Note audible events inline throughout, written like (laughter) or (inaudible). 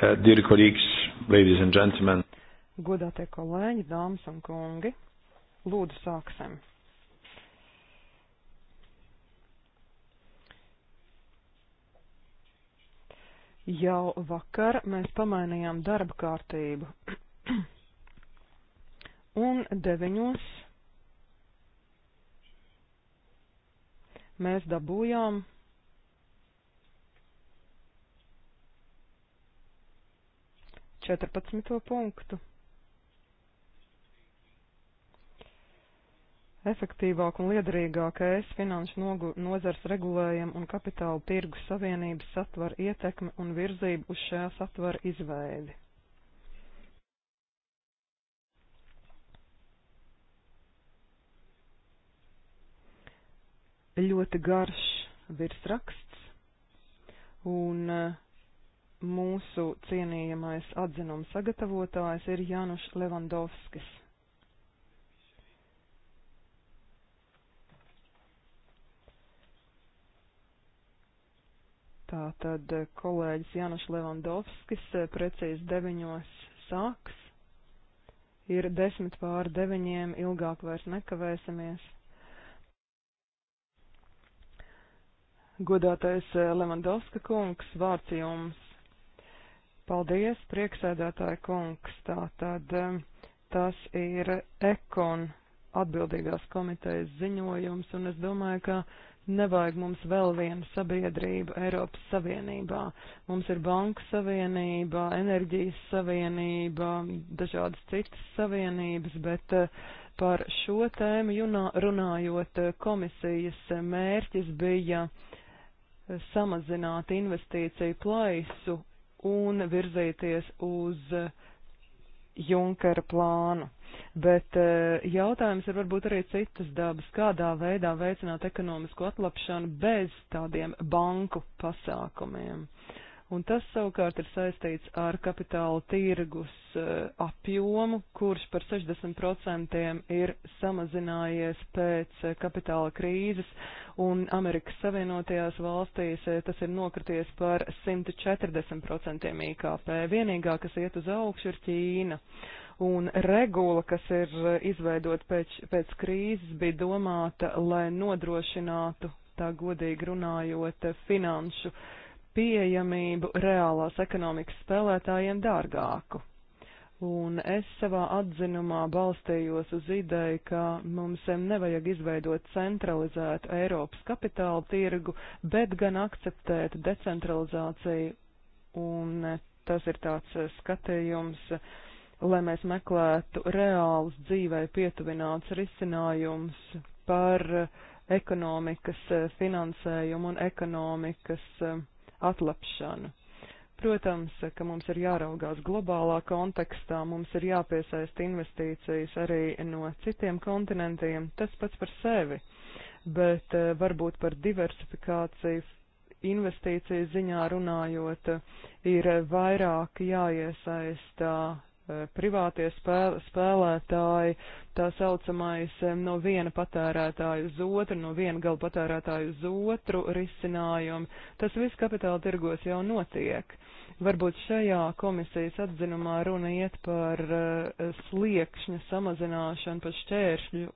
Uh, dear colleagues, ladies and gentlemen. Godātie kolēģi, dāmas un kungi, lūdzu sāksim. Jau vakar mēs pamainījām darba kārtību. (clears throat) un deviņos mēs dabūjām 14. punktu. Efektīvāk un liederīgāk ES finanšu nozars regulējumu un kapitāla tirgu savienības satvar ietekme un virzību uz šajā satvara izveidi. Ļoti garš virsraksts un uh, mūsu cienījamais atzinuma sagatavotājs ir Januš Levandovskis. Tātad kolēģis Januš Levandovskis eh, precīzi deviņos sāks. Ir desmit pār deviņiem, ilgāk vairs nekavēsimies. Godātais eh, Levandovska kungs, vārds jums. Paldies, prieksēdētāja kungs. Tātad tas ir ekon atbildīgās komitejas ziņojums, un es domāju, ka nevajag mums vēl vienu sabiedrību Eiropas Savienībā. Mums ir Banka Savienība, Enerģijas Savienība, dažādas citas savienības, bet eh, par šo tēmu runājot, eh, komisijas mērķis bija eh, samazināt investīciju plaisu un virzīties uz Junkera plānu. Bet eh, jautājums ir varbūt arī citas dabas, kādā veidā veicināt ekonomisko atlapšanu bez tādiem banku pasākumiem. Uh, un tas savukārt ir saistīts ar kapitāla tirgus eh, apjomu, kurš par 60% ir samazinājies pēc eh, kapitāla krīzes, un Amerikas Savienotajās valstīs eh, tas ir nokrities par 140% IKP. Vienīgā, kas iet uz augšu, ir Ķīna. Un regula, kas ir izveidota pēc, pēc krīzes, bija domāta, lai nodrošinātu, tā godīgi runājot, finanšu uh, pieejamību reālās ekonomikas spēlētājiem dārgāku. Un es savā atzinumā balstījos uz ideju, ka mums nevajag izveidot centralizētu Eiropas kapitāla tirgu, bet gan akceptēt decentralizāciju. Un tas ir tāds eh, skatījums, lai mēs meklētu reālus dzīvē pietuvināts risinājums par eh, ekonomikas eh, finansējumu un ekonomikas uh, atlapšanu. Protams, ka mums ir jāraugās globālā kontekstā, mums ir jāpiesaist investīcijas arī no citiem kontinentiem, tas pats par sevi, bet eh, varbūt par diversifikāciju investīciju ziņā runājot, ir vairāk jāiesaistā Eh, privātie spēl, spēlētāji, tā saucamais eh, no viena patērētāja uz otru, no viena gala patērētāja uz otru risinājumu. Tas viss kapitāla tirgos jau notiek. Varbūt šajā komisijas atzinumā runa iet par uh, sliekšņa samazināšanu, par šķēršļu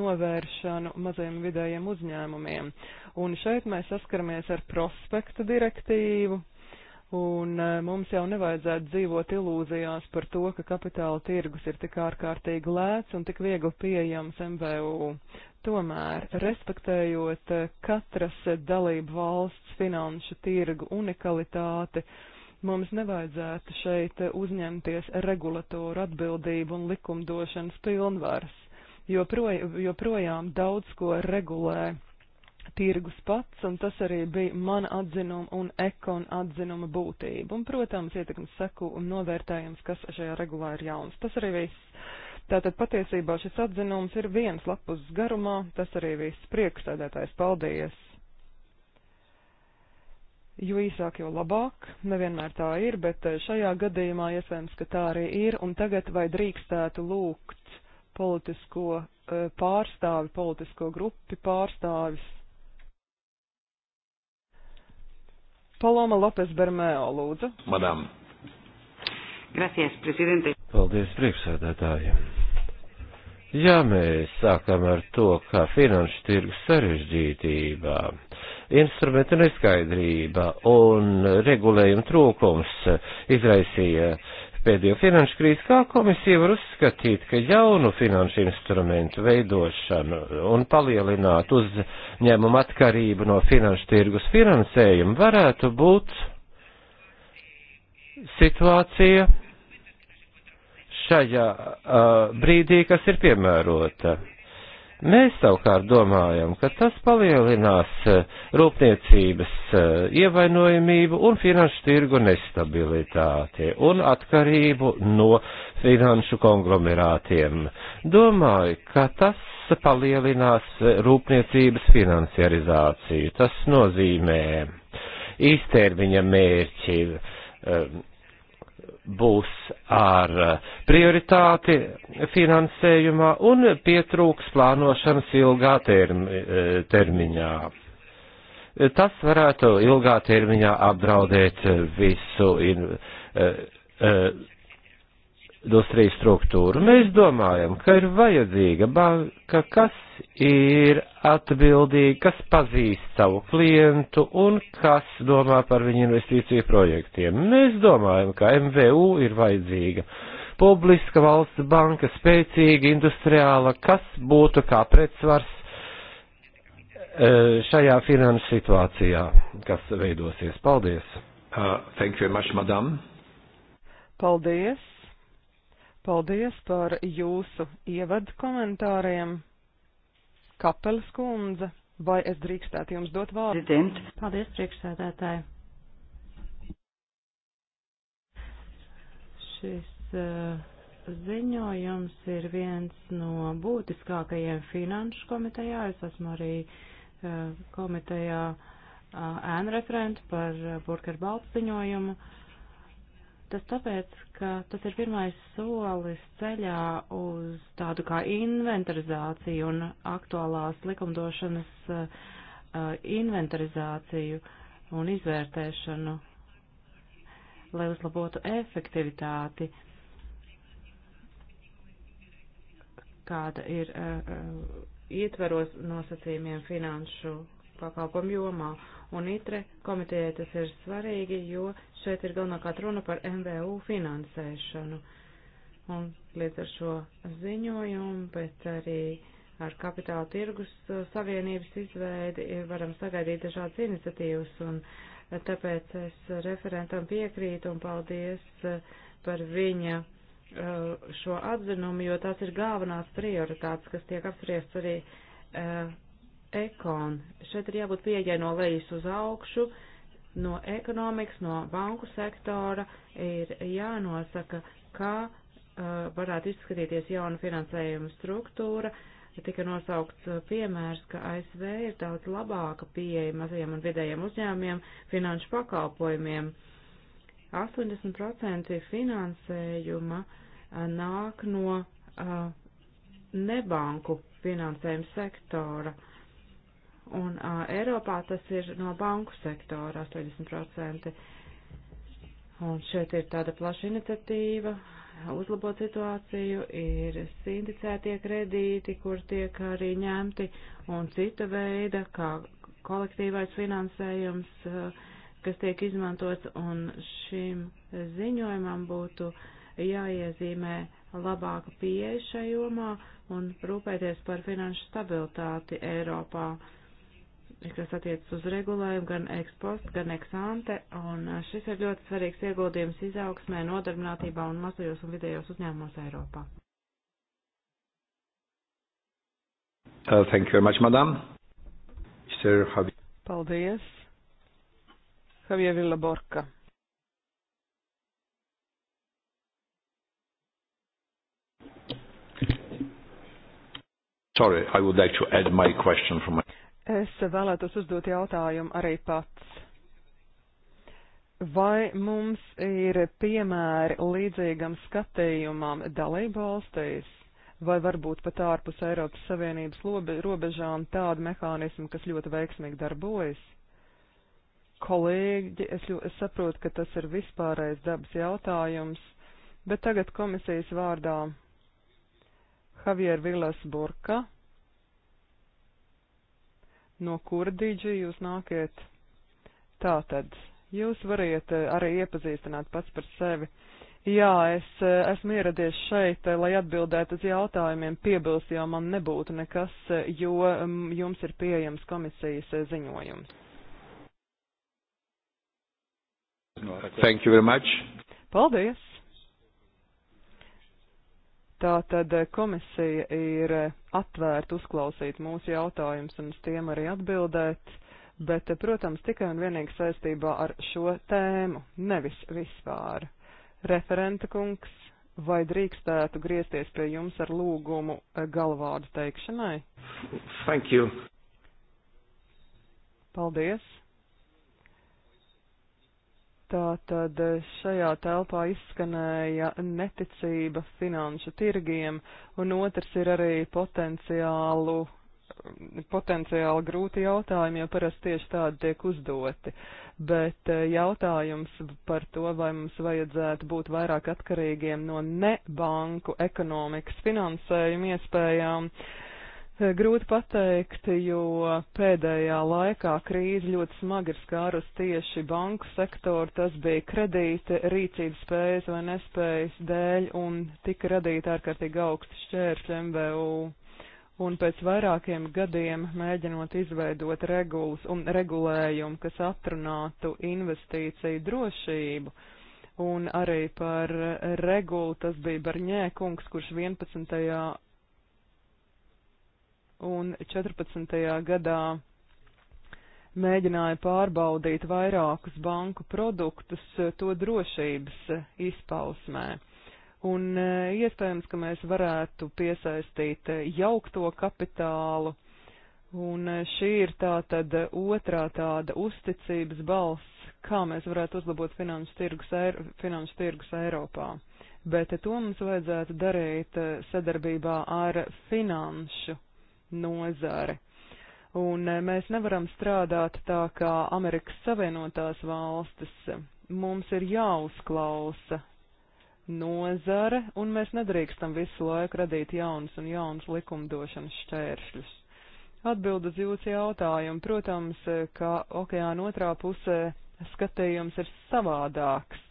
novēršanu mazajiem vidējiem uzņēmumiem. Un šeit mēs saskaramies ar prospektu direktīvu, Un e, mums jau nevajadzētu dzīvot ilūzijās par to, ka kapitāla tirgus ir tik ārkārtīgi lēts un tik viegli pieejams MVU. Tomēr, respektējot e, katras dalību valsts finanšu tirgu unikalitāti, mums nevajadzētu šeit uzņemties regulatoru atbildību un likumdošanas pilnvaras, jo, proj jo projām daudz ko regulē tirgus pats, un tas arī bija mana atzinuma un ekona atzinuma būtība. Un, protams, ietekmes seku un novērtējums, kas šajā regulā ir jauns. Tas arī viss. Tātad patiesībā šis atzinums ir viens lapus garumā, tas arī viss priekšsēdētājs. Paldies! Jo īsāk, jo labāk, nevienmēr tā ir, bet eh, šajā gadījumā iespējams, ka tā arī ir, un tagad vai drīkstētu lūgt politisko eh, pārstāvi, politisko grupi pārstāvis Paloma Lopes Bermeo, lūdzu. Madam. Gracias, prezidente. Paldies, priekšsēdētāji. Ja mēs sākam ar to, ka finanšu tirgus sarežģītībā, instrumenta neskaidrība un regulējuma trūkums izraisīja uh, pēdējo finanšu krīzi, kā komisija var uzskatīt, ka jaunu finanšu instrumentu veidošanu un palielināt uzņēmumu atkarību no finanšu tirgus finansējumu varētu būt situācija šajā uh, brīdī, kas ir piemērota. Mēs savukārt domājam, ka tas palielinās eh, rūpniecības eh, ievainojamību un finanšu tirgu nestabilitāti un atkarību no finanšu konglomerātiem. Domāju, ka tas palielinās eh, rūpniecības finansiarizāciju. Tas nozīmē īstermiņa mērķi. Um, būs ar eh, prioritāti finansējumā un pietrūks plānošanas ilgā termi, eh, termiņā. Tas varētu ilgā termiņā apdraudēt visu in, eh, industrijas struktūru. Mēs domājam, ka ir vajadzīga banka, kas ir atbildīga, kas pazīst savu klientu un kas domā par viņu investīciju projektiem. Mēs domājam, ka MVU ir vajadzīga publiska valsts banka, spēcīga industriāla, kas būtu kā pretsvars e, šajā finanšu situācijā, kas veidosies. Paldies! Uh, thank you very much, madam! Paldies! Paldies par jūsu ievadu komentāriem. Kapelas kundze, vai es drīkstētu jums dot vārdu? Paldies, priekšsēdētāji. Šis uh, ziņojums ir viens no būtiskākajiem finanšu komitejā. Es esmu arī uh, komitejā ēnreferenti uh, par uh, Burker Balts ziņojumu. Uh, Tas tāpēc, ka tas ir pirmais solis ceļā uz tādu kā inventarizāciju un aktuālās likumdošanas eh, inventarizāciju un izvērtēšanu, lai uzlabotu efektivitāti, kāda ir eh, eh, ietveros nosacījumiem finanšu pakalpojumu jomā un ITRE komitejai tas ir svarīgi, jo šeit ir galvenokārt runa par MVU finansēšanu. Un līdz ar šo ziņojumu, bet arī ar kapitāla tirgus uh, savienības izveidi varam sagaidīt dažādas iniciatīvas, un uh, tāpēc es referentam piekrītu un paldies uh, par viņa šo atzinumu, jo tās ir galvenās prioritātes, kas tiek apspriests arī ekon. Šeit ir jābūt pieejai no lejas uz augšu, no ekonomikas, no banku sektora ir jānosaka, kā uh, varētu izskatīties jauna finansējuma struktūra. Tika nosaukts uh, piemērs, ka ASV ir daudz labāka pieeja mazajiem un vidējiem uzņēmumiem finanšu pakalpojumiem. 80% finansējuma uh, nāk no uh, nebanku finansējuma sektora. Uh, un uh, Eiropā tas ir no banku sektora 80%. Un šeit ir tāda plaša iniciatīva, uzlabot situāciju, ir sindicētie kredīti, kur tiek arī ņemti, un cita veida, kā kolektīvais finansējums, uh, kas tiek izmantots, un šim ziņojumam būtu jāiezīmē labāka pieeja šajomā un rūpēties par finanšu stabilitāti Eiropā. Uh, kas attiecas uz regulējumu gan ekspost, gan eksante, un šis ir ļoti svarīgs ieguldījums izaugsmē, nodarbinātībā un mazajos un vidējos uzņēmumos Eiropā. Uh, thank you very much, madam. Sir Javier. Paldies. Javier Villaborka. Sorry, I would like to add my question from my Es vēlētos uzdot jautājumu arī pats. Vai mums ir piemēri līdzīgam skatījumam dalību valstīs, vai varbūt pat ārpus Eiropas Savienības robežām tādu mehānismu, kas ļoti veiksmīgi darbojas? Kolēģi, es, ļo, es saprotu, ka tas ir vispārējais dabas jautājums, bet tagad komisijas vārdā Javier Vilas Burka no kura dīdži jūs nākiet. Tātad, jūs variet eh, arī iepazīstināt pats par sevi. Jā, es eh, esmu ieradies šeit, eh, lai atbildētu uz jautājumiem, piebilst jau man nebūtu nekas, jo mm, jums ir pieejams komisijas ziņojums. Thank you very much. Paldies! Tātad komisija ir atvērta uzklausīt mūsu jautājumus un uz tiem arī atbildēt, bet, protams, tikai un vienīgi saistībā ar šo tēmu, nevis vispār. Referenta kungs, vai drīkstētu griezties pie jums ar lūgumu galvādu teikšanai? Thank you. Paldies. Tātad šajā telpā izskanēja neticība finanšu tirgiem, un otrs ir arī potenciālu potenciāli grūti jautājumi, jo parasti tieši tādi tiek uzdoti. Bet eh, jautājums par to, vai mums vajadzētu būt vairāk atkarīgiem no nebanku ekonomikas finansējuma iespējām, uh, Grūti pateikt, jo pēdējā laikā krīze ļoti smagi ir skārus tieši banku sektoru. Tas bija kredīta rīcības spējas vai nespējas dēļ un tika radīta ārkārtīgi augsts šķēršļi MVU. Un pēc vairākiem gadiem mēģinot izveidot regulas un regulējumu, kas atrunātu investīciju drošību, un arī par regulu tas bija Barņē kungs, kurš 11 un 14. gadā mēģināja pārbaudīt vairākus banku produktus eh, to drošības eh, izpausmē. Un eh, iespējams, ka mēs varētu piesaistīt jaukto kapitālu, un šī ir tā tad otrā tāda uzticības balss, kā mēs varētu uzlabot finanšu tirgus, finanšu tirgus Eiropā. Bet to mums vajadzētu darīt sadarbībā ar finanšu nozare. Un eh, mēs nevaram strādāt tā kā Amerikas Savienotās valstis. Mums ir jāuzklausa nozare, un mēs nedrīkstam visu laiku radīt jaunas un jaunas likumdošanas šķēršļus. Atbild uz jūsu jautājumu, protams, eh, ka okeāna otrā pusē skatījums ir savādāks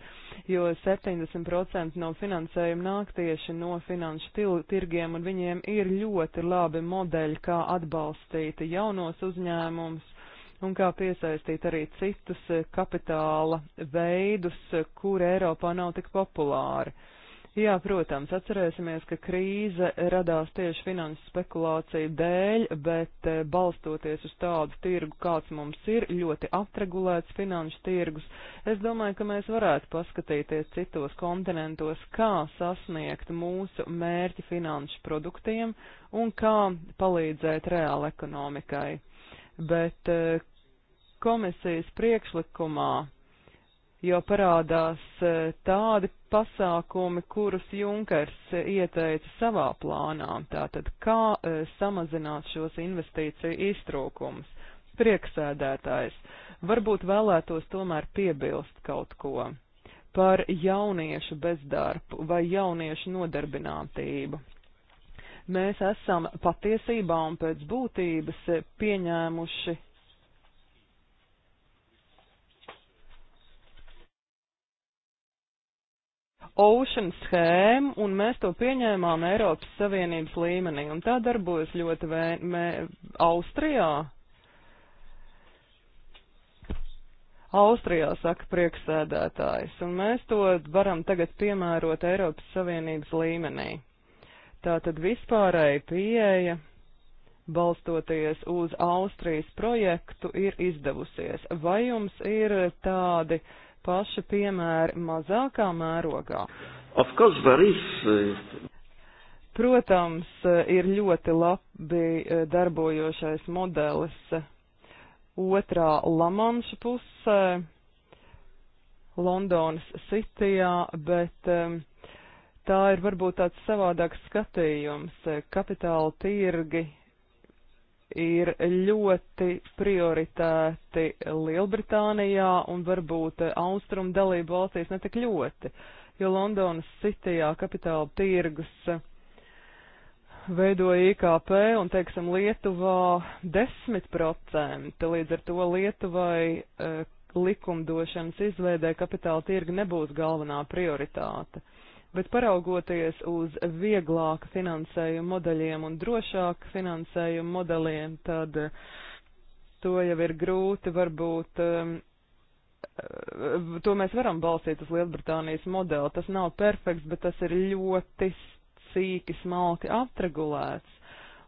jo 70% no finansējuma nāk tieši no finanšu tirgiem, un viņiem ir ļoti labi modeļi, kā atbalstīt jaunos uzņēmumus un kā piesaistīt arī citus eh, kapitāla veidus, eh, kur Eiropā nav tik populāri. Jā, protams, atcerēsimies, ka krīze radās tieši finanses spekulāciju dēļ, bet eh, balstoties uz tādu tirgu, kāds mums ir, ļoti apregulēts finanšu tirgus, es domāju, ka mēs varētu paskatīties citos kontinentos, kā sasniegt mūsu mērķi finanšu produktiem un kā palīdzēt reāla ekonomikai. Bet eh, komisijas priekšlikumā jo parādās eh, tādi pasākumi, kurus Junkers eh, ieteica savā plānā, tātad kā eh, samazināt šos investīciju iztrūkumus. Prieksēdētājs, varbūt vēlētos tomēr piebilst kaut ko par jauniešu bezdarbu vai jauniešu nodarbinātību mēs esam patiesībā un pēc būtības pieņēmuši Ocean schēmu, un mēs to pieņēmām Eiropas Savienības līmenī, un tā darbojas ļoti vē, mē, Austrijā. Austrijā saka prieksēdētājs, un mēs to varam tagad piemērot Eiropas Savienības līmenī. Tā tad vispārēja pieeja, balstoties uz Austrijas projektu, ir izdevusies. Vai jums ir tādi uh, paši piemēri mazākā mērogā. Uh, Protams, uh, ir ļoti labi uh, darbojošais modelis otrā Lamanša pusē, Londonas Citijā, bet um, tā ir varbūt tāds savādāks skatījums. Kapitāla tirgi ir ļoti prioritēti Lielbritānijā un varbūt austrumu dalību valstīs netik ļoti, jo Londonas citijā kapitāla tirgus veidoja IKP un, teiksim, Lietuvā 10%, līdz ar to Lietuvai eh, likumdošanas izveidē kapitāla tirgi nebūs galvenā prioritāte. Uh, bet paraugoties uz vieglāku finansējumu modeļiem un drošāku finansējumu modeļiem, tad eh, to jau ir grūti varbūt. Eh, eh, to mēs varam balstīt uz Lielbritānijas modeli. Tas nav perfekts, bet tas ir ļoti sīki, smalki apregulēts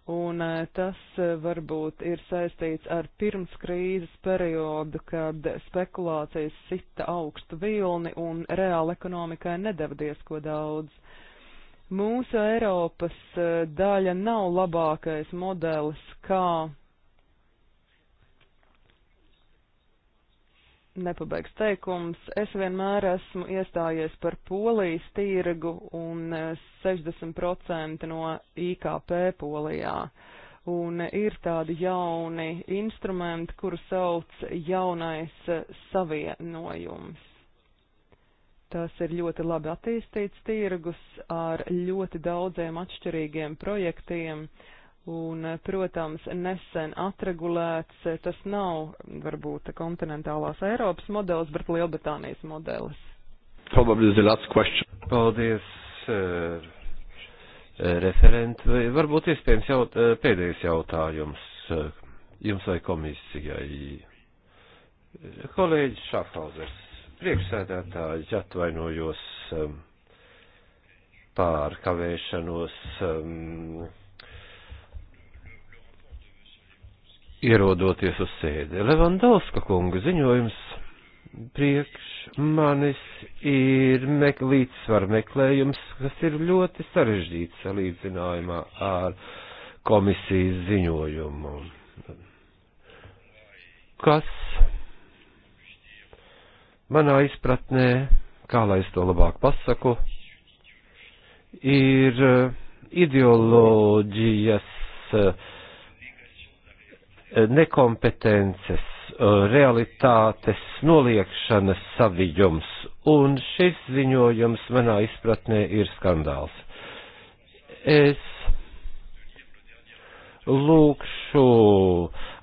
un eh, tas eh, varbūt ir saistīts ar pirms krīzes periodu, kad spekulācijas sita augstu vilni un reāla ekonomikai nedeva diezko daudz. Mūsu Eiropas eh, daļa nav labākais modelis, kā nepabeigts teikums. Es vienmēr esmu iestājies par polijas tirgu un 60% eh, no IKP polijā. Un ir tādi jauni instrumenti, kuru sauc jaunais savienojums. Tas ir ļoti labi attīstīts tirgus ar ļoti daudziem atšķirīgiem projektiem. Uh, Un, eh, protams, nesen atregulēts, eh, tas nav varbūt kontinentālās Eiropas modelis, bet Lielbritānijas modelis. Paldies, uh, eh, referenti. Varbūt iespējams jaut, pēdējais jautājums jums vai komisijai. Kolēģis Šafhauzers, priekšsēdētāji, atvainojos um, pār kavēšanos. Um, ierodoties uz sēdi. Levandovska kunga ziņojums priekš manis ir mek līdzsvar meklējums, kas ir ļoti sarežģīts salīdzinājumā ar komisijas ziņojumu. Kas manā izpratnē, kā lai es to labāk pasaku, ir eh, ideoloģijas uh, nekompetences, eh, realitātes noliekšanas savijums, un šis ziņojums manā izpratnē ir skandāls. Es lūkšu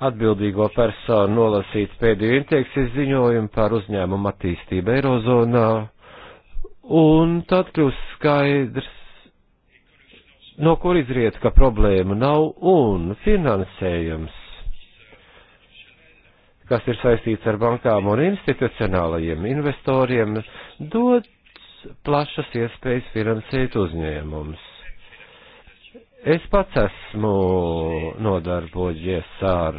atbildīgo personu nolasīt pēdējo intieksijas ziņojumu par uzņēmumu attīstību Eirozonā, un tad kļūs skaidrs, no kur izriet, ka problēma nav un finansējums kas ir saistīts ar bankām un institucionālajiem investoriem, dod plašas iespējas finansēt uzņēmumus. Es pats esmu nodarbojies ar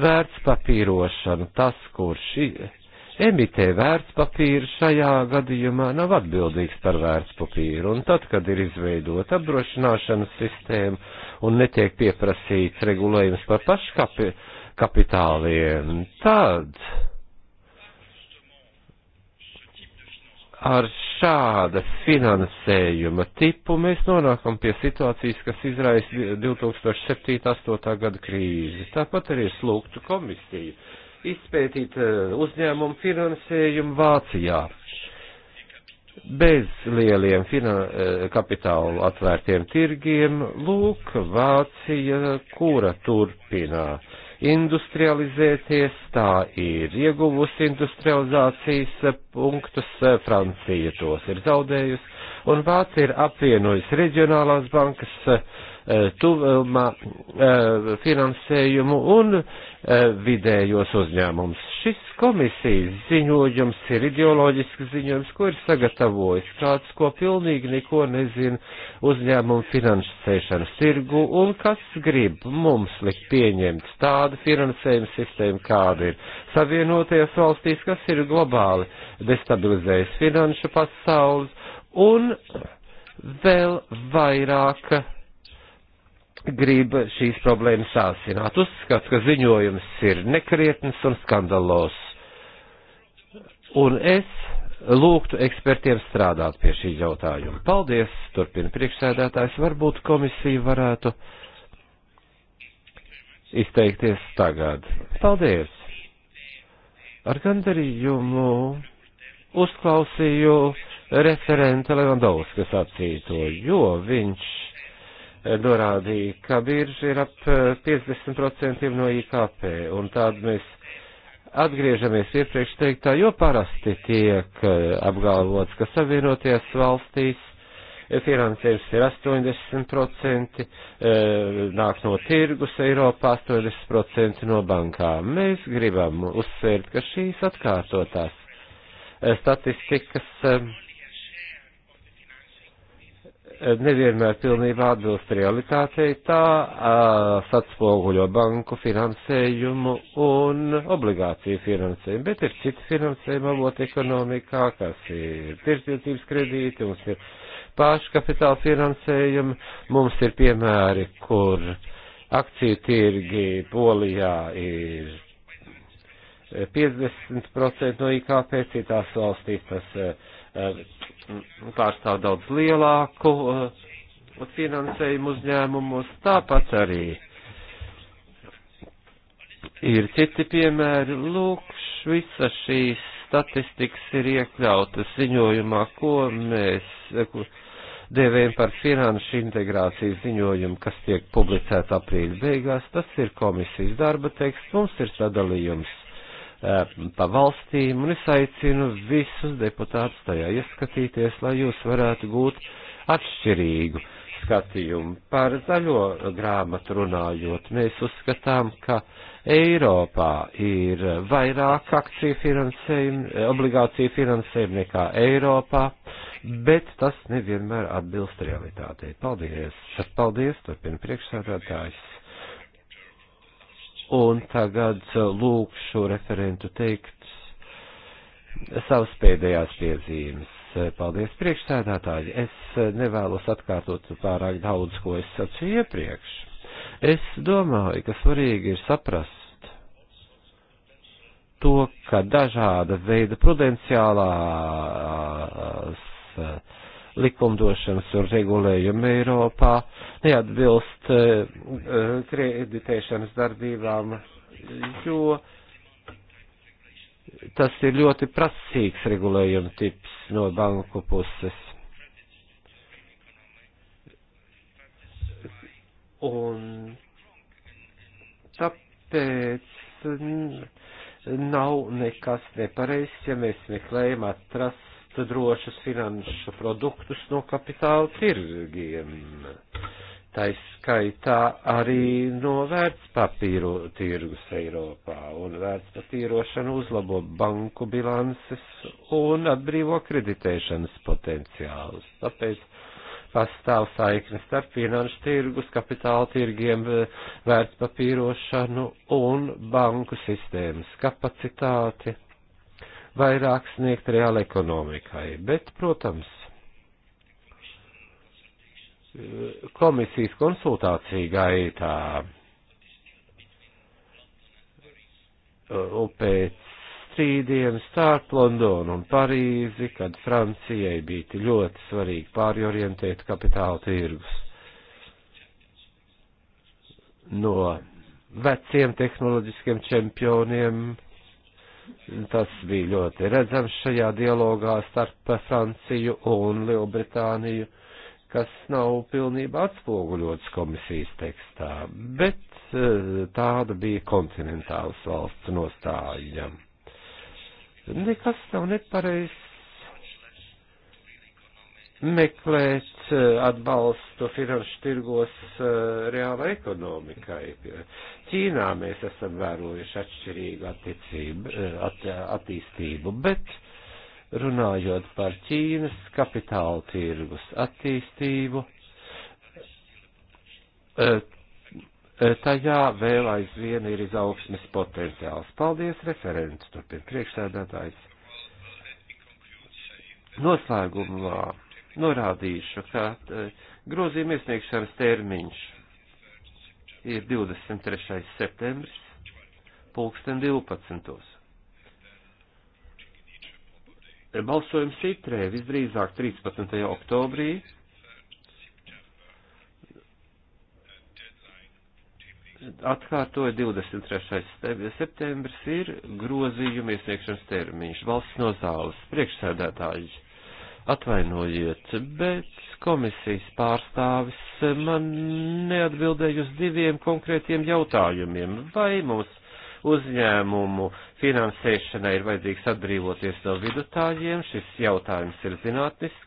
vērtspapīrošanu. Tas, kurš emitē vērtspapīru, šajā gadījumā nav atbildīgs par vērtspapīru. Un tad, kad ir izveidota apdrošināšanas sistēma un netiek pieprasīts regulējums par paškapitālu, kapitāliem, tad ar šāda finansējuma tipu mēs nonākam pie situācijas, kas izraisa 2007-2008 gada krīzi. Tāpat arī slūgtu komisiju izpētīt eh, uzņēmumu finansējumu Vācijā bez lieliem eh, kapitālu atvērtiem tirgiem, lūk, Vācija, kura turpina industrializēties, tā ir ieguvusi industrializācijas punktus, Francija tos ir zaudējusi, un Vācija ir apvienojusi reģionālās bankas eh, tuvumā eh, finansējumu un eh, vidējos uzņēmumus. Šis komisijas ziņojums ir ideoloģisks ziņojums, ko ir sagatavojis kāds, ko pilnīgi neko nezina uzņēmumu finansēšanas tirgu un kas grib mums likt pieņemt tādu finansējumu sistēmu, kāda ir savienotajās valstīs, kas ir globāli destabilizējis finanšu pasaules un vēl vairāk grib šīs problēmas sāsināt. Uzskats, ka ziņojums ir nekrietns un skandalos. Un es lūgtu ekspertiem strādāt pie šī jautājuma. Paldies, turpina priekšsēdētājs. Varbūt komisija varētu izteikties tagad. Paldies! Ar gandarījumu uzklausīju referenta Levandovska sacīto, jo viņš eh, norādīja, ka birža ir ap 50% eh, no IKP, un tādu mēs atgriežamies iepriekš teiktā, jo parasti tiek eh, apgalvots, ka savienoties valstīs finansējums ir 80%, nāk no tirgus Eiropā 80% no bankām. Mēs gribam uzsvērt, ka šīs atkārtotās statistikas nevienmēr pilnībā atbilst realitātei, tā atspoguļo banku finansējumu un obligāciju finansējumu, bet ir citi finansējuma avoti ekonomikā, kas ir tirsniecības kredīti, mums ir paškapitāla finansējumi, mums ir piemēri, kur akciju tirgi Polijā ir 50% no IKP, citās valstīs tas. Uh, Eh, pārstāv daudz lielāku eh, finansējumu uzņēmumos, tāpat arī ir citi piemēri. Lūk, visas šīs statistikas ir iekļautas ziņojumā, ko mēs eh, devējam par finanšu integrāciju ziņojumu, kas tiek publicēts aprīļa beigās. Tas ir komisijas darba teksts, mums ir sadalījums Eh, pa valstīm, un es aicinu visus deputātus tajā ieskatīties, lai jūs varētu gūt atšķirīgu skatījumu. Par zaļo grāmatu runājot, mēs uzskatām, ka Eiropā ir vairāk akciju finansējumu, obligāciju finansējumu nekā Eiropā, bet tas nevienmēr atbilst realitātei. Paldies! Paldies, turpina priekšsādātājs! Un tagad uh, lūkšu referentu teikt savas pēdējās piezīmes. Uh, paldies priekšsēdētāji. Es uh, nevēlos atkārtot pārāk daudz, ko es sacīju iepriekš. Es domāju, ka svarīgi ir saprast to, ka dažāda veida prudenciālās uh, likumdošanas un regulējumu Eiropā neatbilst e, e, kreditēšanas darbībām, jo tas ir ļoti prasīgs regulējuma tips no banku puses. Un tāpēc nav nekas nepareizs, ja mēs meklējam atrast drošus finanšu produktus no kapitāla tirgiem. Tā skaitā arī no vērtspapīru tirgus Eiropā, un vērtspapīrošana uzlabo banku bilances un atbrīvo kreditēšanas potenciālus. Tāpēc pastāv saikne starp finanšu tirgus, kapitāla tirgiem, vērtspapīrošanu un banku sistēmas kapacitāti vairāk sniegt reāli ekonomikai. Bet, protams, komisijas konsultācija gaitā uh, un pēc strīdiem starp Londonu un Parīzi, kad Francijai bija ļoti svarīgi pāriorientēt kapitāla tirgus no veciem tehnoloģiskiem čempioniem Tas bija ļoti redzams šajā dialogā starp Franciju un Lielbritāniju, kas nav pilnībā atspoguļots komisijas tekstā, bet e, tāda bija kontinentālas valsts nostāja. Nekas nav nepareizs meklēt eh, atbalstu finanšu tirgos eh, reāla ekonomikai. Ķīnā mēs esam vērojuši atšķirīgu attiecību, eh, att, attīstību, bet runājot par Ķīnas kapitāla tirgus attīstību, tajā vēl aizvien ir izaugsmes potenciāls. Paldies, referents, turpin priekšsēdētājs. Noslēgumā norādīšu, ka e, grozījuma iesniegšanas termiņš ir 23. septembris, pulksten 12. Balsojums citrē visdrīzāk 13. oktobrī. Atkārtoju 23. septembris ir grozījuma iesniegšanas termiņš. Valsts no zāles priekšsēdētāji Atvainojiet, bet komisijas pārstāvis man neatbildēja uz diviem konkrētiem jautājumiem. Vai mums uzņēmumu finansēšanai ir vajadzīgs atbrīvoties no vidutājiem? Šis jautājums ir zinātnisks.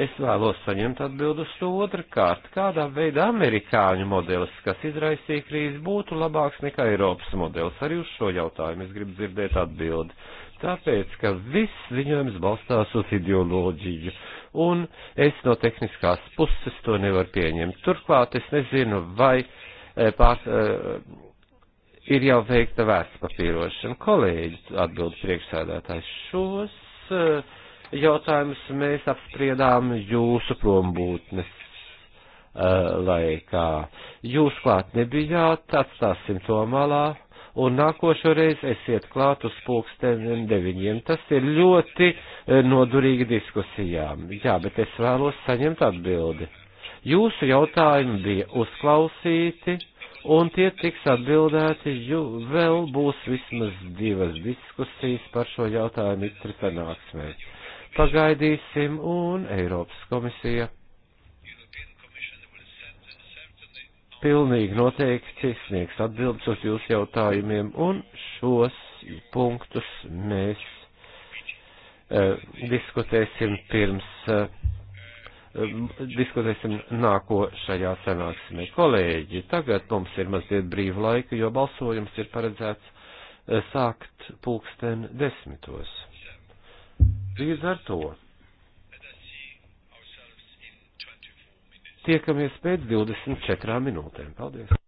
Es vēlos saņemt atbildus to otrkārt, kādā veidā amerikāņu modelis, kas izraisīja krīzi, būtu labāks nekā Eiropas modelis. Arī uz šo jautājumu es gribu dzirdēt atbildi tāpēc, ka viss ziņojums balstās uz ideoloģiju, un es no tehniskās puses to nevaru pieņemt. Turklāt es nezinu, vai eh, pār, eh, ir jau veikta vērtspapīrošana. Kolēģi atbild priekšsēdētājs šos eh, jautājumus mēs apspriedām jūsu prombūtnes laikā. Jūs klāt nebijāt, atstāsim to malā un nākošoreiz esiet klāt uz pulksteniem deviņiem. Tas ir ļoti e, nodurīgi diskusijām. Jā, bet es vēlos saņemt atbildi. Jūsu jautājumi bija uzklausīti, un tie tiks atbildēti, jo vēl būs vismaz divas diskusijas par šo jautājumu itri sanāksmē. Pagaidīsim, un Eiropas komisija pilnīgi noteikti sniegs atbildes uz jūsu jautājumiem, un šos punktus mēs uh, diskutēsim pirms, uh, diskutēsim nākošajā sanāksmē. Kolēģi, tagad mums ir mazliet brīva laika, jo balsojums ir paredzēts uh, sākt pulksten desmitos. Līdz ar to. Tiekamies pēc 24 minūtēm. Paldies!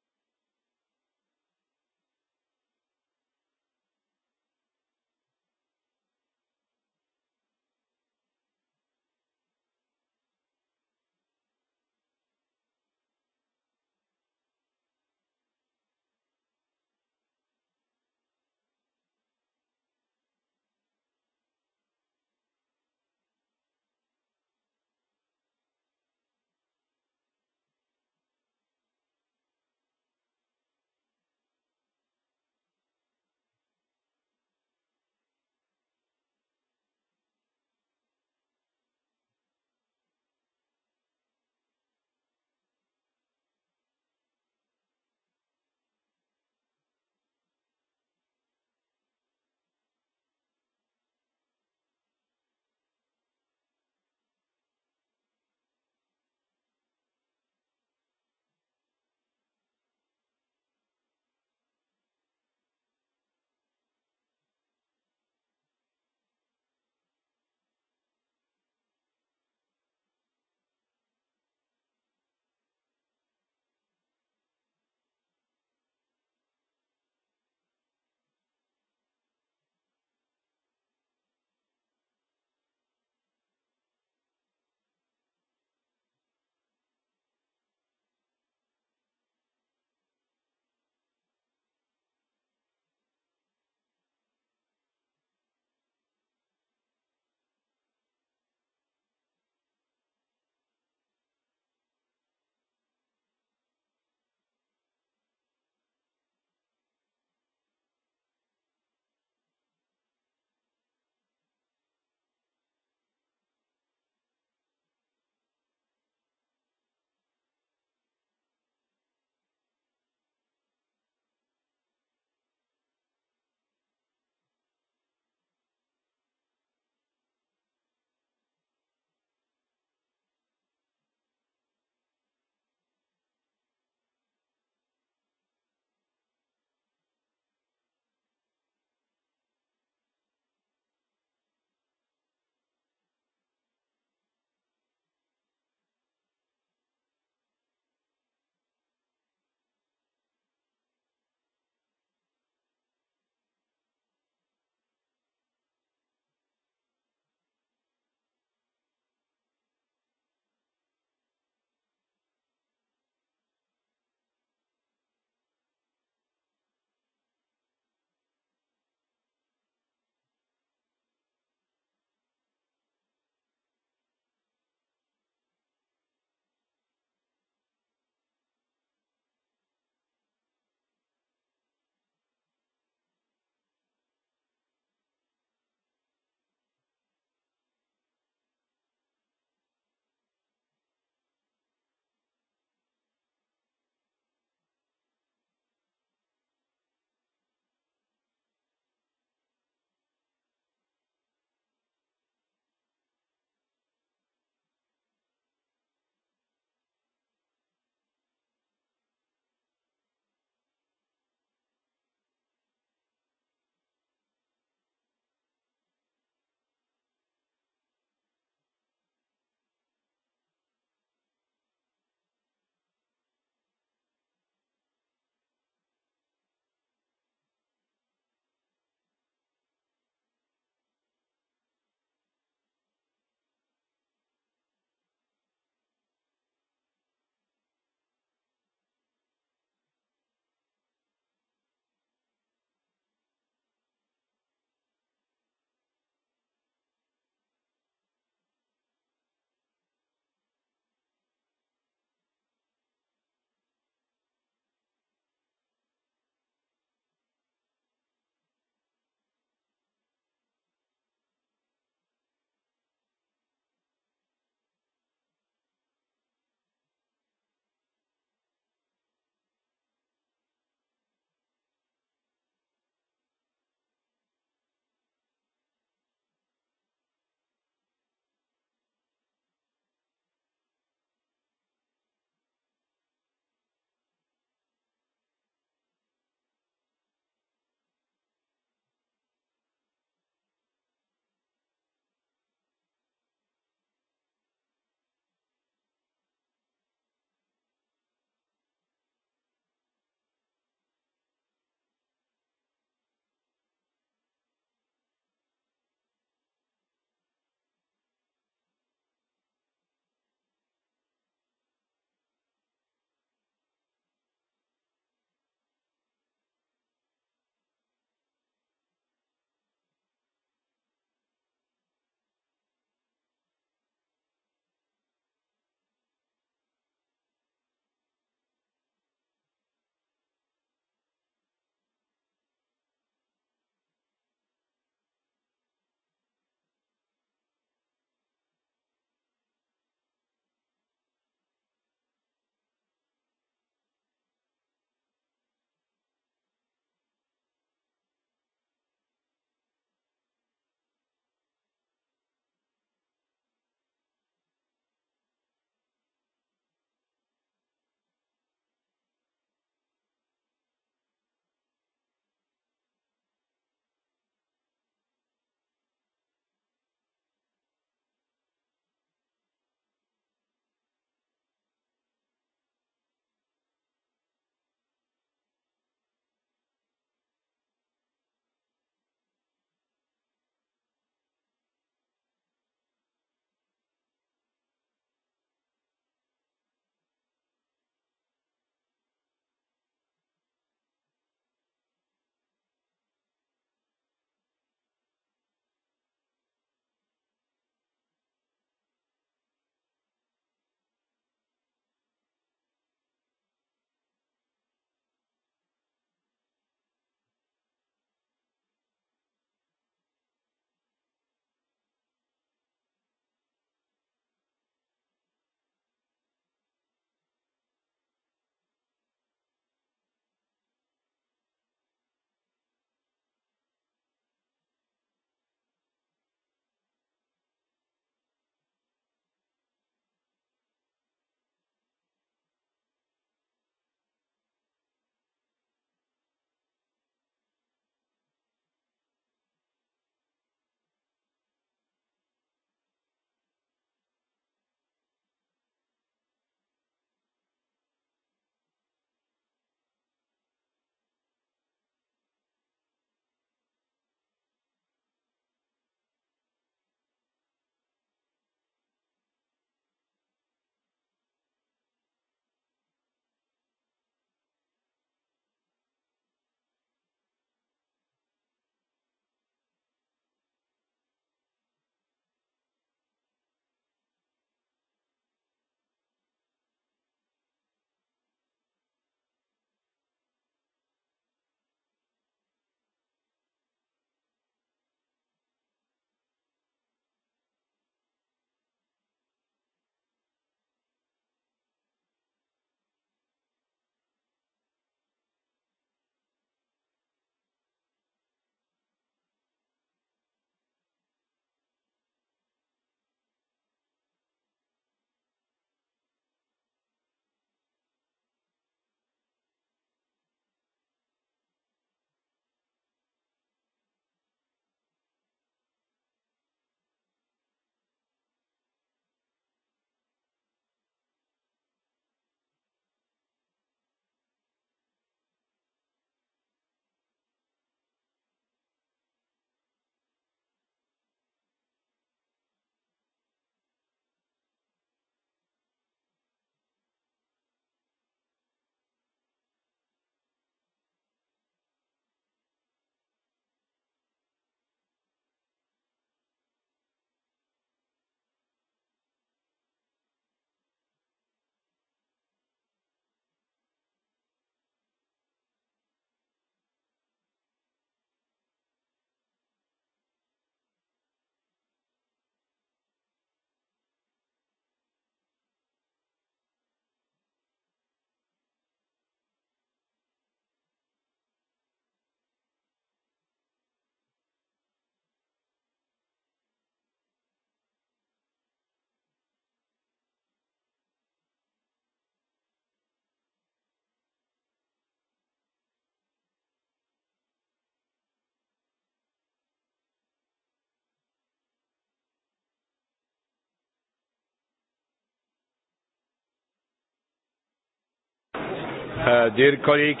Uh, dear colleagues,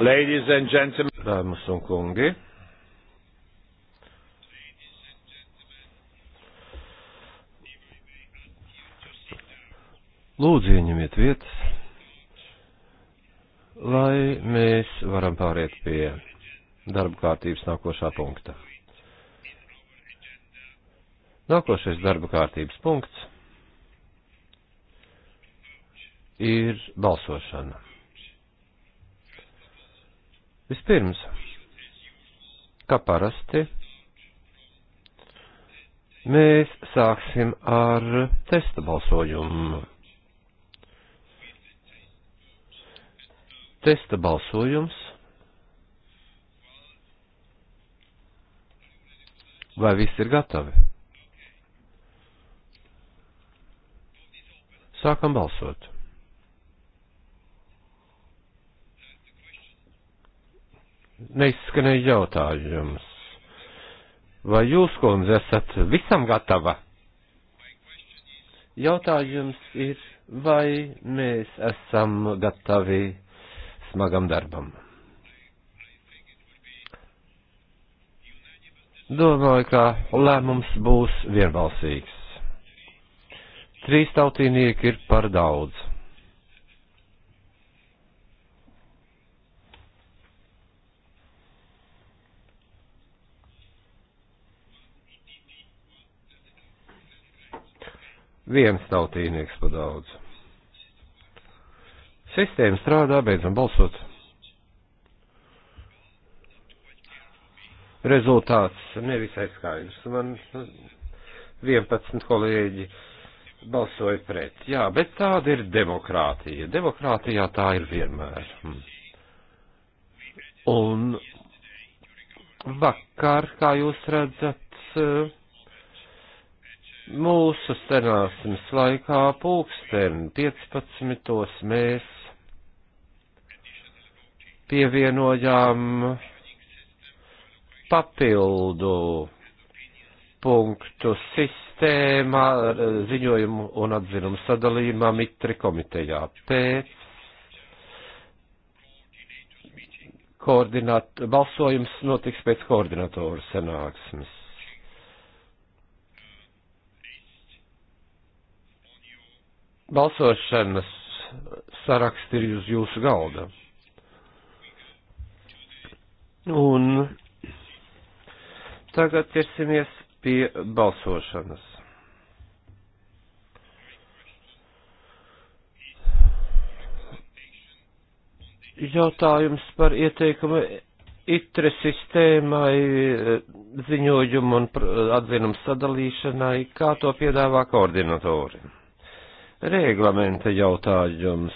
ladies and gentlemen, Dāmas un kungi, lūdzu ieņemiet vietas, lai mēs varam pāriet pie darba kārtības nākošā punkta. Nākošais darba kārtības punkts ir balsošana. Vispirms, kā parasti, mēs sāksim ar testa balsojumu. Testa balsojums. Vai viss ir gatavi? Sākam balsot. neizskanēja jautājums. Vai jūs, kundze, esat visam gatava? Jautājums ir, vai mēs esam gatavi smagam darbam? Domāju, ka lēmums būs vienbalsīgs. Trīs tautīnieki ir par daudz. viens tautīnieks pa daudz. Sistēma strādā, beidzam balsot. Rezultāts nevisai skaidrs. Man 11 kolēģi balsoja pret. Jā, bet tāda ir demokrātija. Demokrātijā tā ir vienmēr. Un vakar, kā jūs redzat, Mūsu sanāksmes laikā pulksten 15. mēs pievienojām papildu punktu sistēmā ziņojumu un atzinumu sadalījumā mitri komitejā pēc koordināt, balsojums notiks pēc koordinatoru sanāksmes. Balsošanas saraksti ir uz jūsu galda. Un tagad ķersimies pie balsošanas. Jautājums par ieteikumu itre sistēmai, ziņojumu un atzinumu sadalīšanai, kā to piedāvā koordinatori reglamenta jautājums.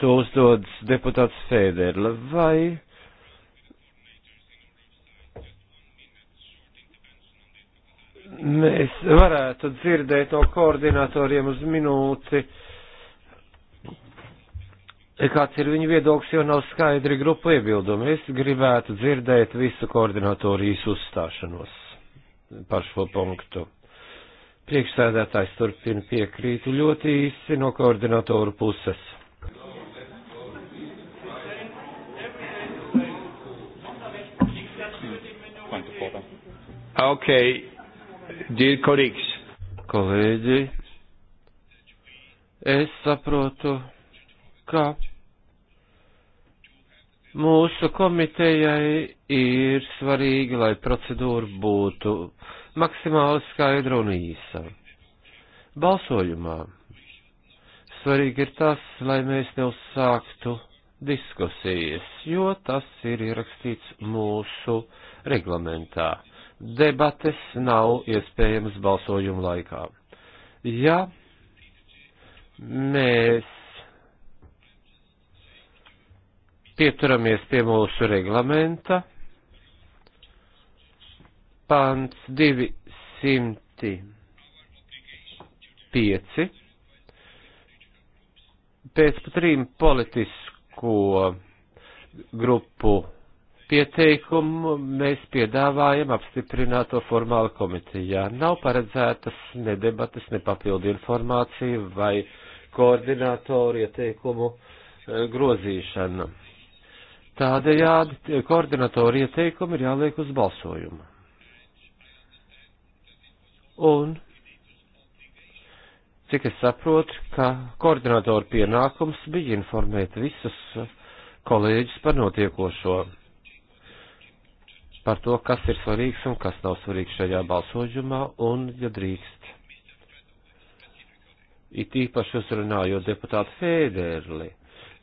To uzdod deputāts Fēderla. Vai mēs varētu dzirdēt no koordinatoriem uz minūti, kāds ir viņu viedoklis, jo nav skaidri grupu iebildumi. Es gribētu dzirdēt visu koordinatoru īsu uzstāšanos par šo punktu. Priekšsēdētājs turpina piekrītu ļoti īsi no koordinatoru puses. Okay, dear colleagues. Kolēģi, es saprotu, ka mūsu komitejai ir svarīgi, lai procedūra būtu uh, maksimāli skaidra un īsa. Balsojumā svarīgi ir tas, lai mēs neuzsāktu diskusijas, jo tas ir ierakstīts mūsu reglamentā. Debates nav iespējams balsojuma laikā. Ja mēs pieturamies pie mūsu reglamenta, pants 205. Pēc trim politisko grupu pieteikumu mēs piedāvājam apstiprināt to formāli komitejā. Nav paredzētas ne debatas, ne papildu informācija vai koordinātoru ieteikumu e, grozīšana. Tādējādi koordinātoru ieteikumi ir jāliek uz balsojumu. Un cik es saprotu, ka koordinatoru pienākums bija informēt visus kolēģis par notiekošo, par to, kas ir svarīgs un kas nav svarīgs šajā balsojumā, un, ja drīkst, it īpaši uzrunājot deputātu Fēderli,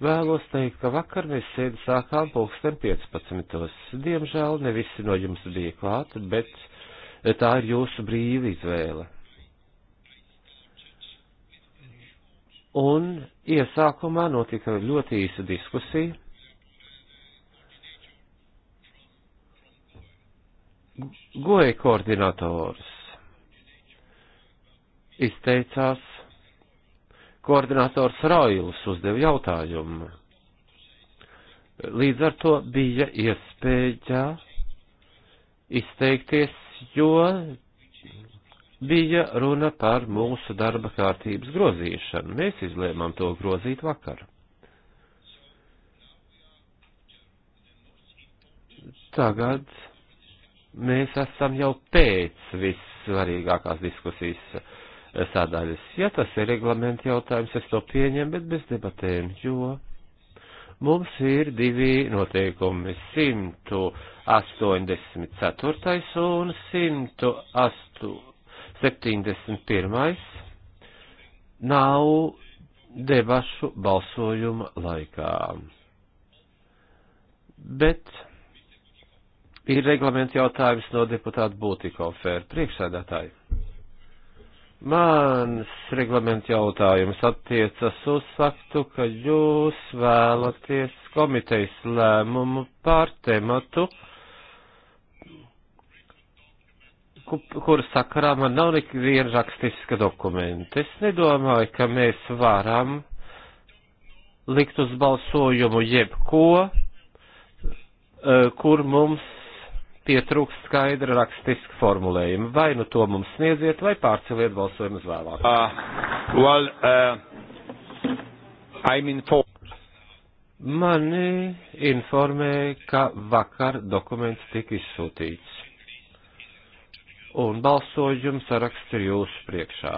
vēlos teikt, ka vakar mēs sēdi sākām pulksten 15. Diemžēl ne visi no jums bija klāt, bet tā ir jūsu brīva izvēle. Un iesākumā notika ļoti īsa diskusija. Goja koordinators izteicās, koordinators Rails uzdeva jautājumu. Līdz ar to bija iespēja izteikties jo bija runa par mūsu darba kārtības grozīšanu. Mēs izlēmām to grozīt vakar. Tagad mēs esam jau pēc vissvarīgākās diskusijas sadaļas. Ja tas ir reglamenta jautājums, es to pieņemu, bet bez debatēm, jo Mums ir divi noteikumi - 184. un 171. nav debašu balsojuma laikā. Bet ir reglaments jautājums no deputāta Būtikofer priekšsēdētāji. Mans reglamenta jautājums attiecas uz faktu, ka jūs vēlaties komitejas lēmumu pār tematu, kur sakarā man nav nekviena rakstiska dokumenta. Es nedomāju, ka mēs varam likt uz balsojumu jebko, eh, kur mums pietrūkst skaidra rakstiska formulējuma. Vai nu to mums sniedziet, vai pārceliet balsojumu uz vēlāk. Uh, well, uh, I'm informed. Mani informē, ka vakar dokuments tika izsūtīts. Un balsojums saraksts ir jūsu priekšā.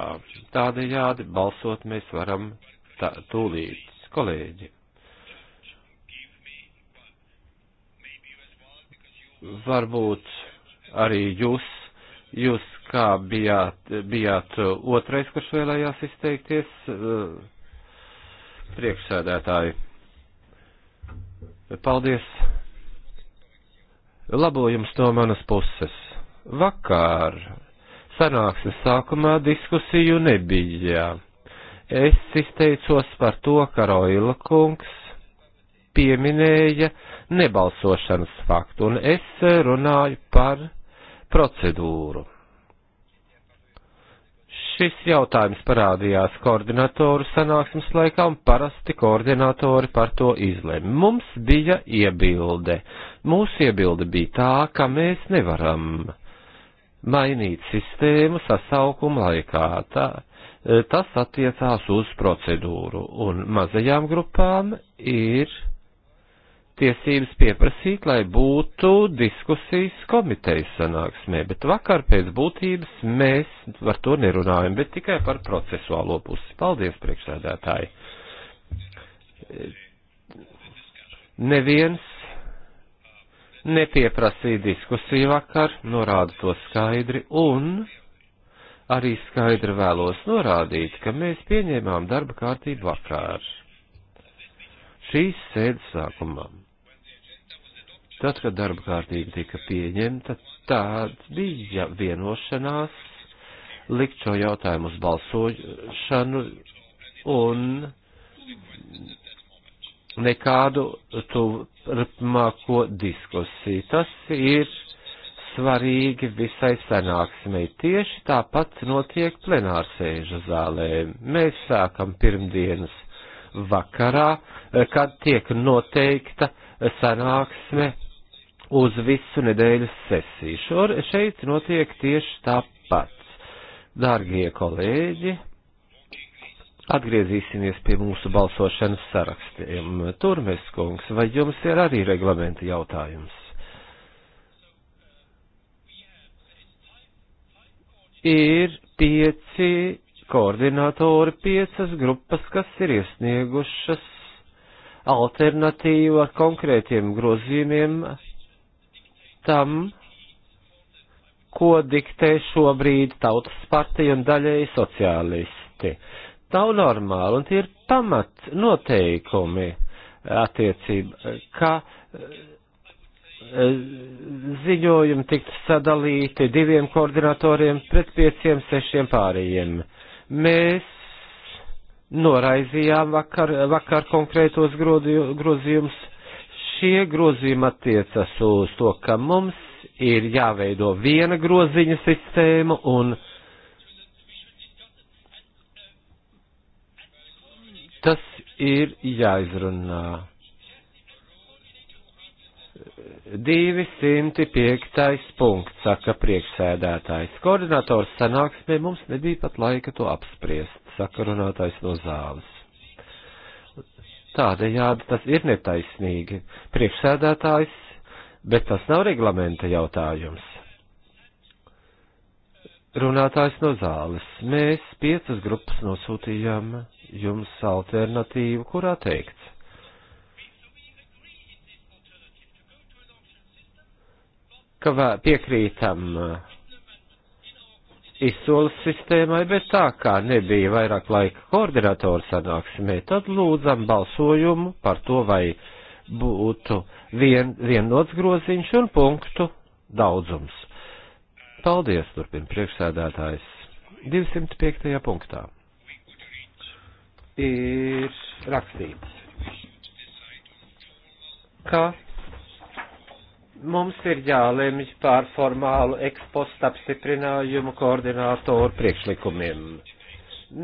Tādējādi balsot mēs varam tā, tūlīt, kolēģi. varbūt arī jūs, jūs kā bijāt, bijāt otrais, kurš vēlējās izteikties, eh, priekšsēdētāji. Paldies! Labojums no manas puses. Vakar sanāksmes sākumā diskusiju nebija. Es izteicos par to, ka Roila kungs pieminēja nebalsošanas faktu, un es runāju par procedūru. Šis jautājums parādījās koordinatoru sanāksmes laikā, un parasti koordinatori par to izlēma. Mums bija iebilde. Mūsu iebilde bija tā, ka mēs nevaram mainīt sistēmu sasaukuma laikā. Tā, tas attiecās uz procedūru, un mazajām grupām ir tiesības pieprasīt, lai būtu diskusijas komitejas sanāksmē, bet vakar pēc būtības mēs par to nerunājam, bet tikai par procesuālo pusi. Paldies, priekšsēdētāji. Neviens nepieprasīja diskusiju vakar, norāda to skaidri, un arī skaidri vēlos norādīt, ka mēs pieņēmām darba kārtību vakar šīs sēdes sākumam. Tad, kad darba kārtība tika pieņemta, tāds bija vienošanās likt šo jautājumu uz balsošanu un nekādu turpmāko diskusiju. Tas ir svarīgi visai sanāksmei. Tieši tāpat notiek plenārsēžu zālē. Mēs sākam pirmdienas vakarā, kad tiek noteikta sanāksme uz visu nedēļas sesiju. Šor, šeit notiek tieši tāpat. Dārgie kolēģi, atgriezīsimies pie mūsu balsošanas sarakstiem. Turmes kungs, vai jums ir arī reglamenta jautājums? Ir pieci koordinatori, piecas grupas, kas ir iesniegušas alternatīvu ar konkrētiem grozījumiem tam, ko diktē šobrīd tautas partija un daļēji sociālisti. Nav normāli, un tie ir pamat noteikumi attiecība, ka e, ziņojumi tiktu sadalīti diviem koordinatoriem pret pieciem, sešiem pārējiem. Mēs noraizījām vakar, vakar konkrētos grozījumus šie grozījumi attiecas uz to, ka mums ir jāveido viena groziņa sistēma un tas ir jāizrunā. 205. punkts, saka priekšsēdētājs. Koordinators sanāksmē mums nebija pat laika to apspriest, saka runātājs no zāles. Tādējādi tas ir netaisnīgi. Priekšsēdētājs, bet tas nav reglamenta jautājums. Runātājs no zāles. Mēs piecas grupas nosūtījām jums alternatīvu, kurā teikts. ka piekrītam uh, izsoles sistēmai, bet tā kā nebija vairāk laika koordinatoru sanāksmē, tad lūdzam balsojumu par to, vai būtu vien, vienots groziņš un punktu daudzums. Paldies, turpina priekšsēdētājs. 205. punktā ir rakstīts, ka mums ir jālemj pār formālu ekspostu apstiprinājumu koordinātoru priekšlikumiem.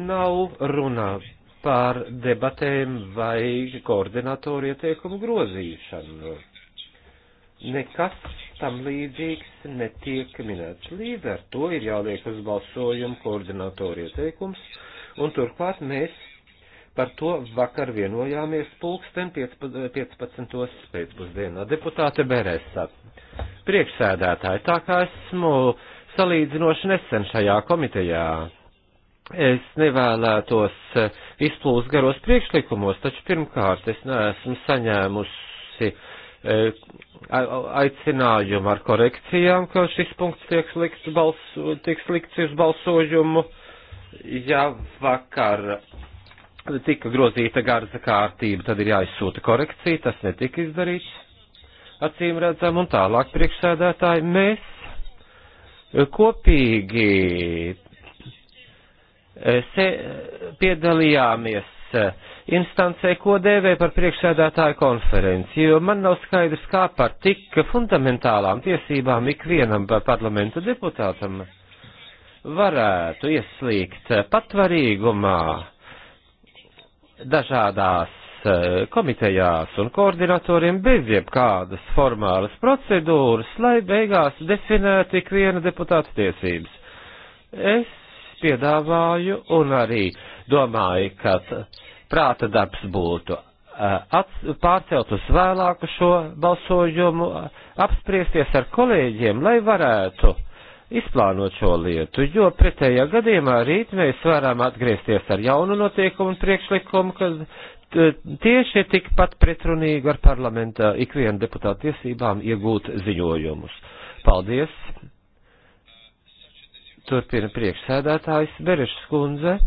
Nav runā pār debatēm vai koordinātoru ieteikumu grozīšanu. Nekas tam līdzīgs netiek minēts. Līdz ar to ir jāliek uz balsojumu koordinātoru ieteikums, un turklāt mēs Par to vakar vienojāmies pulksten 15. pēcpusdienā. Deputāte Beresa, priekšsēdētāji, tā kā esmu salīdzinoši nesen šajā komitejā, es nevēlētos eh, izplūst garos priekšlikumos, taču pirmkārt es neesmu saņēmusi eh, aicinājumu ar korekcijām, ka šis punkts tiek slikts, balso, tiek slikts uz balsojumu, ja vakar tika grozīta garza kārtība, tad ir jāizsūta korekcija, tas netika izdarīts, acīm redzam, un tālāk priekšsēdētāji mēs kopīgi eh, se, piedalījāmies eh, instancē, ko dēvē par priekšsēdētāju konferenci, jo man nav skaidrs, kā par tik fundamentālām tiesībām ikvienam parlamenta deputātam varētu ieslīgt patvarīgumā dažādās eh, komitejās un koordinatoriem bez jebkādas formālas procedūras, lai beigās definētu ik viena deputāta tiesības. Es piedāvāju un arī domāju, ka prāta darbs būtu eh, ats, pārcelt uz vēlāku šo balsojumu, apspriesties ar kolēģiem, lai varētu uh, izplānot šo lietu, jo pretējā gadījumā rīt mēs varam atgriezties ar jaunu notiekumu un priekšlikumu, kas tieši tikpat pretrunīgi ar parlamentā ikvienu deputātu tiesībām iegūt ziņojumus. Paldies! Turpina priekšsēdētājs Berešs kundze.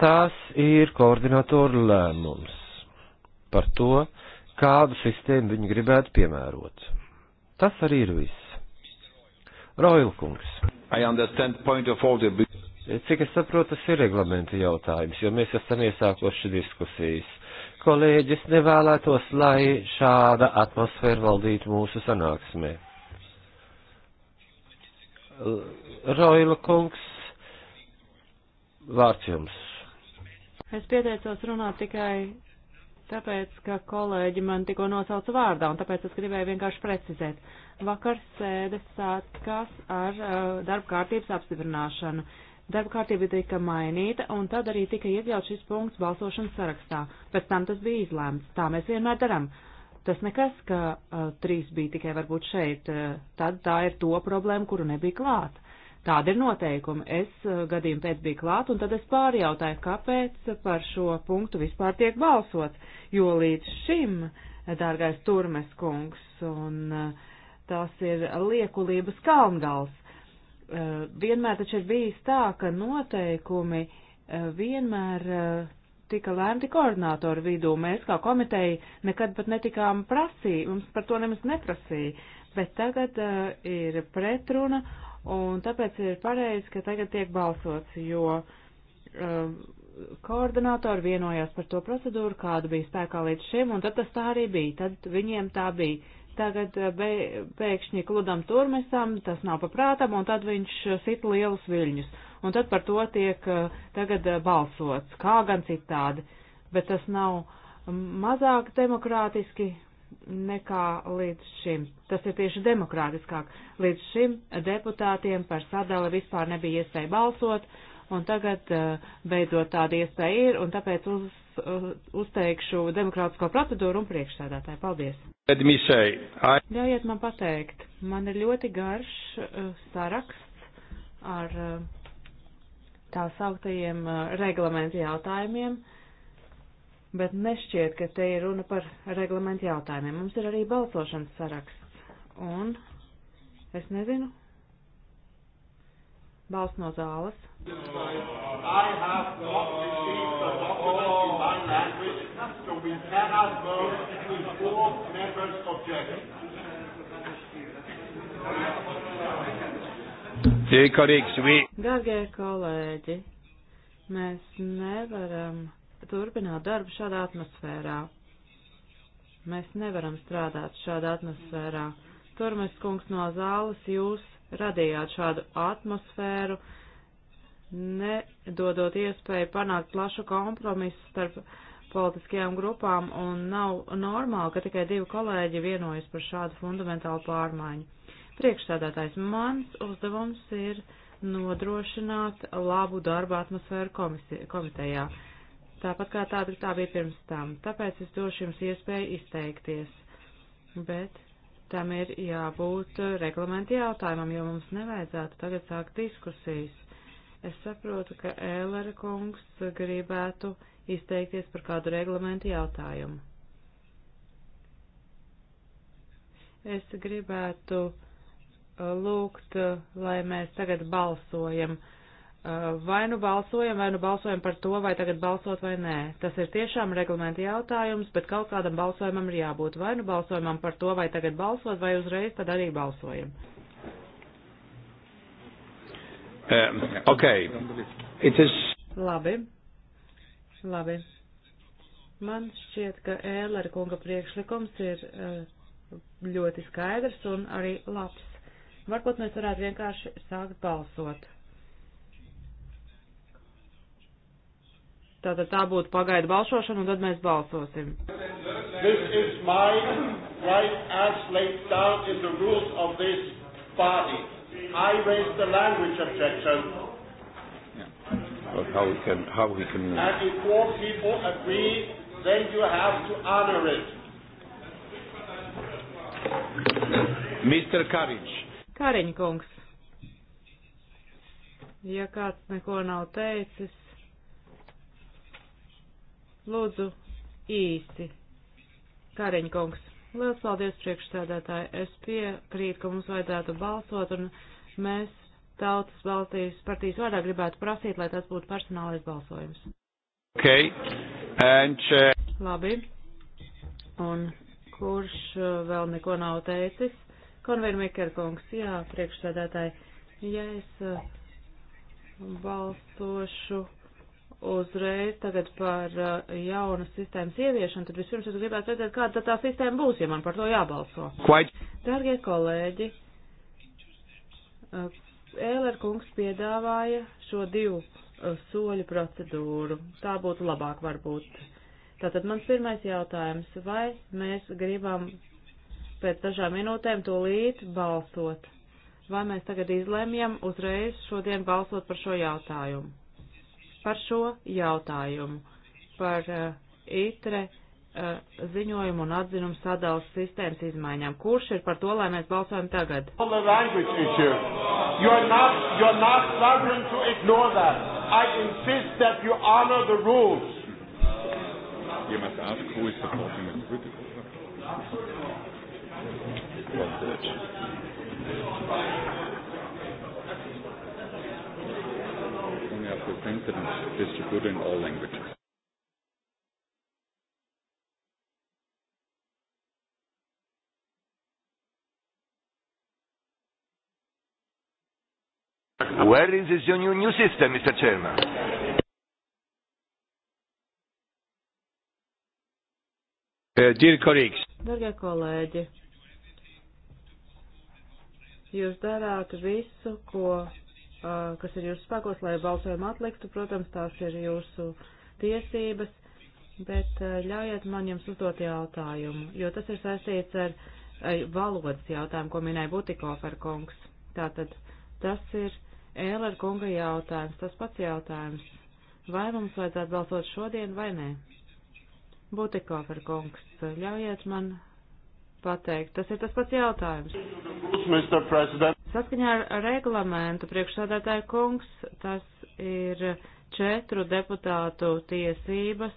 Tās ir koordinatoru lēmums par to, kādu sistēmu viņi gribētu piemērot. Tas arī ir viss. Roilkungs. Cik es saprotu, tas ir reglamenta jautājums, jo mēs esam iesākoši diskusijas. Kolēģis nevēlētos, lai šāda atmosfēra valdītu mūsu sanāksmē. Roila kungs, vārds jums. Es pieteicos runāt tikai tāpēc, ka kolēģi man tikko nosauca vārdā, un tāpēc es gribēju vienkārši precizēt. Vakar sēde sākās ar uh, darba kārtības apstiprināšanu. Darba kārtība tika mainīta, un tad arī tika iekļauts šis punkts balsošanas sarakstā. Pēc tam tas bija izlēmts. Tā mēs vienmēr darām. Tas nekas, ka uh, trīs bija tikai varbūt šeit, uh, tad tā ir to problēma, kuru nebija klāt. Tāda ir noteikuma. Es eh, gadījumu pēc biju klāt, un tad es pārjautāju, kāpēc par šo punktu vispār tiek balsots, jo līdz šim, dārgais Turmes kungs, un eh, tas ir liekulības kalngals. Eh, vienmēr taču ir bijis tā, ka noteikumi vienmēr tika lēmti koordinātoru vidū. Mēs kā komiteja nekad pat netikām prasīja, mums par to nemaz neprasīja, bet tagad uh, ir pretruna Un tāpēc ir pareizi, ka tagad tiek balsots, jo um, koordinātori vienojās par to procedūru, kāda bija spēkā līdz šim, un tad tas tā arī bija. Tad viņiem tā bija. Tagad uh, be, pēkšņi kludam turmesam, tas nav paprātam, un tad viņš uh, sit lielus viļņus. Un tad par to tiek uh, tagad uh, balsots, kā gan citādi. Bet tas nav mazāk demokrātiski, nekā līdz šim. Tas ir tieši demokrātiskāk. Līdz šim deputātiem par sadali vispār nebija iespēja balsot, un tagad eh, beidzot tāda iespēja ir, un tāpēc uz, uzteikšu demokrātisko procedūru un priekšsēdētāju. Paldies! Say, I... Ļaujiet man pateikt, man ir ļoti garš eh, saraksts ar eh, tā sauktajiem reglamentu jautājumiem. Uh, bet nešķiet, ka te ir runa par reglamentu jautājumiem. Mums ir arī balsošanas saraksts, un es nezinu, balsts no zāles. Dārgie kolēģi, mēs nevaram turpināt darbu šādā atmosfērā. Mēs nevaram strādāt šādā atmosfērā. Turmes kungs no zāles jūs radījāt šādu atmosfēru, nedodot iespēju panākt plašu kompromisu starp politiskajām grupām, un nav normāli, ka tikai divi kolēģi vienojas par šādu fundamentālu pārmaiņu. Priekšstādātais mans uzdevums ir nodrošināt labu darba atmosfēru komisijā, komitejā tāpat kā tāda, tā bija pirms tam. Tāpēc es došu jums iespēju izteikties. Bet tam ir jābūt reglamenta jautājumam, jo mums nevajadzētu tagad sākt diskusijas. Es saprotu, ka Ēlera kungs gribētu izteikties par kādu reglamentu jautājumu. Es gribētu lūgt, lai mēs tagad balsojam. Uh, Eh, vai nu balsojam, vai nu balsojam par to, vai tagad balsot vai nē. Tas ir tiešām reglamenta jautājums, bet kaut kādam balsojumam ir jābūt. Vai nu balsojumam par to, vai tagad balsot, vai uzreiz tad arī balsojam. Um, okay. It is... Labi. Labi. Man šķiet, ka Ēlera kunga priekšlikums ir eh, ļoti skaidrs un arī labs. Varbūt mēs varētu vienkārši sākt balsot. Tātad tā būtu pagaidu balsošana, un tad mēs balsosim. But how we can, how we can... Uh, And if four people agree, then you have to honor it. Mr. Kariņš. Kariņkungs. Ja kāds neko nav teicis, Lūdzu, īsi. Kāriņa kungs, liels paldies priekšsēdētāji. Es piekrītu, ka mums vajadzētu balsot, un mēs tautas balsīs partijas vārdā gribētu prasīt, lai tas būtu personālais balsojums. Okay. And, uh... Labi. Un kurš uh, vēl neko nav teicis? Konvēr Mikerkungs, jā, priekšsēdētāji, ja es uh, balsošu uzreiz tagad par uh, jaunas sistēmas ieviešanu, tad vispirms es gribētu redzēt, kāda tā sistēma būs, ja man par to jābalso. Quite. Dargie kolēģi, uh, Ēler kungs piedāvāja šo divu uh, soļu procedūru. Tā būtu labāk varbūt. Tātad mans pirmais jautājums, vai mēs gribam pēc dažām minūtēm tūlīt balsot? Vai mēs tagad izlemjam uzreiz šodien balsot par šo jautājumu? par šo jautājumu, par uh, ITRE uh, ziņojumu un atzinumu sadalas sistēmas izmaiņām. Kurš ir par to, lai mēs balsojam tagad? You're not, you're not that you honor the rules. You must ask who is supporting the critical. One third. printed and distributed in all languages. Where is this your new, new system, Mr. Chairman? Uh, dear colleagues. Dargie kolēģi, jūs darāt visu, ko kas ir jūsu spēkos, lai balsojumu atliktu. Protams, tās ir jūsu tiesības, bet ļaujiet man jums uzdot jautājumu, jo tas ir saistīts ar valodas jautājumu, ko minēja Butikofer kungs. Tātad tas ir Ēlera kunga jautājums, tas pats jautājums. Vai mums vajadzētu balsot šodien vai nē? Butikofer kungs, ļaujiet man pateikt. Tas ir tas pats jautājums. Saskaņā ar reglamentu priekšsādātāja kungs, tas ir četru deputātu tiesības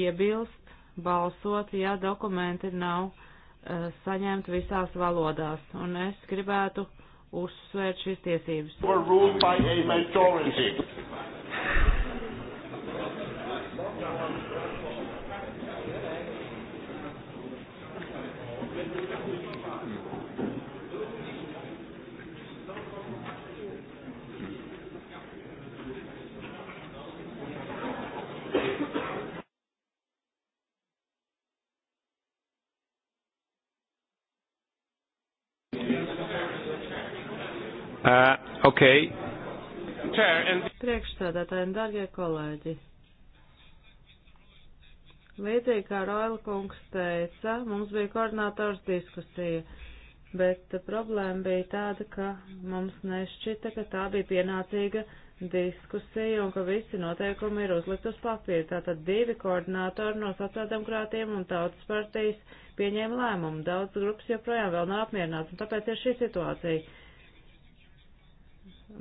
iebilst, balsot, ja dokumenti nav uh, saņemti visās valodās. Un es gribētu uzsvērt šīs tiesības. Uh, ok. Priekšsēdētāji un darbie kolēģi. Līdzīgi kā Roila kungs teica, mums bija koordinātors diskusija, bet problēma bija tāda, ka mums nešķita, ka tā bija pienācīga diskusija un ka visi noteikumi ir uzlikt uz papīra. Tātad divi koordinātori no sociāldemokrātiem un tautas partijas pieņēma lēmumu. Daudz grupas joprojām vēl nav apmierināts, un tāpēc ir šī situācija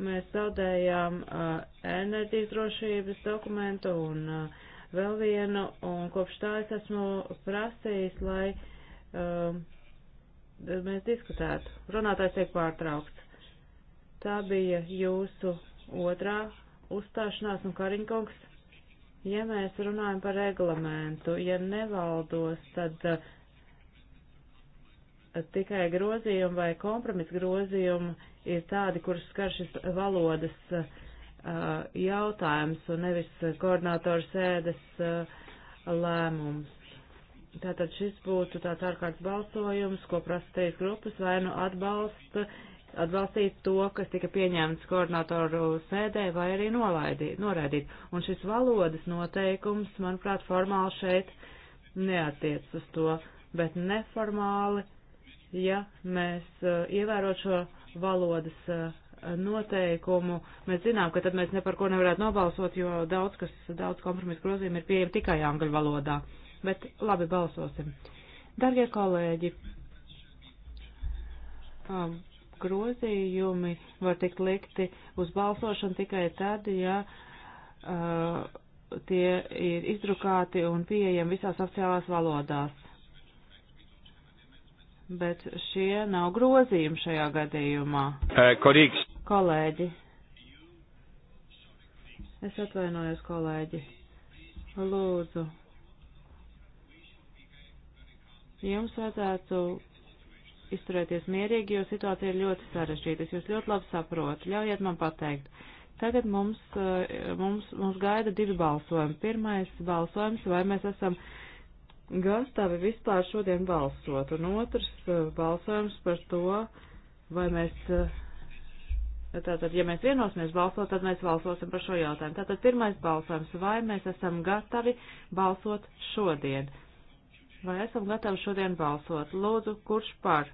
Mēs zaudējām uh, enerģijas drošības dokumentu un uh, vēl vienu, un kopš tā es esmu prasījis, lai uh, mēs diskutētu. Runātājs tiek pārtraukts. Tā bija jūsu otrā uzstāšanās un Kariņkungs. Ja mēs runājam par reglamentu, ja nevaldos, tad uh, tikai grozījumi vai kompromis grozījumi ir tādi, kurus skar šis valodas uh, jautājums un nevis koordinātoru sēdes uh, lēmums. Tātad šis būtu tāds ārkārtas balsojums, ko prasa teis grupas vai nu atbalsta, atbalstīt to, kas tika pieņemts koordinātoru sēdē vai arī nolaidīt, noraidīt. Un šis valodas noteikums, manuprāt, formāli šeit neatiec uz to, bet neformāli, ja mēs uh, ievērot šo valodas eh, noteikumu. Mēs zinām, ka tad mēs ne par ko nevarētu nobalsot, jo daudz, kas, daudz kompromisu grozījumu ir pieejami tikai angļu valodā. Bet labi, balsosim. Dargie kolēģi, um, grozījumi var tikt likti uz balsošanu tikai tad, ja uh, tie ir izdrukāti un pieejami visās oficiālās valodās bet šie nav grozījumi šajā gadījumā. Eh, Korīgs. Kolēģi. Es atvainojos, kolēģi. Lūdzu. Jums vajadzētu izturēties mierīgi, jo situācija ir ļoti sarežģīta. Es jūs ļoti labi saprotu. Ļaujiet man pateikt. Tagad mums, eh, mums, mums gaida divi balsojumi. Pirmais balsojums, vai mēs esam gatavi vispār šodien balsot, un otrs eh, balsojums par to, vai mēs, eh, tātad, ja mēs vienosimies balsot, tad mēs balsosim par šo jautājumu. Tātad pirmais balsojums, vai mēs esam gatavi balsot šodien? Vai esam gatavi šodien balsot? Lūdzu, kurš par?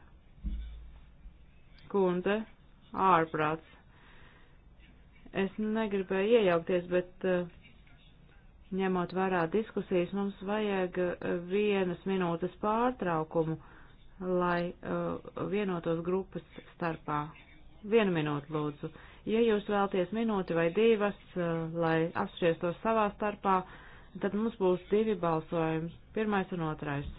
Kunde, ārprāts. Es negribēju iejaukties, bet uh, ņemot vērā diskusijas, mums vajag eh, vienas minūtes pārtraukumu, lai uh, vienotos grupas starpā. Vienu minūtu lūdzu. Ja jūs vēlties minūti vai divas, uh, lai apspriestos savā starpā, tad mums būs divi balsojumi - pirmais un otrais.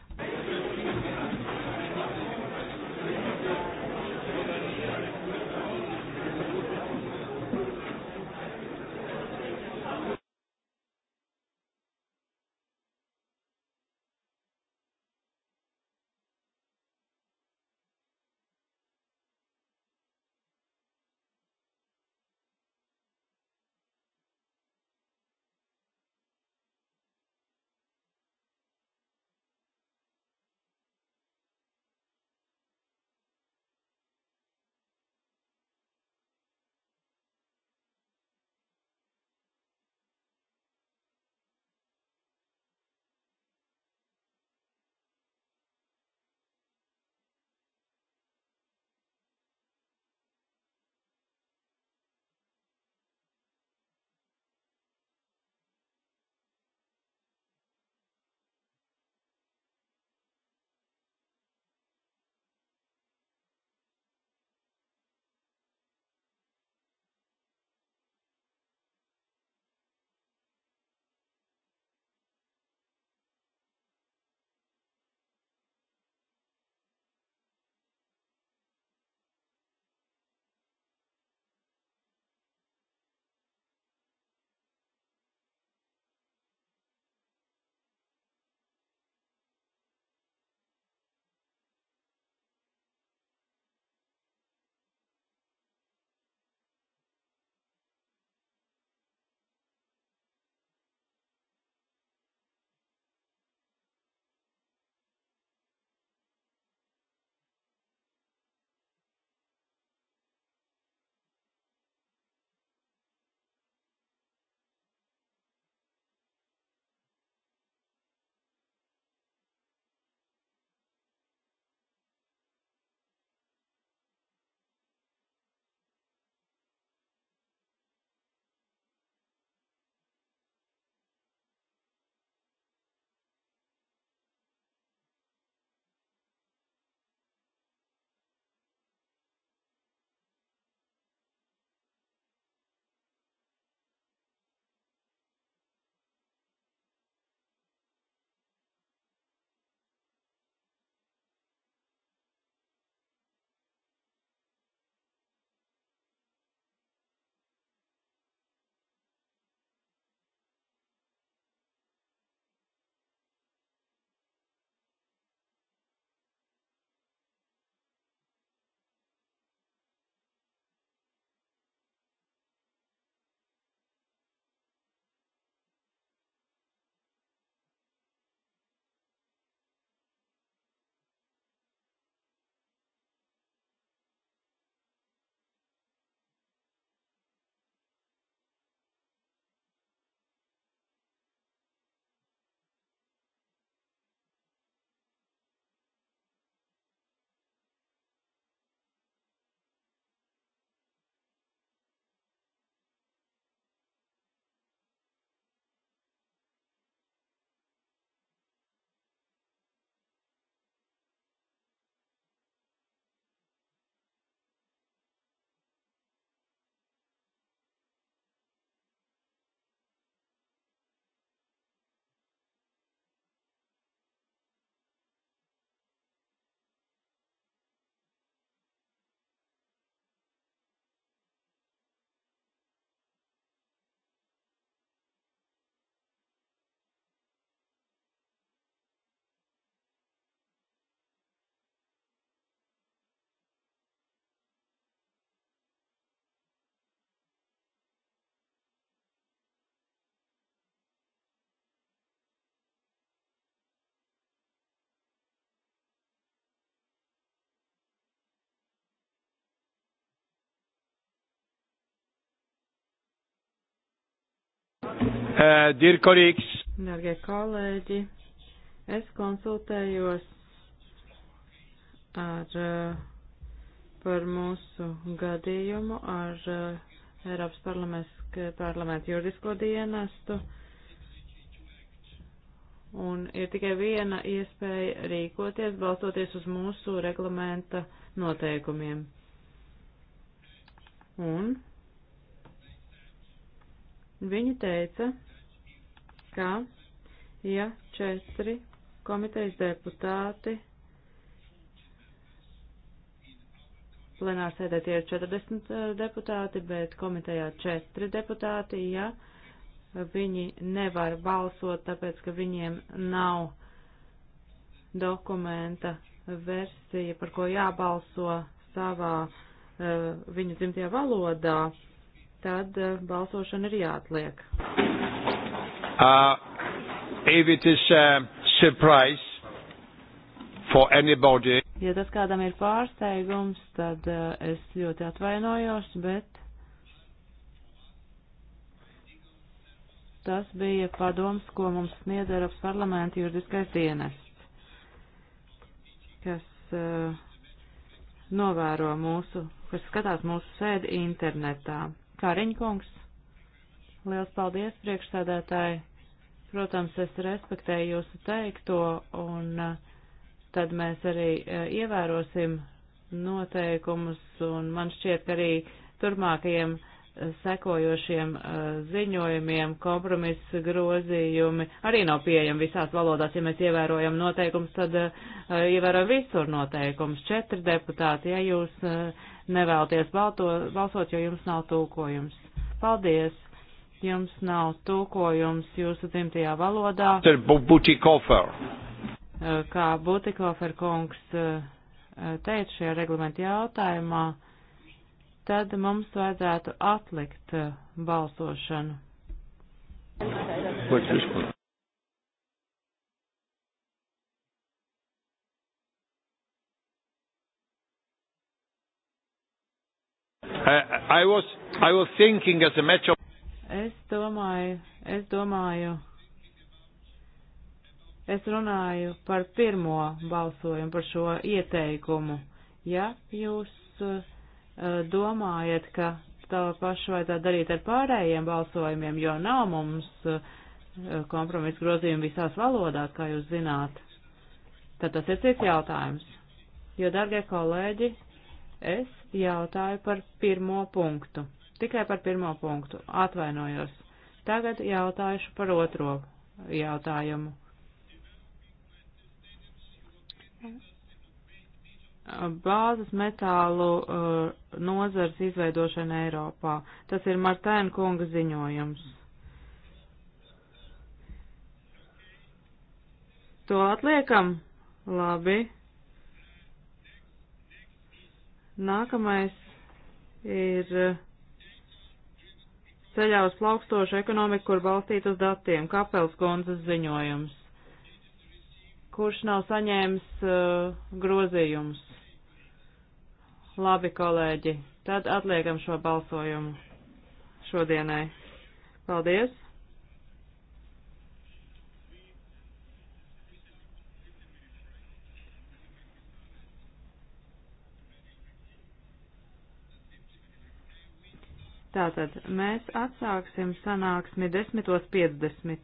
Uh, dear colleagues. Dargie kolēģi, es konsultējos ar, uh, par mūsu gadījumu ar uh, Eiropas parlamentu juridisko dienestu. Un ir tikai viena iespēja rīkoties, balstoties uz mūsu reglamenta noteikumiem. Un viņi teica, ka, ja četri komitejas deputāti plenārsēdē tie ir 40 eh, deputāti, bet komitejā 4 deputāti, ja viņi nevar balsot, tāpēc, ka viņiem nav dokumenta versija, par ko jābalso savā eh, viņu dzimtajā valodā, tad eh, balsošana ir jāatliek. Uh, if it is a uh, surprise for anybody. Ja tas kādam ir pārsteigums, tad uh, es ļoti atvainojos, bet tas bija padoms, ko mums sniedz Eiropas parlamenta juridiskais dienests, kas uh, novēro mūsu, kas skatās mūsu sēdi internetā. Kā Riņkungs? Liels paldies, priekšsēdētāji. Protams, es respektēju jūsu teikto, un eh, tad mēs arī eh, ievērosim noteikumus, un man šķiet, ka arī turpmākajiem eh, sekojošiem ziņojumiem kompromisu grozījumi arī nav pieejami visās valodās. Ja mēs ievērojam noteikumus, tad ievērojam visur noteikumus. Četri deputāti, ja jūs nevēlaties balto, balsot, jo jums nav tūkojums. Paldies! Jums nav tūkojums jūsu dzimtajā valodā. Butikofer. Eh, kā Butikofer kungs eh, teica šajā reglamenta jautājumā, tad mums vajadzētu atlikt eh, balsošanu. I was, I was thinking as a matter of Es domāju, es domāju, es runāju par pirmo balsojumu, par šo ieteikumu. Ja jūs uh, domājat, ka tā paša vajadzētu darīt ar pārējiem balsojumiem, jo nav mums uh, kompromisu grozījumu visās valodās, kā jūs zināt, tad tas ir cits jautājums. Jo, dargie kolēģi, es jautāju par pirmo punktu. Tikai par pirmo punktu. Atvainojos. Tagad jautājušu par otro jautājumu. Bāzes metālu uh, nozars izveidošana Eiropā. Tas ir Martēna kunga ziņojums. To atliekam? Labi. Nākamais ir. Uh, ceļā uz plaukstošu ekonomiku, kur balstīt uz datiem, kapels kundzes ziņojums, kurš nav saņēmis uh, grozījumus. Labi, kolēģi, tad atliekam šo balsojumu šodienai. Paldies! Tātad mēs atsāksim sanāksmi 10.50.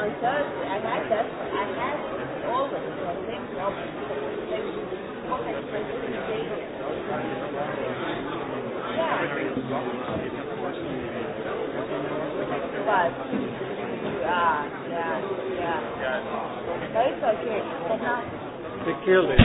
no, it does. I had that. I had all of it. I think all oh, the but yeah, yeah, yeah. But it's okay. But not. They killed it.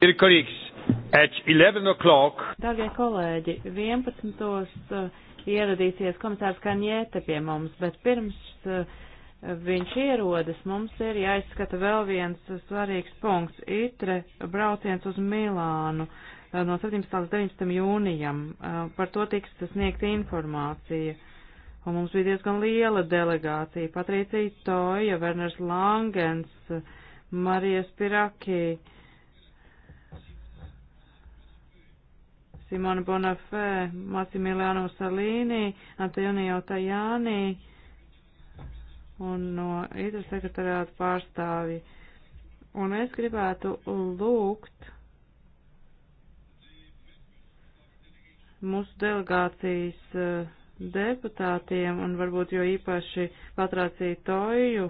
Ir kolīgs, at 11 o'clock. Darbie kolēģi, 11. Uh, ieradīsies komisārs Kanjēte pie mums, bet pirms uh, viņš ierodas, mums ir jāizskata vēl viens svarīgs punkts. Itre brauciens uz Milānu uh, no 17. līdz 19. jūnijam. Uh, par to tiks sniegta informācija. Un mums bija diezgan liela delegācija. Patricija Toja, Werners Langens, Marijas Pirakī Simona Bonafē, Massimiliano Salīni, Antonio Tajāni un no Itra sekretariāta pārstāvji. Un es gribētu lūgt mūsu delegācijas eh, deputātiem un varbūt jo īpaši Patrāciju Toju,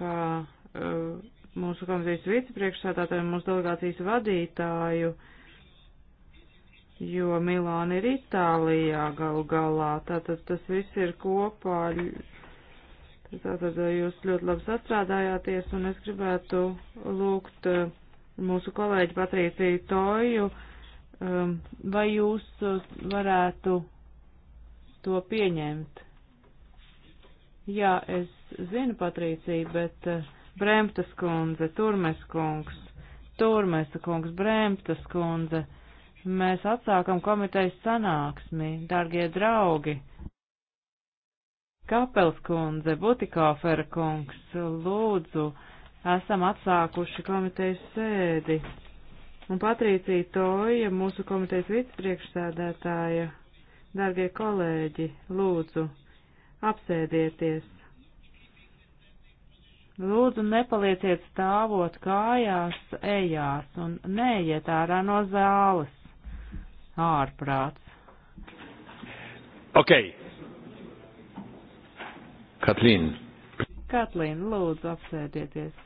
kā eh, mūsu komisijas vicepriekšsādātāju un mūsu delegācijas vadītāju, uh, jo Milāna ir Itālijā galu galā, tātad tas viss ir kopā. Tātad jūs ļoti labi sastrādājāties, un es gribētu lūgt eh, mūsu kolēģi Patrīciju Toju, um, vai jūs eh, varētu to pieņemt. Jā, es zinu, Patrīcija, bet uh, Bremtas kundze, Turmes kungs, Turmesa kungs, Bremtas kundze. Uh, mēs atsākam komitejas sanāksmi, dargie draugi. Kapels kundze, Butikofera kungs, lūdzu, esam atsākuši komitejas sēdi. Un Patrīcija Toja, mūsu komitejas vicepriekšsēdētāja, dargie kolēģi, lūdzu, apsēdieties. Lūdzu, nepalieciet stāvot kājās, ejās un neiet ārā no zāles ārprāts. Ok. Katlīna. Katlīna, lūdzu, apsēdieties.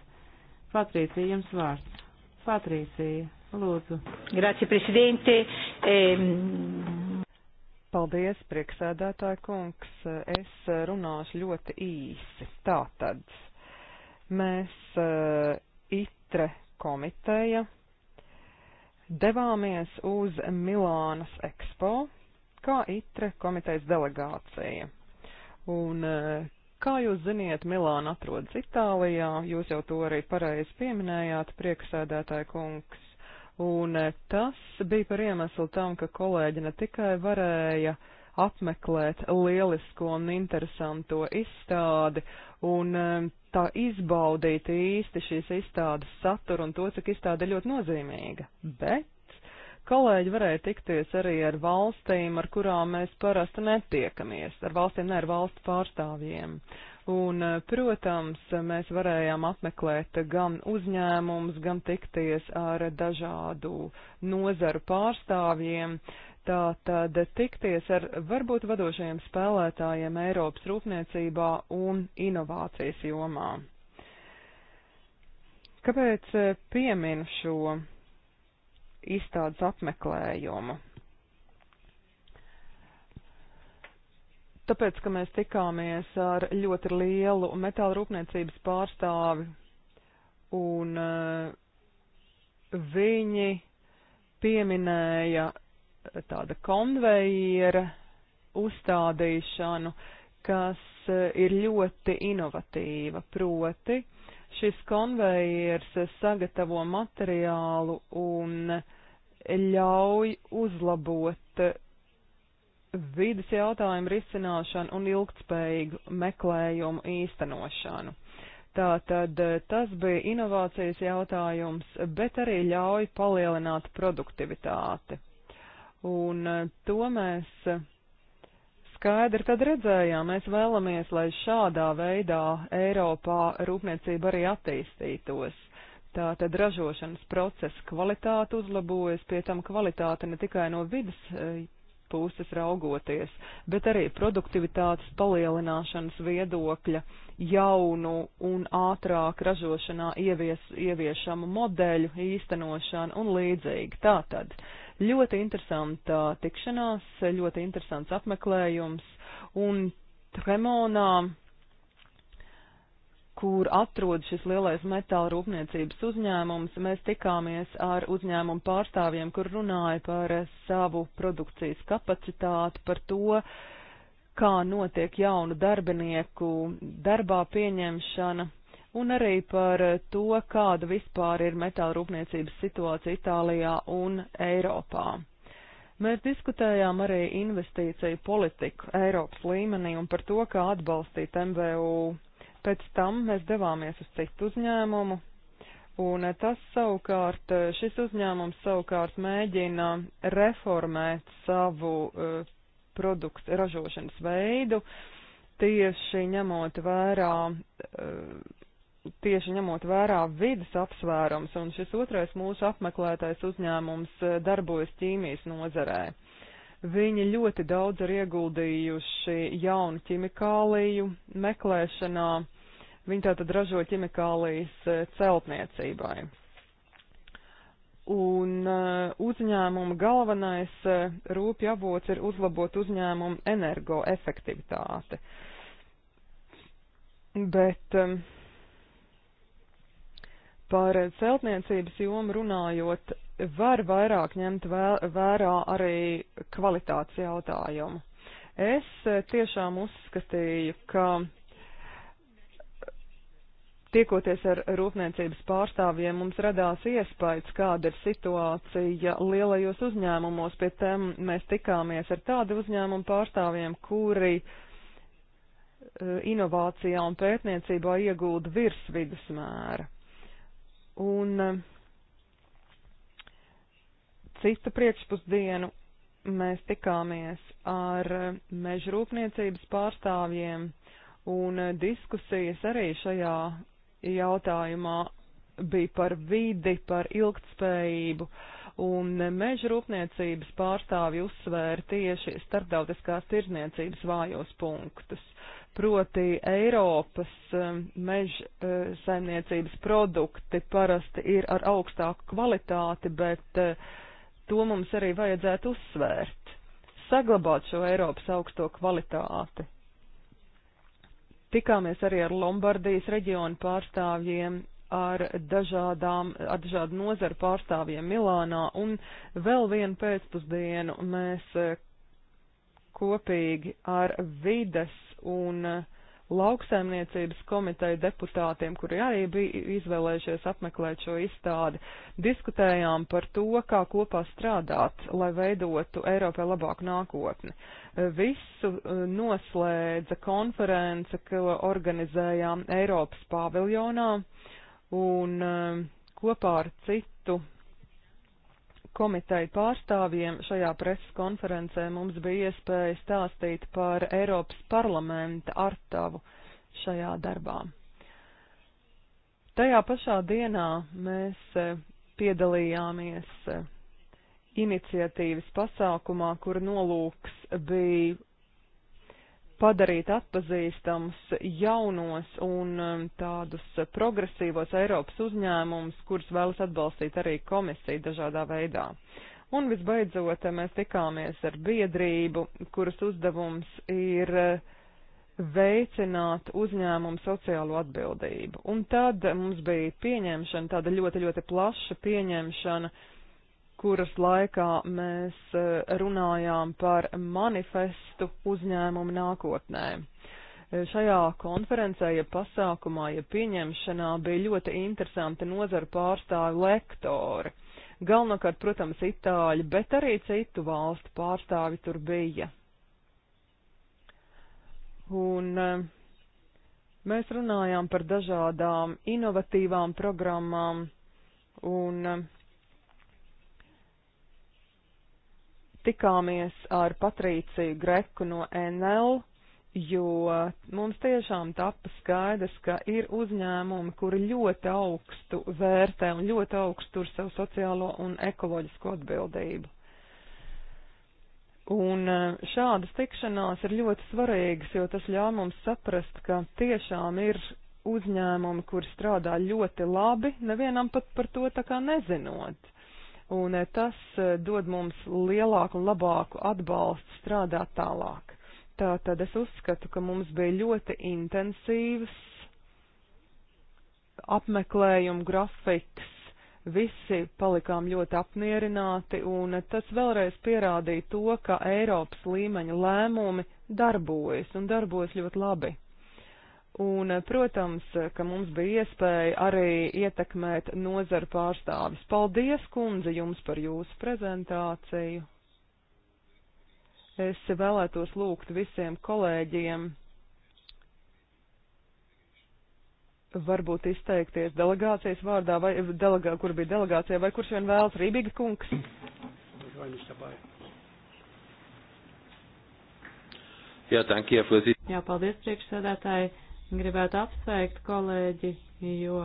Patrīcija, jums vārds. Patrīcija, lūdzu. Grazie, prezidente. Um... Ehm, Paldies, prieksēdētāja kungs. Es runāšu ļoti īsi. Tātad, mēs uh, itre komiteja devāmies uz Milānas Expo kā ITRE komitejas delegācija. Un, eh, kā jūs ziniet, Milāna atrodas Itālijā, jūs jau to arī pareizi pieminējāt, prieksēdētāja kungs. Un eh, tas bija par iemeslu tam, ka kolēģi ne tikai varēja apmeklēt lielisko un interesanto izstādi, un eh, tā izbaudīt īsti šīs izstādes saturu un to, cik izstāde ļoti nozīmīga. Bet kolēģi varēja tikties arī ar valstīm, ar kurām mēs parasti netiekamies, ar valstīm, ne ar valstu pārstāvjiem. Un, protams, mēs varējām apmeklēt gan uzņēmumus, gan tikties ar dažādu nozaru pārstāvjiem, uh, Tā tad tikties ar varbūt vadošajiem spēlētājiem Eiropas rūpniecībā un inovācijas jomā. Kāpēc eh, pieminu šo izstādes apmeklējumu? Tāpēc, ka mēs tikāmies ar ļoti lielu metāla rūpniecības pārstāvi un uh, viņi pieminēja tāda konvejera uzstādīšanu, kas eh, ir ļoti inovatīva, proti šis konvejers sagatavo materiālu un ļauj uzlabot vidas jautājumu risināšanu un ilgtspējīgu meklējumu īstenošanu. Tātad eh, tas bija inovācijas jautājums, bet arī ļauj palielināt produktivitāti. Un eh, to mēs skaidri tad redzējām. Mēs vēlamies, lai šādā veidā Eiropā rūpniecība arī attīstītos. Tātad ražošanas procesa kvalitāte uzlabojas, pie tam kvalitāte ne tikai no vidas eh, puses raugoties, bet arī produktivitātes palielināšanas viedokļa, jaunu un ātrāk ražošanā ievies, ieviešamu modeļu īstenošanu un līdzīgi. Tātad Ļoti interesanta tikšanās, ļoti interesants apmeklējums, un Tremonā, kur atrodas šis lielais metāla rūpniecības uzņēmums, mēs tikāmies ar uzņēmumu pārstāvjiem, kur runāja par savu produkcijas kapacitāti, par to, kā notiek jaunu darbinieku darbā pieņemšana un arī par to, kāda vispār ir metāla rūpniecības situācija Itālijā un Eiropā. Mēs diskutējām arī investīciju politiku Eiropas līmenī un par to, kā atbalstīt MVU. Pēc tam mēs devāmies uz citu uzņēmumu, un tas savukārt, šis uzņēmums savukārt mēģina reformēt savu uh, eh, produktu ražošanas veidu, tieši ņemot vērā uh, tieši ņemot vērā vidas apsvērums, un šis otrais mūsu apmeklētais uzņēmums eh, darbojas ķīmijas nozarē. Viņi ļoti daudz ir ieguldījuši jaunu ķimikāliju meklēšanā, viņi tātad ražo ķimikālijas eh, celtniecībai. Un uh, uzņēmuma galvenais uh, rūpja avots ir uzlabot uzņēmumu energoefektivitāti. Bet um, Par celtniecības jomu runājot, var vairāk ņemt vērā arī kvalitātes jautājumu. Es tiešām uzskatīju, ka tiekoties ar rūpniecības pārstāvjiem, mums radās iespējas, kāda ir situācija lielajos uzņēmumos. Pie tiem mēs tikāmies ar tādu uzņēmumu pārstāvjiem, kuri eh, inovācijā un pētniecībā iegūda virsvidusmēra. Un eh, citu priekšpusdienu mēs tikāmies ar eh, mežrūpniecības pārstāvjiem, un eh, diskusijas arī šajā jautājumā bija par vidi, par ilgtspējību, un mežrūpniecības pārstāvji uzsvēra tieši starptautiskās tirzniecības vājos punktus proti Eiropas um, meža uh, saimniecības produkti parasti ir ar augstāku kvalitāti, bet uh, to mums arī vajadzētu uzsvērt, saglabāt šo Eiropas augsto kvalitāti. Tikāmies arī ar Lombardijas reģionu pārstāvjiem, ar, dažādām, ar dažādu nozaru pārstāvjiem Milānā, un vēl vienu pēcpusdienu mēs uh, kopīgi ar vides un lauksaimniecības komiteju deputātiem, kuri arī bija izvēlējušies apmeklēt šo izstādi, diskutējām par to, kā kopā strādāt, lai veidotu Eiropai labāku nākotni. Visu eh, noslēdza konference, ko organizējām Eiropas paviljonā, un eh, kopā ar citu komiteju pārstāvjiem šajā preses konferencē mums bija iespēja stāstīt par Eiropas parlamenta artavu šajā darbā. Tajā pašā dienā mēs eh, piedalījāmies eh, iniciatīvas pasākumā, kur nolūks bija padarīt atpazīstams jaunos un um, tādus progresīvos Eiropas uzņēmumus, kurus vēlas atbalstīt arī komisija dažādā veidā. Un visbeidzot, mēs tikāmies ar biedrību, kuras uzdevums ir uh, veicināt uzņēmumu sociālo atbildību. Un tad mums bija pieņemšana, tāda ļoti, ļoti plaša pieņemšana, uh, kuras laikā mēs eh, runājām par manifestu uzņēmumu nākotnē. Eh, šajā konferencē, ja pasākumā, ja pieņemšanā bija ļoti interesanti nozaru pārstāvi lektori. Galvenokārt, protams, itāļi, bet arī citu valstu pārstāvi tur bija. Un eh, mēs runājām par dažādām inovatīvām programmām un tikāmies ar Patrīciju Greku no NL, jo mums tiešām tapa skaidrs, ka ir uzņēmumi, kuri ļoti augstu vērtē un ļoti augstu tur savu sociālo un ekoloģisko atbildību. Un eh, šādas tikšanās ir ļoti svarīgas, jo tas ļauj mums saprast, ka tiešām ir uzņēmumi, kur strādā ļoti labi, nevienam pat par to tā kā nezinot un eh, tas eh, dod mums lielāku un labāku atbalstu strādāt tālāk. Tātad es uzskatu, ka mums bija ļoti intensīvs apmeklējumu grafiks, visi palikām ļoti apmierināti, un eh, tas vēlreiz pierādīja to, ka Eiropas līmeņa lēmumi darbojas un darbojas ļoti labi. Un, eh, protams, ka mums bija iespēja arī ietekmēt nozaru pārstāvis. Paldies, kundze, jums par jūsu prezentāciju. Es vēlētos lūgt visiem kolēģiem varbūt izteikties delegācijas vārdā, vai delegā, kur bija delegācija, vai kurš vien vēlas Rībīga kungs. Jā, tankie, Jā, paldies priekšsēdētāji. Gribētu apsveikt kolēģi, jo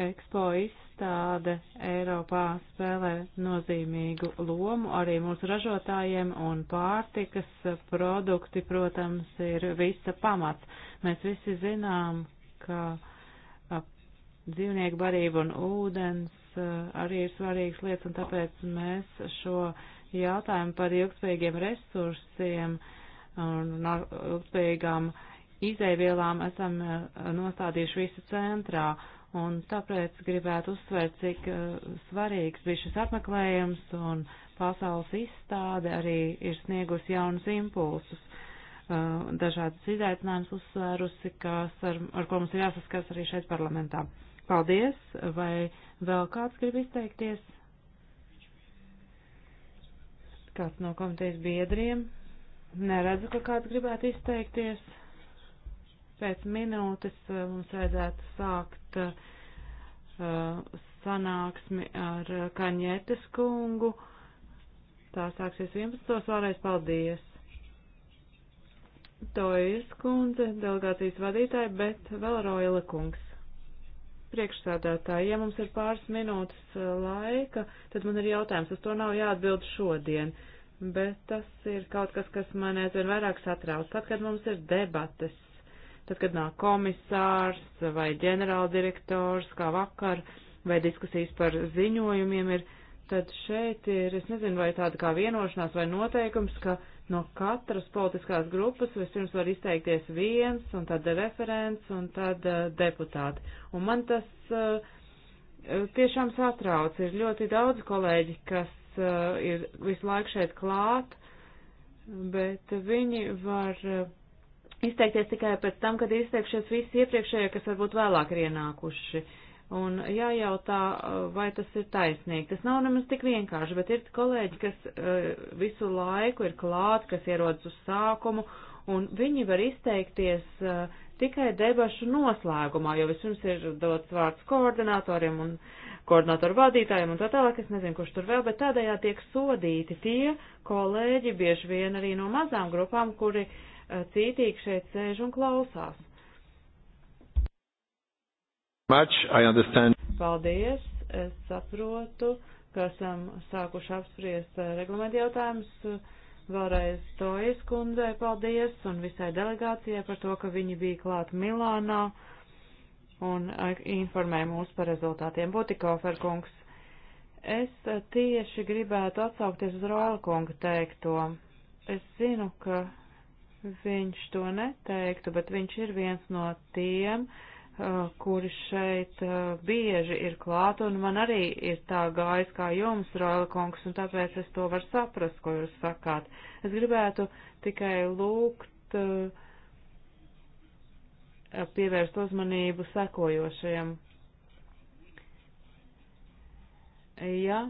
Expo izstāde Eiropā spēlē nozīmīgu lomu arī mūsu ražotājiem un pārtikas produkti, protams, ir visa pamats. Mēs visi zinām, ka dzīvnieku barība un ūdens arī ir svarīgas lietas, un tāpēc mēs šo jautājumu par ilgspējīgiem resursiem un ilgspējīgām izēvielām esam eh, nostādījuši visu centrā, un tāpēc gribētu uzsvērt, cik eh, svarīgs bija šis apmeklējums, un pasaules izstāde arī ir sniegusi jaunus impulsus, eh, dažādas izaicinājumus uzsvērusi, kas ar, ar ko mums ir jāsaskars arī šeit parlamentā. Paldies, vai vēl kāds grib izteikties? Kāds no komitejas biedriem? Neredzu, ka kāds gribētu izteikties. Pēc minūtes eh, mums vajadzētu sākt eh, sanāksmi ar Kaņetes kungu. Tā sāksies 11. vēlreiz paldies. Tojas kundze, delegācijas vadītāja, bet vēl Roila kungs priekšsādātāji, ja mums ir pāris minūtes eh, laika, tad man ir jautājums, uz to nav jāatbild šodien, bet tas ir kaut kas, kas man aizvien vairāk satrauc. Tad, kad mums ir debates, Tad, kad nāk komisārs vai ģenerāldirektors, kā vakar, vai diskusijas par ziņojumiem ir, tad šeit ir, es nezinu, vai tāda kā vienošanās vai noteikums, ka no katras politiskās grupas vispirms var izteikties viens, un tad referents, un tad uh, deputāti. Un man tas uh, tiešām satrauc. Ir ļoti daudz kolēģi, kas uh, ir visu laiku šeit klāt, bet viņi var. Uh, izteikties tikai pēc tam, kad izteikšies visi iepriekšējie, kas varbūt vēlāk ir ienākuši. Un jājautā, uh, vai tas ir taisnīgi. Tas nav nemaz tik vienkārši, bet ir kolēģi, kas uh, visu laiku ir klāt, kas ierodas uz sākumu, un viņi var izteikties uh, tikai debašu noslēgumā, jo vispirms ir dots vārds koordinatoriem un koordinatoru vadītājiem un tā tālāk, es nezinu, kurš tur vēl, bet tādējā tiek sodīti tie kolēģi, bieži vien arī no mazām grupām, kuri uh, cītīgi šeit sēž un klausās. Much, Paldies, es saprotu, ka esam sākuši apspriest eh, reglamentu jautājumus. Vēlreiz Tojas kundzei paldies un visai delegācijai par to, ka viņi bija klāt Milānā un eh, informēja mūs par rezultātiem. Butikofer kungs, es eh, tieši gribētu atsaukties uz Roela kunga teikto. Es zinu, ka Viņš to neteiktu, bet viņš ir viens no tiem, uh, kuri šeit uh, bieži ir klāt, un man arī ir tā gājis kā jums, Roila kungs, un tāpēc es to varu saprast, ko jūs sakāt. Es gribētu tikai lūgt uh, pievērst uzmanību sekojošajam. Ja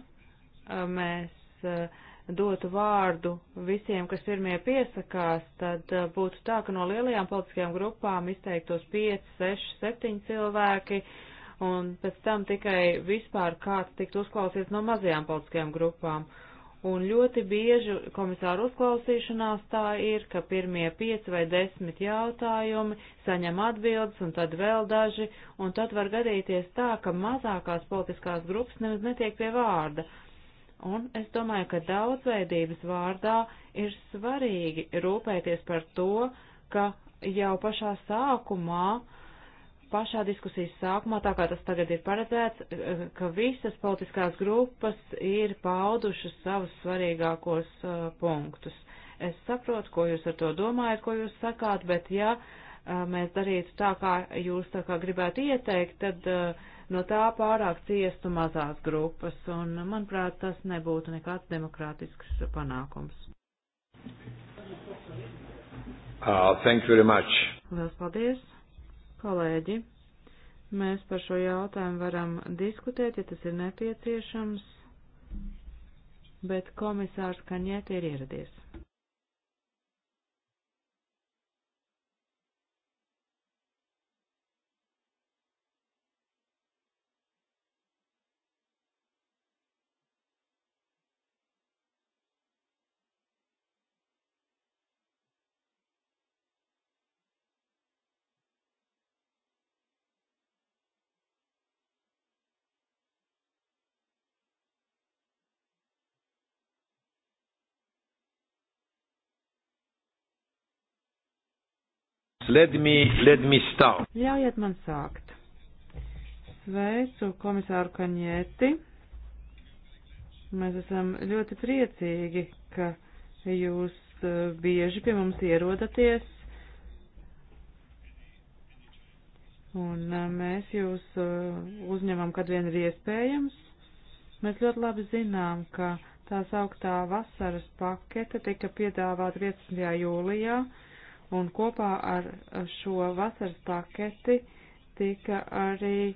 mēs uh, dotu vārdu visiem, kas pirmie piesakās, tad uh, būtu tā, ka no lielajām politiskajām grupām izteiktos 5, 6, 7 cilvēki, un pēc tam tikai vispār kāds tiktu uzklausīts no mazajām politiskajām grupām. Un ļoti bieži komisāru uzklausīšanās tā ir, ka pirmie pieci vai desmit jautājumi saņem atbildes un tad vēl daži, un tad var gadīties tā, ka mazākās politiskās grupas nemaz netiek pie vārda Un es domāju, ka daudzveidības vārdā ir svarīgi rūpēties par to, ka jau pašā sākumā, pašā diskusijas sākumā, tā kā tas tagad ir paredzēts, eh, ka visas politiskās grupas ir paudušas savus svarīgākos uh, punktus. Es saprotu, ko jūs ar to domājat, ko jūs sakāt, bet ja uh, mēs darītu tā, kā jūs tā kā gribētu ieteikt, tad uh, no tā pārāk ciestu mazās grupas, un, manuprāt, tas nebūtu nekāds demokrātisks panākums. Uh, thank you very much. Lielas paldies, kolēģi. Mēs par šo jautājumu varam diskutēt, ja tas ir nepieciešams, bet komisārs Kaņieti ir ieradies. Let me, let me start. Ļaujiet man sākt. Sveicu komisāru Kaņieti. Mēs esam ļoti priecīgi, ka jūs eh, bieži pie mums ierodaties. Un eh, mēs jūs eh, uzņemam, kad vien ir iespējams. Mēs ļoti labi zinām, ka tā sauktā vasaras pakete tika piedāvāta 15. jūlijā Un kopā ar šo vasaras paketi tika arī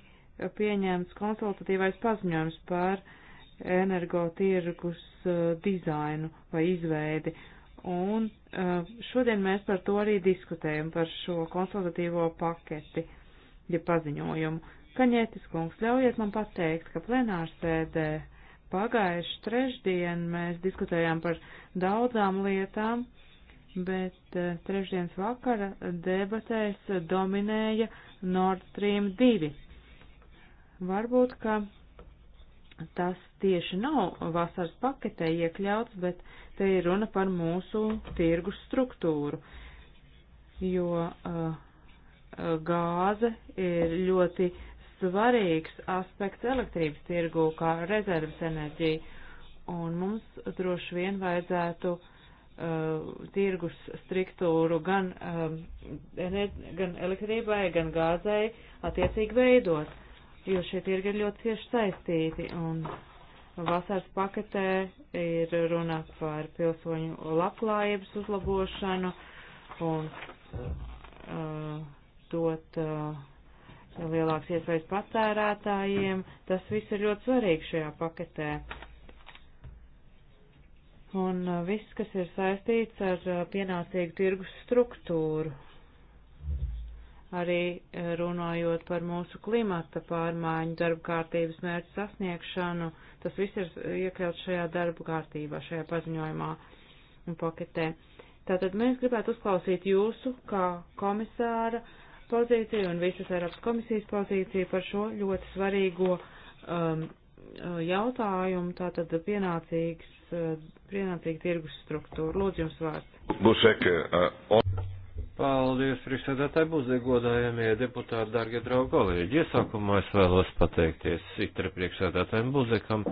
pieņemts konsultatīvais paziņojums par energotirgus uh, dizainu vai izveidi. Un uh, šodien mēs par to arī diskutējam, par šo konsultatīvo paketi, ja paziņojumu. Kaņētis kungs, ļaujiet man pateikt, ka plenārsēdē pagājuši trešdien mēs diskutējām par daudzām lietām, bet eh, trešdienas vakara debatēs dominēja Nord Stream 2. Varbūt, ka tas tieši nav vasaras paketē iekļauts, bet te ir runa par mūsu tirgus struktūru, jo uh, gāze ir ļoti svarīgs aspekts elektrības tirgū kā rezerves enerģija, un mums droši vien vajadzētu uh, Uh, tirgus struktūru gan, um, gan elektrībai, gan gāzai attiecīgi veidot, jo šie tirgi ir ļoti cieši saistīti. Un vasaras paketē ir runa par pilsoņu labklājības uzlabošanu un uh, dot uh, lielāks iespējas patērētājiem. Tas viss ir ļoti svarīgi šajā paketē. Uh, un uh, viss, kas ir saistīts ar uh, pienācīgu tirgus struktūru, arī uh, runājot par mūsu klimata pārmaiņu darba kārtības mērķu sasniegšanu, tas viss ir iekļauts šajā darba kārtībā, šajā paziņojumā un paketē. Tātad mēs gribētu uzklausīt jūsu, kā komisāra, pozīciju un visas Eiropas komisijas pozīciju par šo ļoti svarīgo um, jautājumu, tātad pienācīgs, pienācīga tirgus struktūra. Lūdzu, jums vārds. Busek, on... Paldies, priekšsēdētāji, būzē godājamie deputāti, dārgie draugi, kolēģi. Iesākumā es vēlos pateikties Itra priekšsēdētājiem Buzekam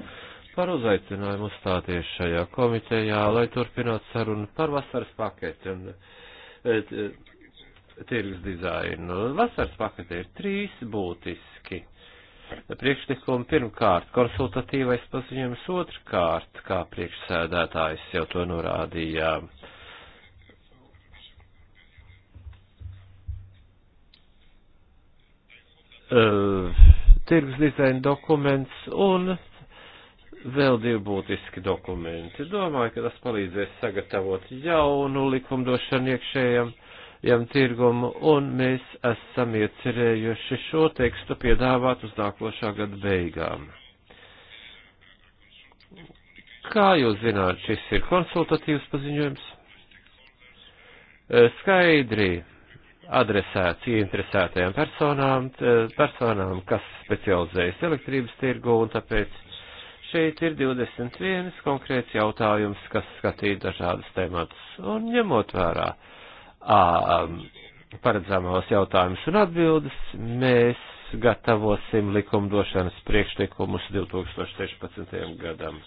par uzaicinājumu uzstāties šajā komitejā, lai turpinātu sarunu par vasaras paketi un et, et, tirgus dizainu. Vasaras paketē ir trīs būtiski priekšlikumu pirmkārt konsultatīvais paziņojums otrkārt, kā priekšsēdētājs jau to norādīja. Uh, tirgus dizaina dokuments un vēl divi būtiski dokumenti. Domāju, ka tas palīdzēs sagatavot jaunu likumdošanu iekšējam uh, jam tirgumu, un mēs esam iecerējuši šo tekstu piedāvāt uz nākošā gada beigām. Kā jūs zināt, šis ir konsultatīvs paziņojums? Skaidri adresēts ieinteresētajām personām, personām, kas specializējas elektrības tirgu, un tāpēc šeit ir 21 konkrēts jautājums, kas skatīja dažādas tematas, un ņemot vērā uh, paredzamos jautājumus un atbildes. Mēs gatavosim likumdošanas priekšlikumus 2016. gadam.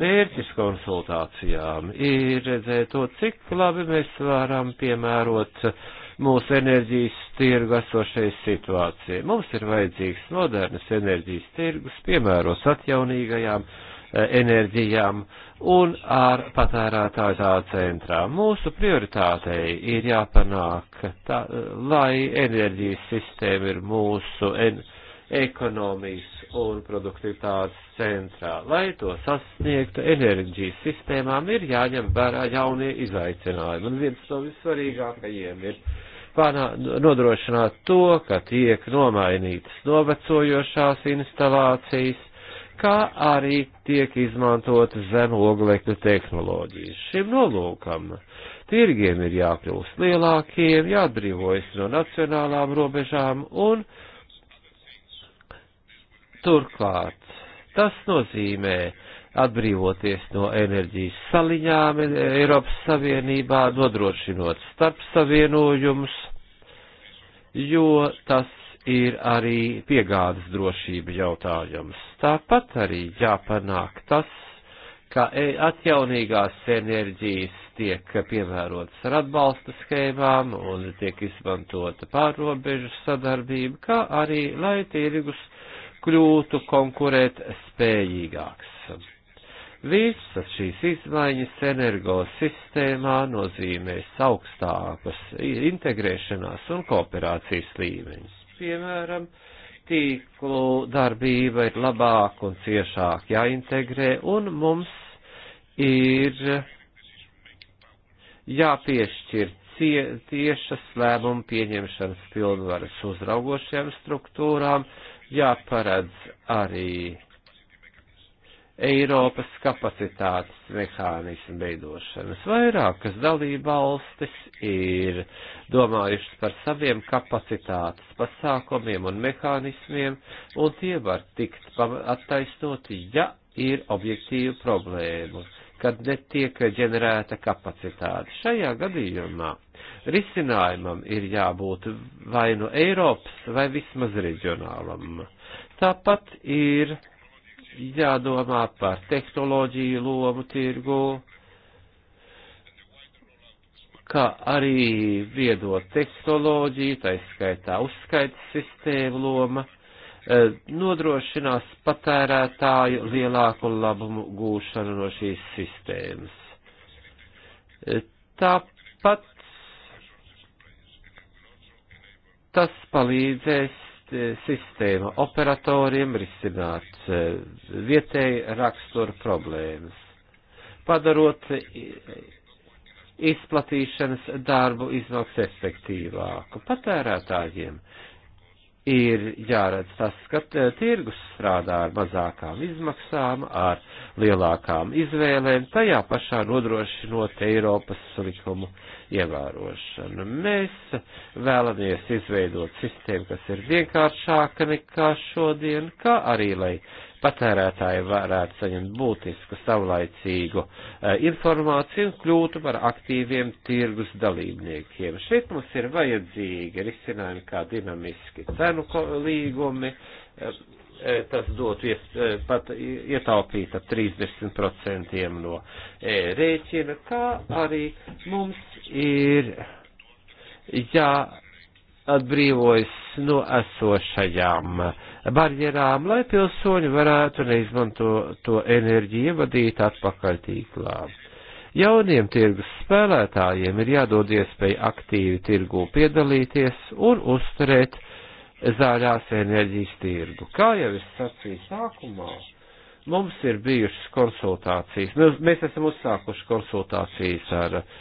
Mērķis konsultācijām ir redzēt to, cik labi mēs varam piemērot mūsu enerģijas tirgu esošai situācijai. Mums ir vajadzīgs modernas enerģijas tirgus, piemēros atjaunīgajām Eh, enerģijām un ar patērētāju tā centrā. Mūsu prioritātei ir jāpanāk, tā, eh, lai enerģijas sistēma ir mūsu en ekonomijas un produktivitātes centrā. Lai to sasniegtu, enerģijas sistēmām ir jāņem vērā jaunie izaicinājumi. Un viens no vissvarīgākajiem ir panā, nodrošināt to, ka tiek nomainītas novecojošās instalācijas, kā arī tiek izmantot zemoglekļu tehnoloģijas. Šim nolūkam tirgiem ir jākļūst lielākiem, jāatbrīvojas no nacionālām robežām un turklāt tas nozīmē atbrīvoties no enerģijas saliņām Eiropas Savienībā, nodrošinot starpsavienojumus, jo tas ir arī piegādes drošība jautājums. Tāpat arī jāpanāk tas, ka e, atjaunīgās enerģijas tiek piemērotas ar atbalsta schēmām un tiek izmantota pārrobežu sadarbība, kā arī, lai tirgus kļūtu konkurēt spējīgāks. Visas šīs izmaiņas energosistēmā nozīmēs augstākas integrēšanās un kooperācijas līmeņus piemēram, tīklu darbība ir labāk un ciešāk jāintegrē, un mums ir jāpiešķir tie, tiešas lēmumu pieņemšanas pilnvaras uzraugošajām struktūrām, jāparedz arī Eiropas kapacitātes mehānismu veidošanas. Vairākas dalība valstis ir domājušas par saviem kapacitātes pasākumiem un mehānismiem, un tie var tikt attaisnoti, ja ir objektīva problēma, kad netiek ģenerēta kapacitāte. Šajā gadījumā risinājumam ir jābūt vai nu no Eiropas, vai vismaz reģionālam. Tāpat ir jādomā par tehnoloģiju lomu tirgu, kā arī viedo tehnoloģiju, taiskaitā uzskaitas sistēma loma, e, nodrošinās patērētāju lielāku labumu gūšanu no šīs sistēmas. E, tāpat tas palīdzēs Eh, sistēma operatoriem risināt eh, vietēji rakstura problēmas, padarot eh, izplatīšanas darbu izmaksu efektīvāku patērētājiem ir jāredz tas, ka eh, tirgus strādā ar mazākām izmaksām, ar lielākām izvēlēm, tajā pašā nodrošinot Eiropas likumu ievērošanu. Mēs vēlamies izveidot sistēmu, kas ir vienkāršāka nekā šodien, kā arī, lai patērētāji varētu saņemt būtisku savlaicīgu e, informāciju un kļūtu par aktīviem tirgus dalībniekiem. Šeit mums ir vajadzīgi risinājumi kā dinamiski cenu līgumi, e, e, tas dotu ies, pat ietaupīt ar 30% no rēķina, kā arī mums ir jāatbrīvojas no esošajām uh, barjerām, lai pilsoņi varētu neizmanto to enerģiju vadīt atpakaļ tīklā. Jauniem tirgus spēlētājiem ir jādod iespēja aktīvi tirgū piedalīties un uzturēt zaļās enerģijas tirgu. Kā jau es sacīju sākumā, mums ir bijušas konsultācijas, mēs, mēs esam uzsākuši konsultācijas ar uh,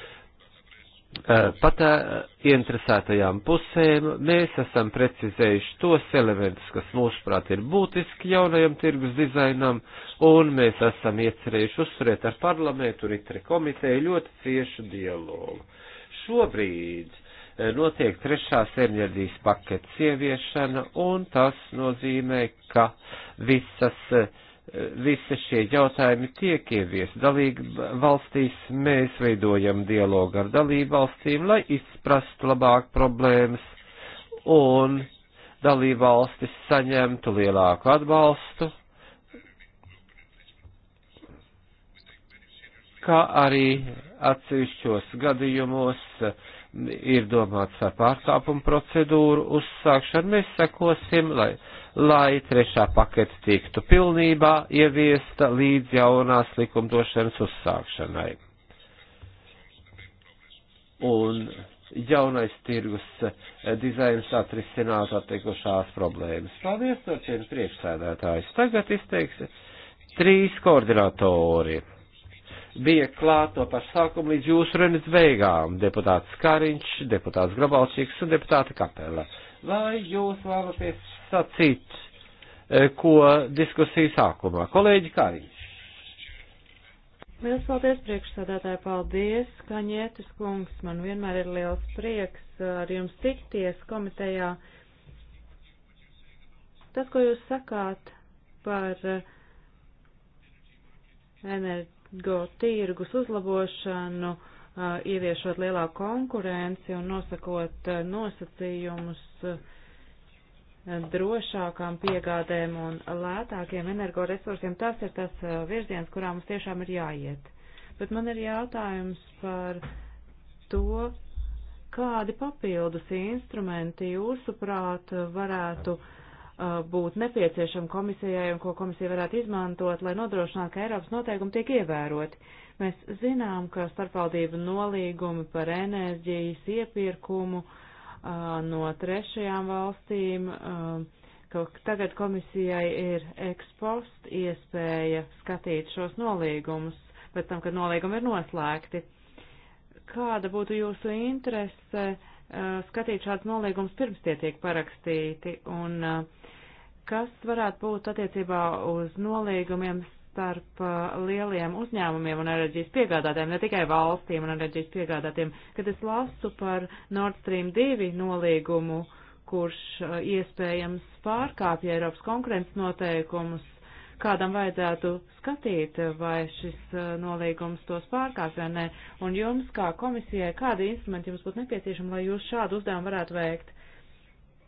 Eh, patē eh, interesētajām pusēm mēs esam precizējuši tos elementus, kas mūsuprāt ir būtiski jaunajam tirgus dizainam, un mēs esam iecerējuši uzturēt ar parlamentu un itri komiteju ļoti ciešu dialogu. Šobrīd eh, notiek trešās enerģijas paketes ieviešana, un tas nozīmē, ka visas uh, visi šie jautājumi tiek ievies dalību valstīs, mēs veidojam dialogu ar dalību valstīm, lai izprastu labāk problēmas un dalību valstis saņemtu lielāku atbalstu, kā arī atsevišķos gadījumos ir domāts ar pārkāpumu procedūru uzsākšanu. Mēs sekosim, lai lai trešā pakete tiktu pilnībā ieviesta līdz jaunās likumdošanas uzsākšanai. Un jaunais tirgus eh, dizains atrisināt attiekušās problēmas. Paldies, Torčēns priekšsēdētājs. Tagad izteiks trīs koordinatori. Bija klāt no pašsākuma līdz jūsu runas beigām deputāts Kariņš, deputāts Grabalčīks un deputāta Kapela. Vai jūs vēlaties sacīt, e, ko diskusiju sākumā? Kolēģi Kariņš. Liels paldies, priekšsādātāji, paldies, Kaņietis kungs, man vienmēr ir liels prieks ar jums tikties komitejā. Tas, ko jūs sakāt par e, energo tirgus uzlabošanu, e, ieviešot lielāku konkurenci un nosakot nosacījumus drošākām piegādēm un lētākiem energoresursiem. Tas ir tas eh, virziens, kurā mums tiešām ir jāiet. Bet man ir jautājums par to, kādi papildus instrumenti jūsuprāt varētu eh, būt nepieciešami komisijai un ko komisija varētu izmantot, lai nodrošinātu, ka Eiropas noteikumi tiek ievēroti. Mēs zinām, ka starpvaldību nolīgumi par enerģijas iepirkumu uh, no trešajām valstīm, ka tagad komisijai ir ekspost iespēja skatīt šos nolīgumus pēc tam, kad nolīgumi ir noslēgti. Kāda būtu jūsu interese skatīt šādus nolīgumus pirms tie tiek parakstīti un kas varētu būt attiecībā uz nolīgumiem starp uh, lieliem uzņēmumiem un enerģijas piegādātājiem, ne tikai valstīm un enerģijas piegādātājiem, kad es lasu par Nord Stream 2 nolīgumu, kurš uh, iespējams pārkāpja Eiropas konkurences noteikumus, kādam vajadzētu skatīt, uh, vai šis nolīgums tos pārkāpj vai nē, un jums kā komisijai, kādi instrumenti jums būtu nepieciešami, lai jūs šādu uzdevumu varētu veikt?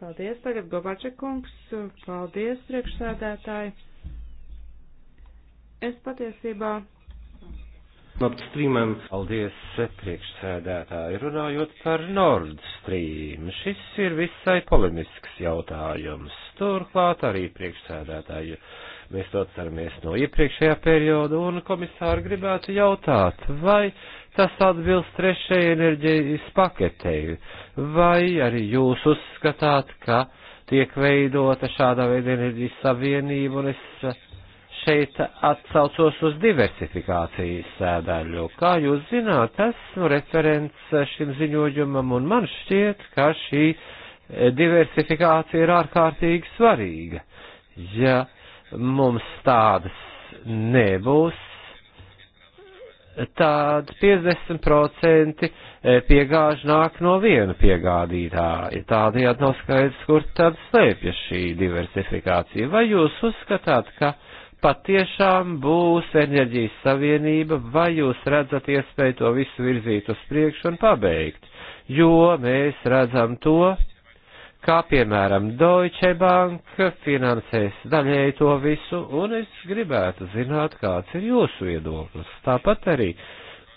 Paldies, tagad Gobačekungs, paldies, priekšsēdētāji. Es patiesībā. Nord Streamam. Paldies, priekšsēdētāji. Runājot par Nord Stream, šis ir visai polemisks jautājums. Turklāt arī priekšsēdētāji. Mēs to atceramies no iepriekšējā perioda, un komisāri gribētu jautāt, vai tas atbilst trešajai enerģijas paketei, vai arī jūs uzskatāt, ka tiek veidota šāda veida enerģijas savienība, un es šeit atsaucos uz diversifikācijas sēdaļu. Kā jūs zināt, esmu referents šim ziņojumam, un man šķiet, ka šī diversifikācija ir ārkārtīgi svarīga. Ja mums tādas nebūs, tad 50% piegāž nāk no viena piegādītāja. Tādējādi nav skaidrs, kur tad slēpjas šī diversifikācija. Vai jūs uzskatāt, ka patiešām būs enerģijas savienība, vai jūs redzat iespēju to visu virzīt uz priekšu un pabeigt? Jo mēs redzam to, kā piemēram Deutsche Bank finansēs daļēji to visu, un es gribētu zināt, kāds ir jūsu viedoklis. Tāpat arī,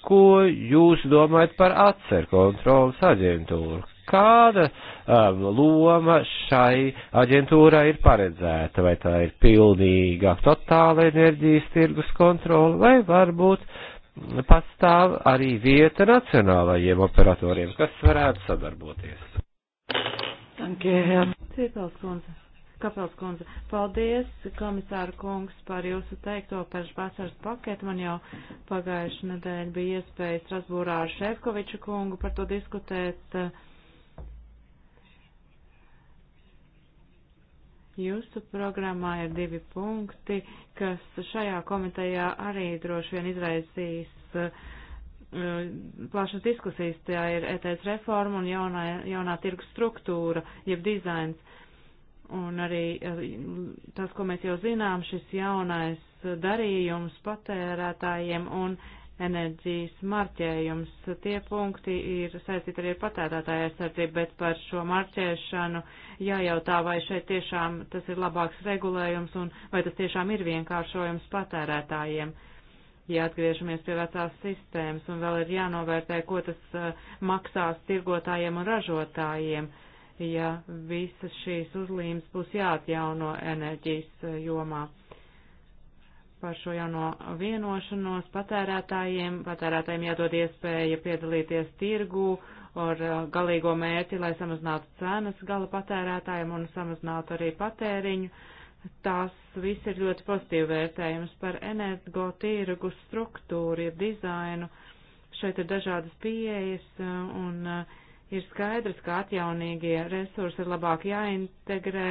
ko jūs domājat par atcer kontrolas aģentūru? kāda um, loma šai aģentūrai ir paredzēta, vai tā ir pilnīga totāla enerģijas tirgus kontrola, vai varbūt pastāv arī vieta nacionālajiem operatoriem, kas varētu sadarboties. Danke, Herr Cipelskundze. Kapels kundze, paldies, komisāra kungs, par jūsu teikto par vasaras paketu. Man jau pagājuši nedēļa bija iespēja Strasbūrā ar Šefkoviču kungu par to diskutēt. Uh, Jūsu programmā ir divi punkti, kas šajā komitejā arī droši vien izraisīs uh, plašas diskusijas. Tā ir ETS reforma un jaunā, jaunā tirgus struktūra, jeb dizains. Un arī uh, tas, ko mēs jau zinām, šis jaunais darījums patērētājiem un uh, enerģijas marķējums. Tie punkti ir saistīti arī ar patērētāju aizsardzību, bet par šo marķēšanu jājautā, vai šeit tiešām tas ir labāks regulējums un vai tas tiešām ir vienkāršojums patērētājiem. Ja atgriežamies pie vecās sistēmas un vēl ir jānovērtē, ko tas uh, maksās tirgotājiem un ražotājiem, ja visas šīs uzlīmes būs jāatjauno enerģijas uh, jomā par šo jauno vienošanos patērētājiem. Patērētājiem jādod iespēja piedalīties tirgu ar uh, galīgo mērķi, lai samazinātu cenas gala patērētājiem un samazinātu arī patēriņu. Tās viss ir ļoti pozitīvi vērtējums par energo tirgu struktūru, ir dizainu. Šeit ir dažādas pieejas uh, un uh, ir skaidrs, ka atjaunīgie resursi ir labāk jāintegrē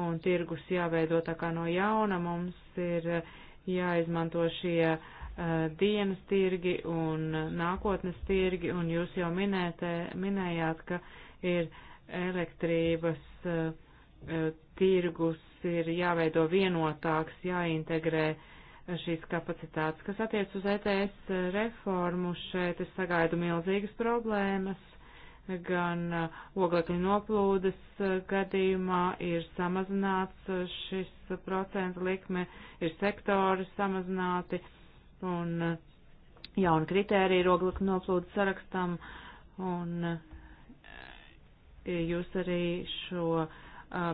un tirgus jāveido tā kā no jauna. Mums ir uh, jāizmanto šie uh, dienas tirgi un nākotnes tirgi, un jūs jau minētē, minējāt, ka ir elektrības uh, tirgus, ir jāveido vienotāks, jāintegrē šīs kapacitātes. Kas attiec uz ETS reformu, šeit es sagaidu milzīgas problēmas gan uh, oglekļu noplūdes uh, gadījumā ir samazināts uh, šis procentu likme, ir sektori samazināti un jauni kritērija ir oglekļu noplūdes sarakstam un jūs arī šo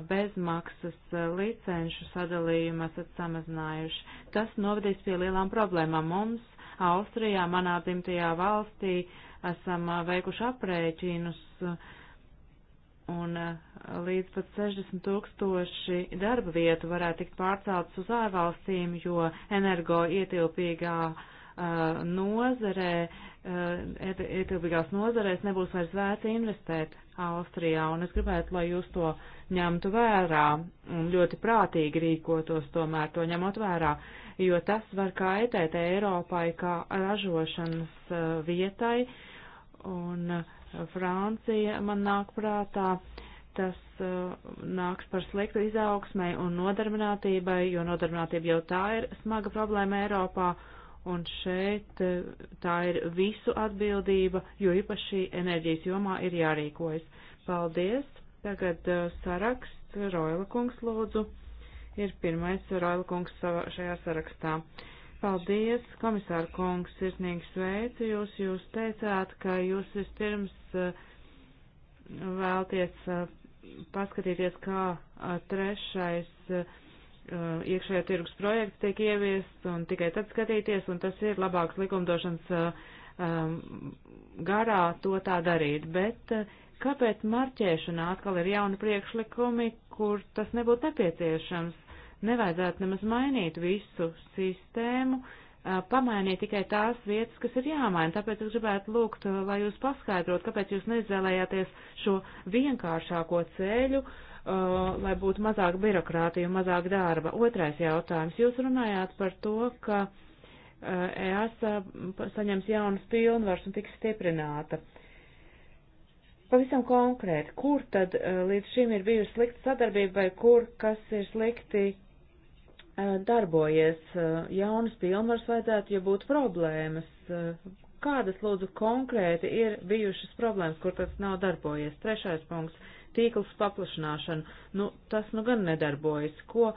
bezmaksas licenšu sadalījumu esat samazinājuši. Tas novedīs pie lielām problēmām mums, Austrijā, manā dzimtajā valstī, uh, esam veikuši aprēķinus, un līdz pat 60 tūkstoši darba vietu varētu tikt pārceltas uz ārvalstīm, jo energo ietilpīgā nozarē, ietilpīgās nozarēs nebūs vairs vērts investēt Austrijā, un es gribētu, lai jūs to ņemtu vērā un ļoti prātīgi rīkotos tomēr to ņemot vērā. Uh, jo tas var kaitēt Eiropai kā ražošanas e, vietai. Un e, Francija man nāk prātā, tas e, nāks par sliktu izaugsmai un nodarbinātībai, jo nodarbinātība jau tā ir smaga problēma Eiropā. Un šeit tā ir visu atbildība, jo īpaši enerģijas jomā ir jārīkojas. Paldies! Tagad saraksts, Roila kungs lūdzu ir pirmais Roila kungs šajā sarakstā. Paldies, komisāra kungs, sirsnīgi sveicu jūs. Jūs teicāt, ka jūs vispirms uh, vēlties uh, paskatīties, kā uh, trešais iekšējā tirgus projekts tiek ieviests un tikai tad skatīties, un tas ir labāks likumdošanas um, garā to tā darīt. Bet kāpēc marķēšanā atkal ir jauni priekšlikumi, kur tas nebūtu nepieciešams? nevajadzētu nemaz mainīt visu sistēmu, pamainiet tikai tās vietas, kas ir jāmaina. Tāpēc es gribētu lūgt, lai jūs paskaidrot, kāpēc jūs neizvēlējāties šo vienkāršāko ceļu, lai būtu mazāk birokrātija un mazāk darba. Otrais jautājums. Jūs runājāt par to, ka EASA saņems jaunas pilnvaras un tiks stiprināta. Pavisam konkrēti, kur tad līdz šim ir bijusi slikta sadarbība vai kur kas ir slikti darbojies jaunas pilnvaras vajadzētu, ja būtu problēmas. Kādas, lūdzu, konkrēti ir bijušas problēmas, kur tas nav darbojies? Trešais punkts - tīkls paplašināšana. Nu, tas nu gan nedarbojas. Ko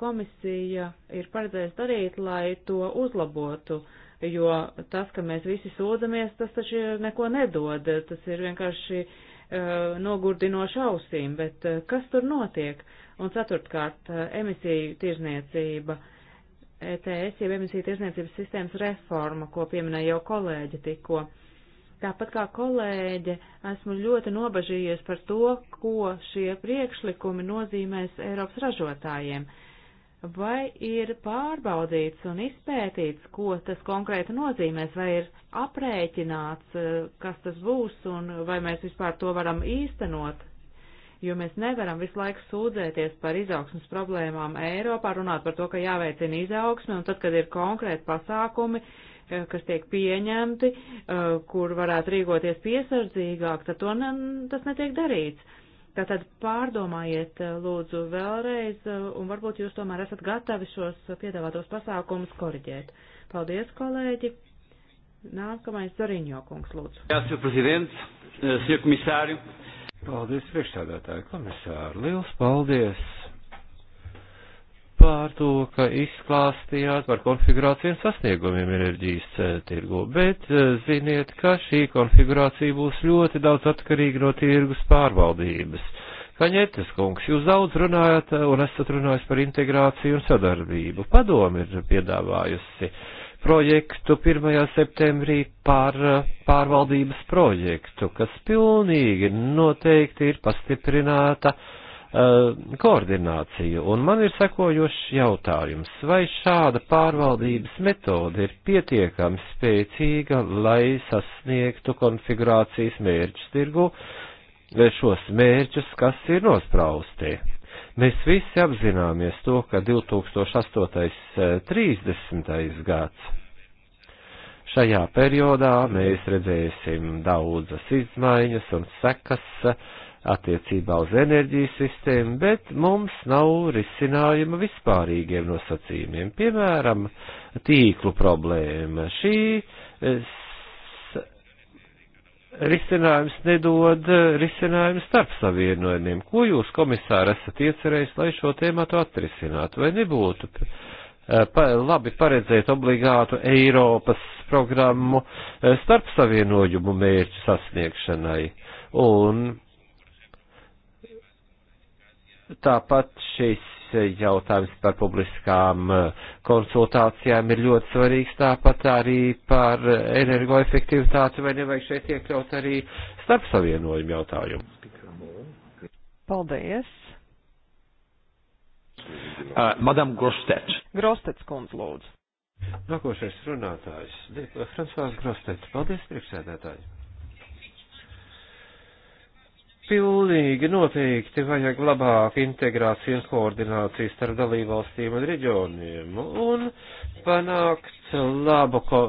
komisija ir paredzējusi darīt, lai to uzlabotu? Jo tas, ka mēs visi sūdzamies, tas taču neko nedod. Tas ir vienkārši uh, nogurdinoši ausīm, bet uh, kas tur notiek? Uh, Un ceturtkārt, eh, emisiju tirzniecība. ETS, jeb emisiju tirzniecības sistēmas reforma, ko pieminēja jau kolēģi tikko. Tāpat kā kolēģe, esmu ļoti nobažījies par to, ko šie priekšlikumi nozīmēs Eiropas ražotājiem. Vai ir pārbaudīts un izpētīts, ko tas konkrēti nozīmēs, vai ir aprēķināts, eh, kas tas būs un vai mēs vispār to varam īstenot, jo mēs nevaram visu laiku sūdzēties par izaugsmas problēmām Eiropā, runāt par to, ka jāveicina izaugsme, un tad, kad ir konkrēti pasākumi, eh, kas tiek pieņemti, eh, kur varētu rīkoties piesardzīgāk, tad to ne, tas netiek darīts. Tātad pārdomājiet, eh, lūdzu, vēlreiz, un varbūt jūs tomēr esat gatavi šos piedāvātos pasākumus koriģēt. Paldies, kolēģi! Nākamais Zariņo kungs, lūdzu. Jā, sr. prezidents, sr. komisāri, Paldies, priekšstādātāji komisāri. Liels paldies par to, ka izklāstījāt par konfigurāciju un sasniegumiem enerģijas eh, tirgu, bet eh, ziniet, ka šī konfigurācija būs ļoti daudz atkarīga no tirgus pārvaldības. Kaņetes kungs, jūs daudz runājat eh, un esat runājis par integrāciju un sadarbību. Padomi ir piedāvājusi. Uh, projektu 1. septembrī par eh, pārvaldības projektu, kas pilnīgi noteikti ir pastiprināta uh, koordinācija. Un man ir sekojošs jautājums, vai šāda pārvaldības metode ir pietiekami spēcīga, lai sasniegtu konfigurācijas mērķus tirgu, eh, šos mērķus, kas ir nospraustie? Mēs visi apzināmies to, ka 2008.30. Eh, gads šajā periodā mēs redzēsim daudzas izmaiņas un sekas eh, attiecībā uz enerģijas sistēmu, bet mums nav risinājuma vispārīgiem nosacījumiem. Piemēram, tīklu problēma. Šī eh, risinājums nedod eh, risinājumu starp savienojumiem. Ko jūs, komisāri, esat iecerējis, lai šo tēmatu atrisinātu? Vai nebūtu eh, pa, labi paredzēt obligātu Eiropas programmu eh, starp savienojumu mērķu sasniegšanai? Un tāpat šis jautājums par publiskām uh, konsultācijām ir ļoti svarīgs, tāpat arī par energoefektivitāti, vai nevajag šeit iekļaut arī starp savienojumu jautājumu. Paldies. Uh, Madam Grostets. Grostets kundz lūdzu. Nākošais runātājs, Francisks Grostets. Paldies, priekšsēdētāji. Pilnīgi noteikti vajag labāku integrāciju un koordināciju starp dalībvalstīm un reģioniem un panākt labu ko,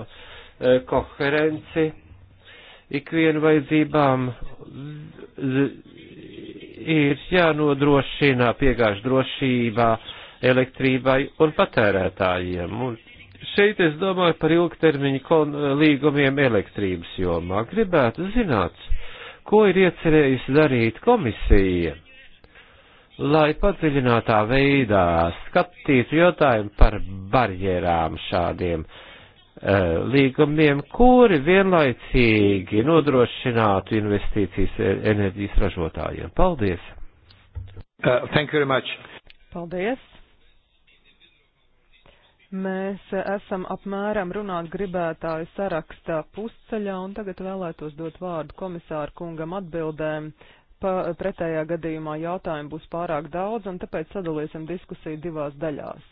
e, koherenci ikvienu vajadzībām ir jānodrošina piegāžu drošībā elektrībai un patērētājiem. Un šeit es domāju par ilgtermiņu līgumiem elektrības jomā. Gribētu zināt, Ko ir iecerējusi darīt komisija, lai padziļinātā veidā skatītu jautājumu par barjerām šādiem uh, līgumiem, kuri vienlaicīgi nodrošinātu investīcijas e- enerģijas ražotājiem? Paldies! Uh, thank you very much. Paldies! Mēs esam apmēram runāt gribētāju sarakstā pusceļā, un tagad vēlētos dot vārdu komisāru kungam atbildēm. Pa, pretējā gadījumā jautājumu būs pārāk daudz, un tāpēc sadalīsim diskusiju divās daļās.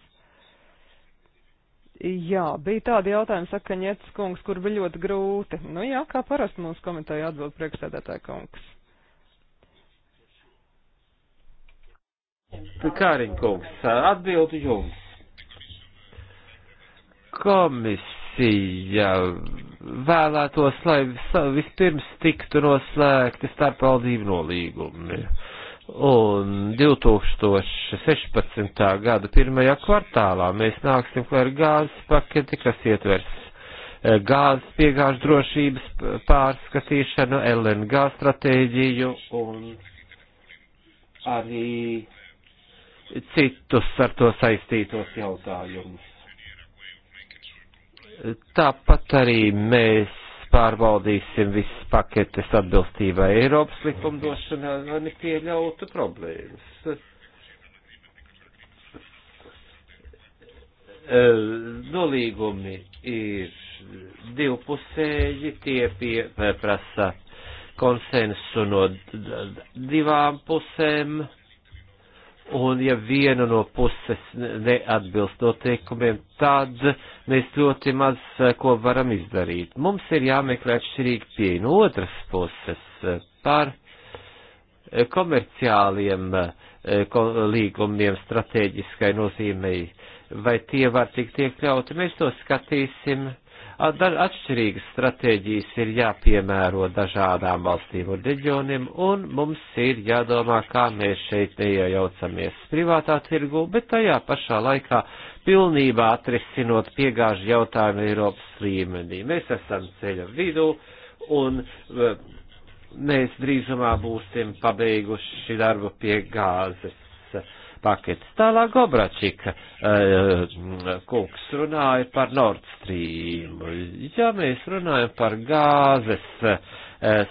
Jā, bija tādi jautājumi, saka Ņets kungs, kur bija ļoti grūti. Nu jā, kā parasti mūsu komiteja atbild priekšsēdētāja kungs. Kāriņkungs, atbildi jums komisija vēlētos, lai vispirms tiktu noslēgti starpvaldību nolīgumi. Un 2016. gada pirmajā kvartālā mēs nāksim klāt ar gāzes paketi, kas ietvers eh, gāzes piegāžu drošības pārskatīšanu, LNG stratēģiju un arī citus ar to saistītos jautājumus Tāpat arī mēs pārbaudīsim visas paketes atbilstībā Eiropas likumdošanā, lai nepieļautu problēmas. E, nolīgumi ir divpusēji, tie pieprasa konsensu no divām pusēm Un ja viena no puses neatbilst noteikumiem, tad mēs ļoti maz eh, ko varam izdarīt. Mums ir jāmeklē atšķirīgi pieeja no otras puses eh, par eh, komerciāliem līgumiem strateģiskai nozīmei, vai tie var tikt iekļauti, mēs to skatīsim Atšķirīgas stratēģijas ir jāpiemēro dažādām valstīm un reģioniem, un mums ir jādomā, kā mēs šeit neiejaucamies privātā tirgu, bet tajā pašā laikā pilnībā atrisinot piegāžu jautājumu Eiropas līmenī. Mēs esam ceļa vidū un e, mēs drīzumā būsim pabeiguši darbu pie gāzes paketes. Tālāk Obračika eh, kungs runāja par Nord Stream. Ja mēs runājam par gāzes eh, eh,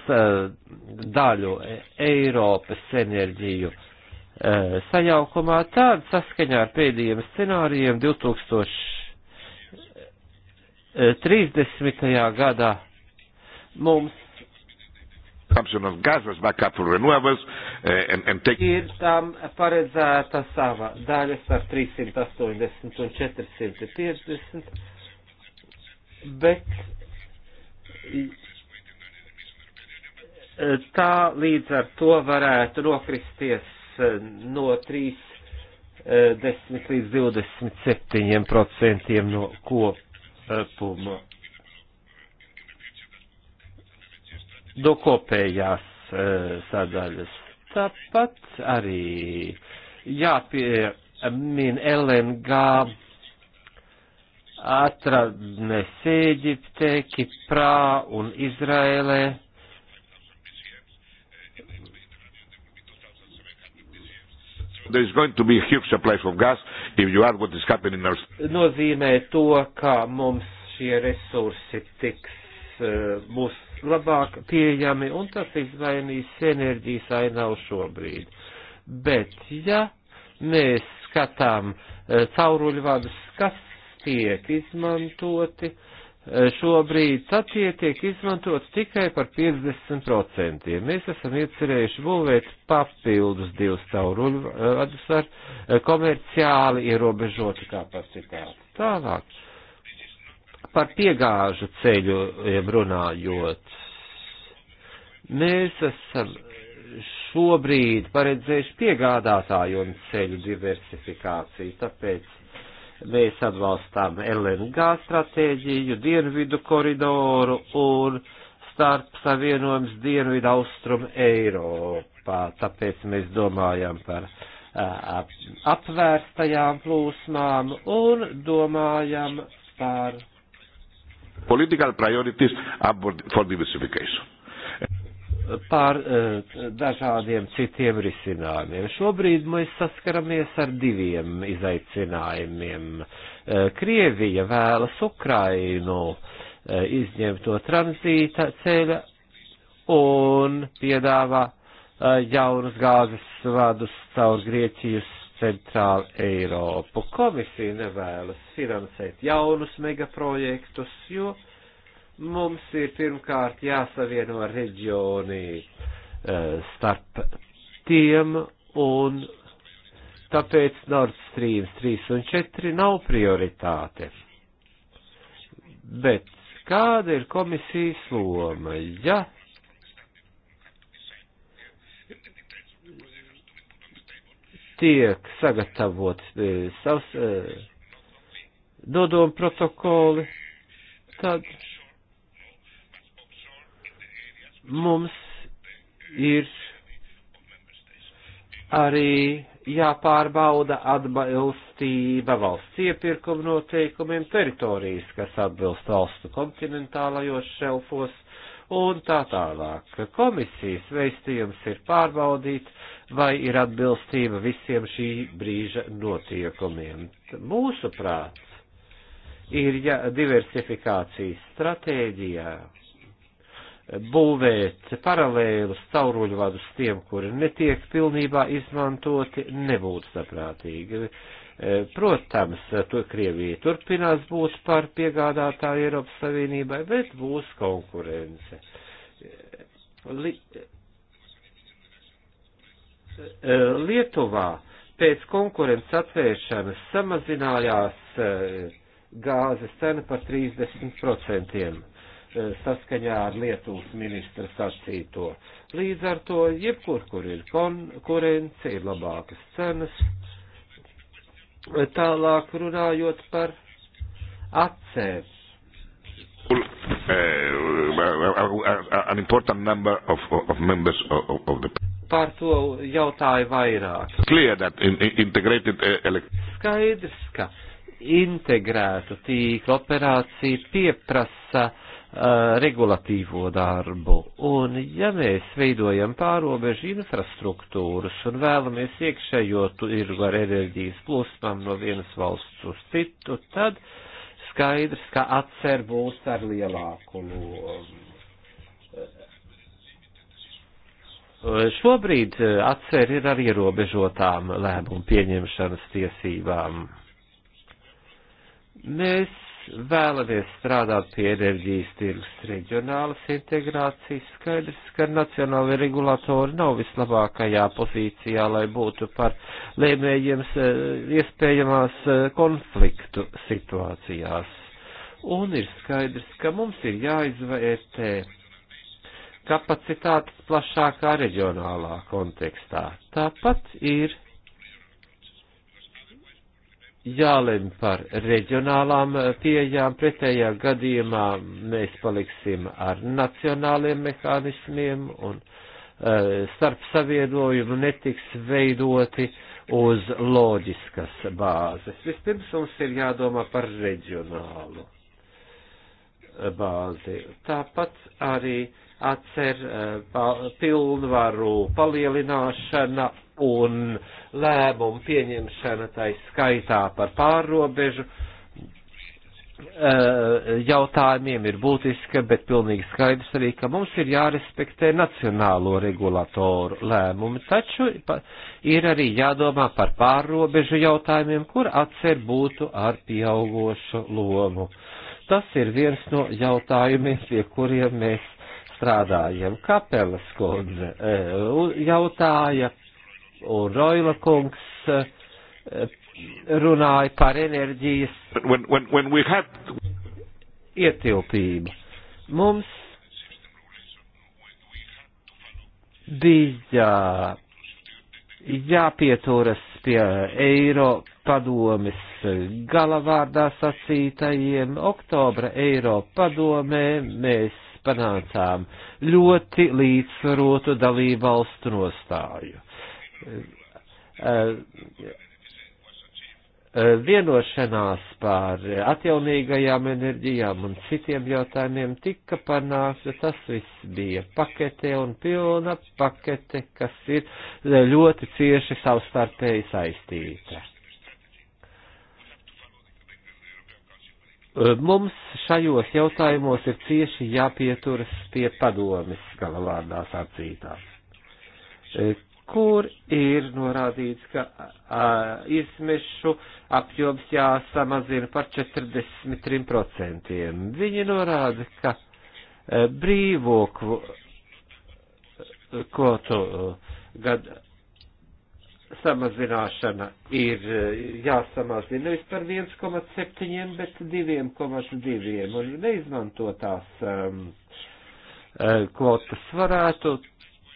daļu e, Eiropas enerģiju sajaukumā, tad saskaņā ar pēdējiem scenārijiem 2030. gadā mums consumption of gases back up for renewables eh, and, and take. Ir tam paredzēta sava daļa starp 380 un 450, bet eh, tā līdz ar to varētu nokristies eh, no 30 līdz 27 procentiem no kopuma do kopējās e, sadaļas. Tāpat arī jāpiemin LNG atradnes Ēģiptē, Kiprā un Izrēlē. There is going to be a huge supply of gas if you add what is happening in our. Nozīmē to, ka mums šie resursi tiks, uh, e, būs labāk pieejami, un tas izvainīs enerģijas ainavu šobrīd. Bet, ja mēs skatām e, cauruļvadus, kas tiek izmantoti e, šobrīd, tad tie tiek izmantot tikai par 50%. Mēs esam iecerējuši būvēt papildus divus cauruļvadus ar e, komerciāli ierobežotu kapacitāti. Tālāk Par piegāžu ceļu runājot, mēs esam šobrīd paredzējuši piegādātāju un ceļu diversifikāciju, tāpēc mēs atbalstām LNG stratēģiju, dienvidu koridoru un starp savienojums dienvidu austrumu Eiropā. Tāpēc mēs domājam par ap, apvērstajām plūsmām un domājam par political priorities for diversification. Pār eh, dažādiem citiem risinājumiem. Šobrīd mēs saskaramies ar diviem izaicinājumiem. Eh, Krievija vēlas Ukrainu eh, izņemt no tranzīta ceļa un piedāvā jaunus gāzes vadus caur Grieķijas Centrālu Eiropu. Komisija nevēlas finansēt jaunus megaprojektus, jo mums ir pirmkārt jāsavieno reģioni eh, starp tiem un tāpēc Nord Stream 3 un 4 nav prioritāte. Bet kāda ir komisijas loma? Ja tiek sagatavot e, savs e, dodoma protokoli, tad mums ir arī jāpārbauda atbilstība valsts iepirkuma noteikumiem teritorijas, kas atbilst valstu kontinentālajos šelfos un tā tālāk. Komisijas veistījums ir pārbaudīt, vai ir atbilstība visiem šī brīža notiekumiem. Mūsuprāt, ir ja, diversifikācijas stratēģijā būvēt paralēlus cauruļvadus tiem, kuri netiek pilnībā izmantoti, nebūtu saprātīgi. Uh, Protams, to Krievija turpinās būt par piegādātāju Eiropas Savienībai, bet būs konkurence. Li Lietuvā pēc konkurences atvēršanas samazinājās eh, gāzes cena par 30% eh, saskaņā ar Lietuvas ministra sacīto. Līdz ar to, jebkur, kur ir konkurence, ir labākas cenas Tālāk runājot par atcērs. Eh, eh, par to jautāja vairāk. Eh, Skaidrs, ka integrētu tīkla operācija pieprasa uh, regulatīvo darbu. Un ja mēs veidojam pārobežu infrastruktūras un vēlamies iekšējo tirgu ar enerģijas plūsmām no vienas valsts uz citu, tad skaidrs, ka atcer būs ar lielāku lomu. Šobrīd atcer ir ar ierobežotām lēmumu pieņemšanas tiesībām. Mēs vēlamies strādāt pie enerģijas tirgus reģionālas integrācijas, skaidrs, ka nacionāli regulatori nav vislabākajā pozīcijā, lai būtu par lēmējiem eh, iespējamās eh, konfliktu situācijās. Un ir skaidrs, ka mums ir jāizvērtē kapacitātes plašākā reģionālā kontekstā. Tāpat ir jālem par reģionālām eh, pieejām, pretējā gadījumā mēs paliksim ar nacionāliem mehānismiem un uh, eh, starp savienojumu netiks veidoti uz loģiskas bāzes. Vispirms mums ir jādomā par reģionālu eh, bāzi. Tāpat arī atcer uh, pa, pilnvaru palielināšana un lēmumu pieņemšana tai skaitā par pārrobežu eh, jautājumiem ir būtiska, bet pilnīgi skaidrs arī, ka mums ir jārespektē nacionālo regulatoru lēmumi, taču ir arī jādomā par pārrobežu jautājumiem, kur atcer būtu ar pieaugošu lomu. Tas ir viens no jautājumiem, pie kuriem mēs strādājam. Kapelas kundze eh, jautāja un Roila kungs eh, runāja par enerģijas when, when, when had... ietilpību. Mums bija jāpieturas pie Eiro padomis galavārdā sacītajiem. Oktobra Eiro padomē mēs panācām ļoti līdzsvarotu dalību valstu nostāju. Eh, eh, eh, vienošanās par atjaunīgajām enerģijām un citiem jautājumiem tika panākta. Tas viss bija paketē un pilna pakete, kas ir ļoti cieši savstarpēji saistīta. Mums šajos jautājumos ir cieši jāpieturas pie padomis galvārdās atcītās kur ir norādīts, ka uh, izmešu apjoms jāsamazina par 43%. Viņi norāda, ka uh, brīvo kvotu uh, gadu samazināšana ir uh, jāsamazina nevis par 1,7, bet 2,2 un neizmantotās um, uh, kvotas varētu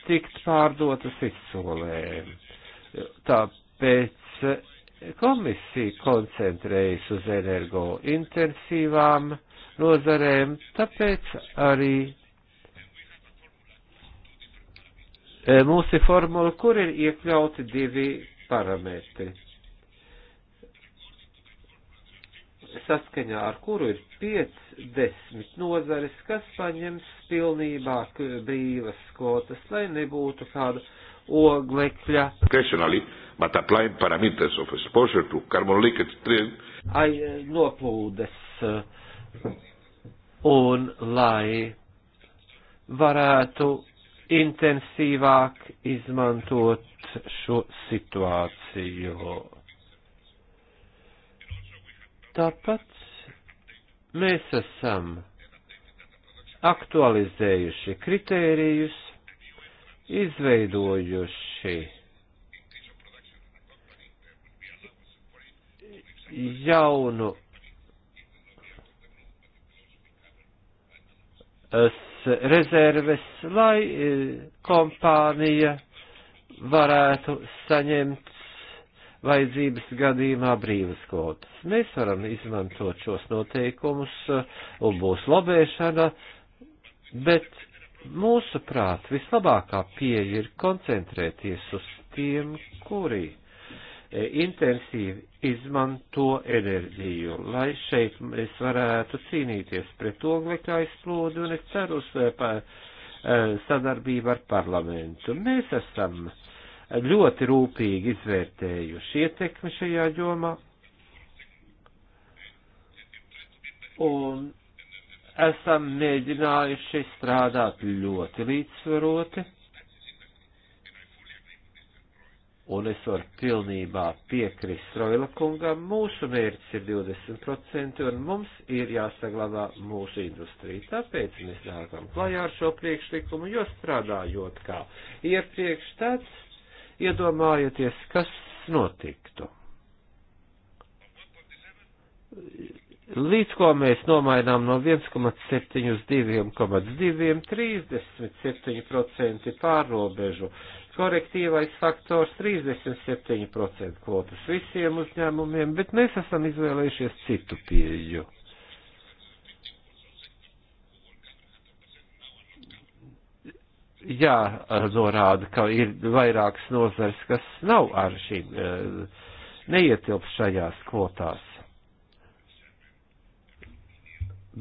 tikt pārdotas izsolē. Tāpēc komisija koncentrējas uz energo intensīvām nozarēm, tāpēc arī mūsu formula, kur ir iekļauti divi parametri saskaņā ar kuru ir 50 nozares, kas paņems pilnībā brīvas kvotas, lai nebūtu kāda oglekļa. Ai, noplūdes. Eh, un lai varētu intensīvāk izmantot šo situāciju Tāpat mēs esam aktualizējuši kritērijus, izveidojuši jaunu rezerves, lai eh, kompānija varētu saņemt vajadzības gadījumā brīvas kvotas. Mēs varam izmantot šos noteikumus uh, un būs lobēšana, bet mūsuprāt vislabākā pieeja ir koncentrēties uz tiem, kuri e, intensīvi izmanto enerģiju, lai šeit mēs varētu cīnīties pret oglekļa aizplūdu un es ceru uz e, e, sadarbību ar parlamentu. Mēs esam uh, ļoti rūpīgi izvērtējuši ietekmi šajā jomā. Un esam mēģinājuši strādāt ļoti līdzsvaroti. Un es varu pilnībā piekrist Roila kungam, mūsu mērķis ir 20% un mums ir jāsaglabā mūsu industrija. Tāpēc mēs nākam klajā ar šo priekšlikumu, jo strādājot kā iepriekš, tad Iedomājieties, kas notiktu. Līdz ko mēs nomainām no 1,7 uz 2,2, 37% pārrobežu, korektīvais faktors 37% kvotas visiem uzņēmumiem, bet mēs esam izvēlējušies citu pieju. jānorāda, ka ir vairākas nozars, kas nav ar šīm, e, neietilp šajās kvotās.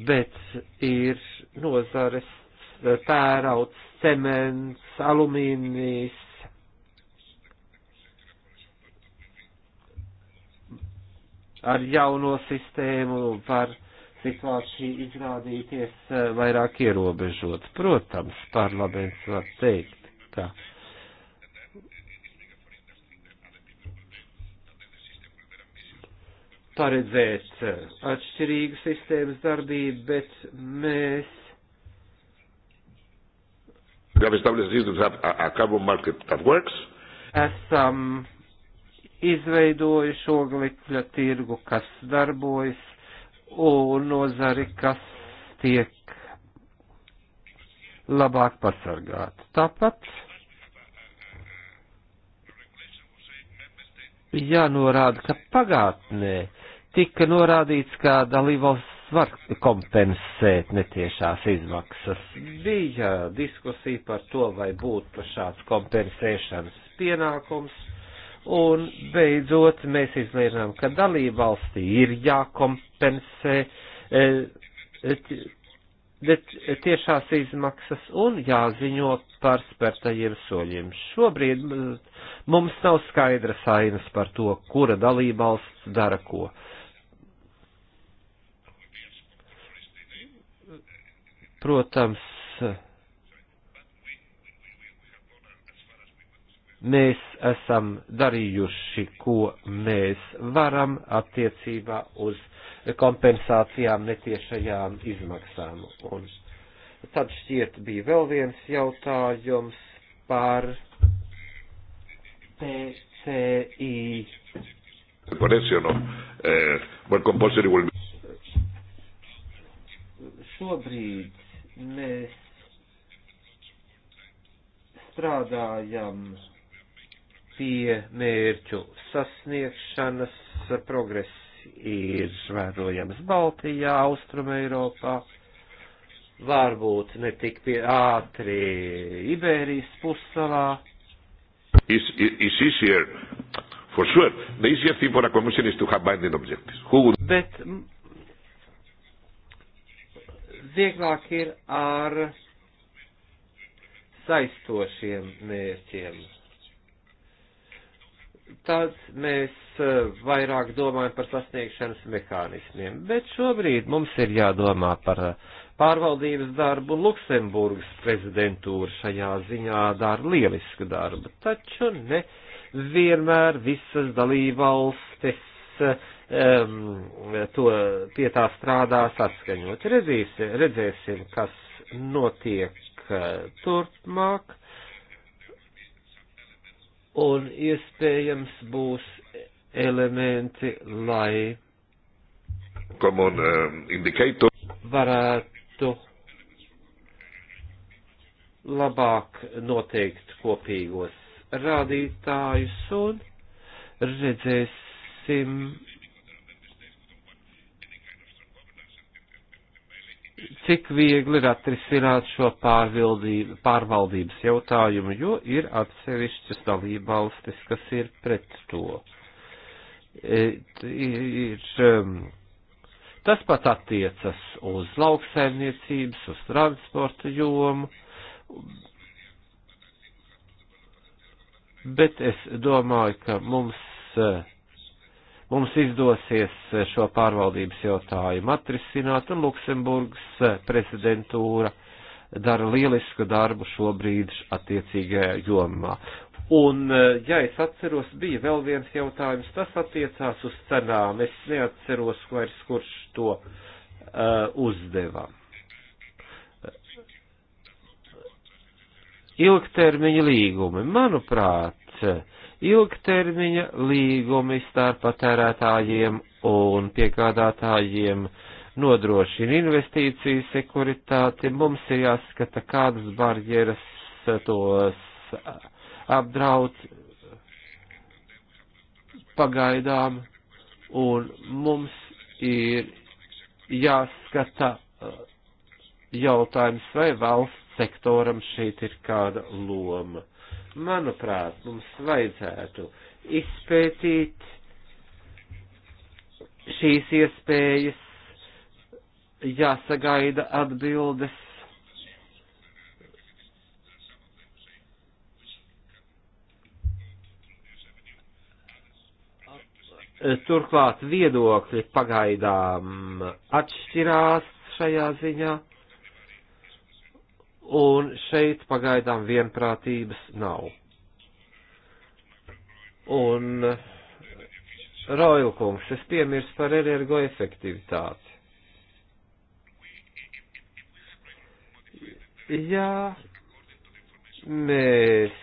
Bet ir nozares e, tērauts, cements, alumīnijas, ar jauno sistēmu var situācija izrādīties eh, vairāk ierobežot. Protams, parlaments var teikt, ka paredzēt eh, atšķirīgu sistēmas darbību, bet mēs. Esam izveidojuši oglekļa tirgu, kas darbojas un nozari, kas tiek labāk pasargāti. Tāpat jānorāda, ka pagātnē tika norādīts, ka dalībvalsts var kompensēt netiešās izmaksas. Bija diskusija par to, vai būtu šāds kompensēšanas pienākums Un beidzot, mēs izliežam, ka dalība valstī ir jākompensē e, e, tiešās izmaksas un jāziņo par spērtajiem soļiem. Šobrīd mums nav skaidra sainas par to, kura dalība valsts dara ko. Protams, mēs esam darījuši, ko mēs varam attiecībā uz kompensācijām netiešajām izmaksām. Un tad šķiet bija vēl viens jautājums par PCI. Por eso, no? eh, well, compulsory will be... Šobrīd mēs strādājam pie mērķu sasniegšanas. Progress ir vērojams Baltijā, Austrum Eiropā, varbūt ne tik pie ātri Iberijas pussalā. Is, is, is easier, for sure. The easier thing for a commission is to have binding objectives. Who would... Bet vieglāk ir ar saistošiem mērķiem tad mēs eh, vairāk domājam par sasniegšanas mehānismiem. Bet šobrīd mums ir jādomā par eh, pārvaldības darbu, un Luksemburgas prezidentūra šajā ziņā dara lielisku darbu, taču ne vienmēr visas dalībvalstis um, to pie tā strādā saskaņot. Redzīs, redzēsim, kas notiek turpmāk un iespējams būs elementi, lai common um, indicator varētu labāk noteikt kopīgos rādītājus un redzēsim, cik viegli ir atrisināt šo pārvaldības jautājumu, jo ir atsevišķas dalībvalstis, kas ir pret to. E, ir, um, tas pat attiecas uz lauksaimniecības, uz transporta jomu, bet es domāju, ka mums uh, mums izdosies šo pārvaldības jautājumu atrisināt, un Luksemburgas prezidentūra dara lielisku darbu šobrīd attiecīgajā jomā. Un, ja es atceros, bija vēl viens jautājums, tas attiecās uz cenām. Es neatceros vairs, kurš to uh, uzdeva. Ilgtermiņa līgumi, manuprāt, uh, ilgtermiņa līgumi starp patērētājiem un piegādātājiem nodrošina investīciju sekuritāti. Mums ir jāskata, kādas barjeras tos apdraud pagaidām, un mums ir jāskata uh, jautājums, vai valsts sektoram šeit ir kāda loma Manuprāt, mums vajadzētu izpētīt šīs iespējas, jāsagaida atbildes. Turklāt viedokļi pagaidām atšķirās šajā ziņā un šeit pagaidām vienprātības nav. Un Roilkungs, es piemirstu par energo efektivitāti. Ja mēs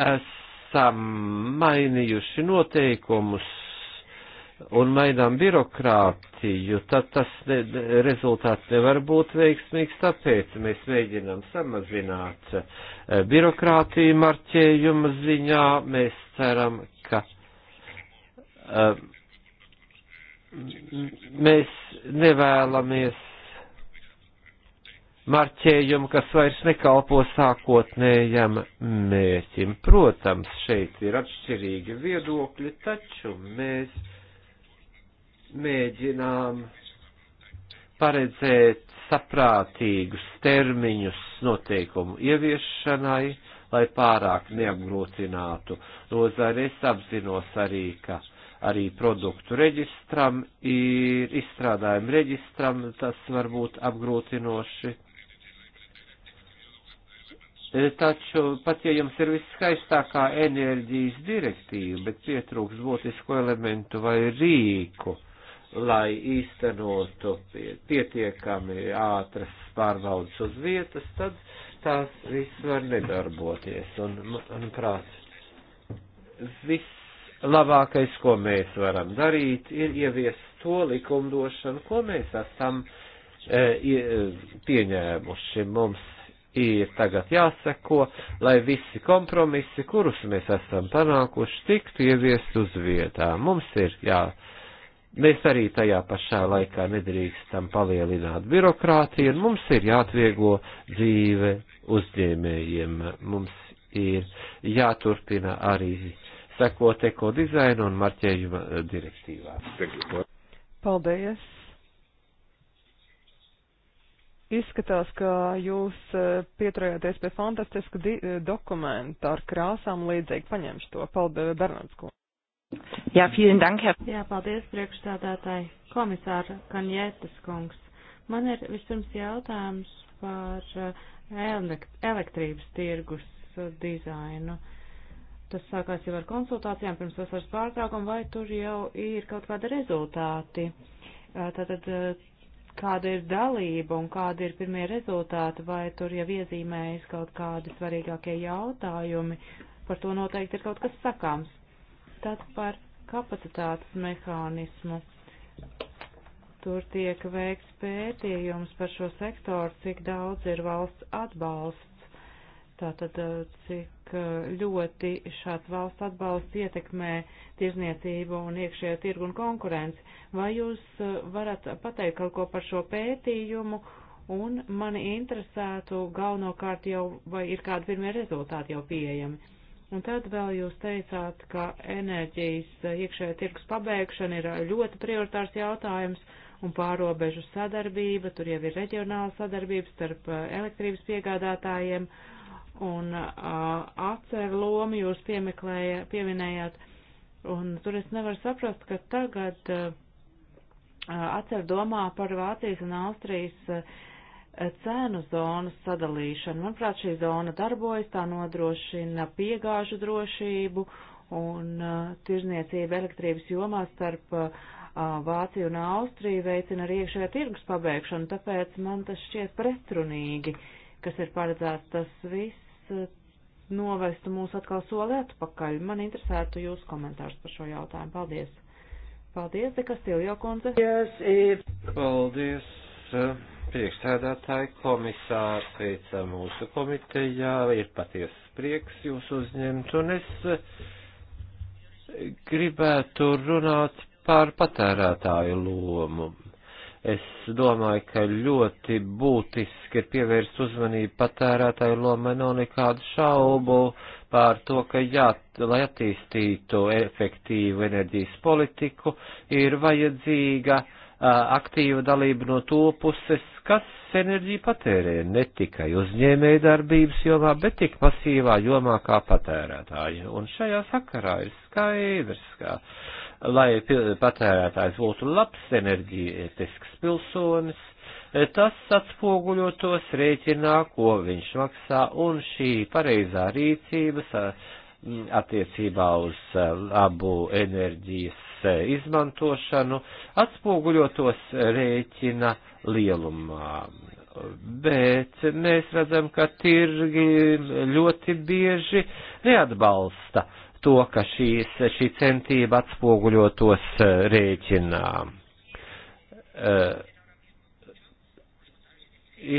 esam esam mainījuši noteikumus un mainām birokrātiju, tad tas ne, rezultāts nevar būt veiksmīgs, tāpēc mēs mēģinām samazināt e, birokrātiju marķējuma ziņā. Mēs ceram, ka um, mēs nevēlamies marķējumu, kas vairs nekalpo sākotnējam mērķim. Protams, šeit ir atšķirīgi viedokļi, taču mēs mēģinām paredzēt saprātīgus termiņus noteikumu ieviešanai, lai pārāk neapgrūtinātu nozari. Es apzinos arī, ka arī produktu reģistram ir izstrādājumi reģistram, tas var būt apgrūtinoši E, taču pat ja jums ir viskaistākā enerģijas direktīva, bet pietrūks būtisku elementu vai rīku, lai īstenotu pietiekami ātras pārbaudas uz vietas, tad tās viss var nedarboties. Un, manuprāt, vislabākais, ko mēs varam darīt, ir ieviest to likumdošanu, ko mēs esam e, pieņēmuši. Mums ir tagad jāseko, lai visi kompromisi, kurus mēs esam panākuši, tiktu ieviest uz vietā. Mums ir jā. Mēs arī tajā pašā laikā nedrīkstam palielināt birokrātiju, un mums ir jāatvieglo dzīve uzņēmējiem. Mums ir jāturpina arī sekot ekodizainu un marķējuma direktīvā. Paldies! Izskatās, ka jūs e, pieturējāties pie fantastiska e, dokumenta ar krāsām līdzīgi. Paņemšu to. Paldies, Bernardsku. Jā, vielen dank, Herr. Jā, paldies, priekšstādātāji. Komisāra Kanjētas kungs. Man ir vispirms jautājums par e, elektrības tirgus dizainu. Tas sākās jau ar konsultācijām pirms vasaras pārtraukuma, vai tur jau ir kaut kādi rezultāti? Tātad kāda ir dalība un kādi ir pirmie rezultāti, vai tur jau iezīmējas kaut kādi svarīgākie jautājumi, par to noteikti ir kaut kas sakāms. Tad par kapacitātes mehānismu. Tur tiek veikts pētījums par šo sektoru, cik daudz ir valsts atbalsts, tātad cik cik ļoti šāds valsts atbalsts ietekmē tirzniecību un iekšējo tirgu un konkurenci. Vai jūs e, varat pateikt kaut ko par šo pētījumu? Un mani interesētu galvenokārt jau, vai ir kādi pirmie rezultāti jau pieejami. Un tad vēl jūs teicāt, ka enerģijas e, iekšējā tirgus pabeigšana ir e, ļoti prioritārs jautājums un pārobežu sadarbība, tur jau ir reģionāla sadarbība starp elektrības piegādātājiem. Uh, un atceru lomu jūs pieminējāt, un tur es nevaru saprast, ka tagad atceru domā par Vācijas un Austrijas cēnu zonas sadalīšanu. Manuprāt, šī zona darbojas, tā nodrošina piegāžu drošību un tirzniecību elektrības jomā starp Vāciju un Austriju veicina arī iekšējā tirgus pabeigšanu, tāpēc man tas šķiet pretrunīgi, kas ir paredzēts tas viss Eh, novestu mūs atkal soli atpakaļ. Man interesētu jūs komentārs par šo jautājumu. Paldies! Paldies, Deka Stiljo kundze! Yes, it... Paldies, eh, priekšsēdētāji komisāri, sveicam mūsu komitejā, ir paties prieks jūs uzņemt, un es eh, gribētu runāt par patērētāju lomu Es domāju, ka ļoti būtiski ir pievērst uzmanību patērētāju lomai, nav nekādu šaubu pār to, ka jā, lai attīstītu efektīvu enerģijas politiku, ir vajadzīga a, aktīva dalība no to puses, kas enerģiju patērē ne tikai uzņēmēja darbības jomā, bet tik pasīvā jomā kā patērētāji. Un šajā sakarā ir skaidrs, ka. Kā lai patērētājs būtu labs enerģētisks pilsonis, tas atspoguļotos rēķinā, ko viņš maksā, un šī pareizā rīcības attiecībā uz labu enerģijas izmantošanu atspoguļotos rēķina lielumā. Bet mēs redzam, ka tirgi ļoti bieži neatbalsta uh, to, ka šīs, šī centība atspoguļotos e, rēķinā. E,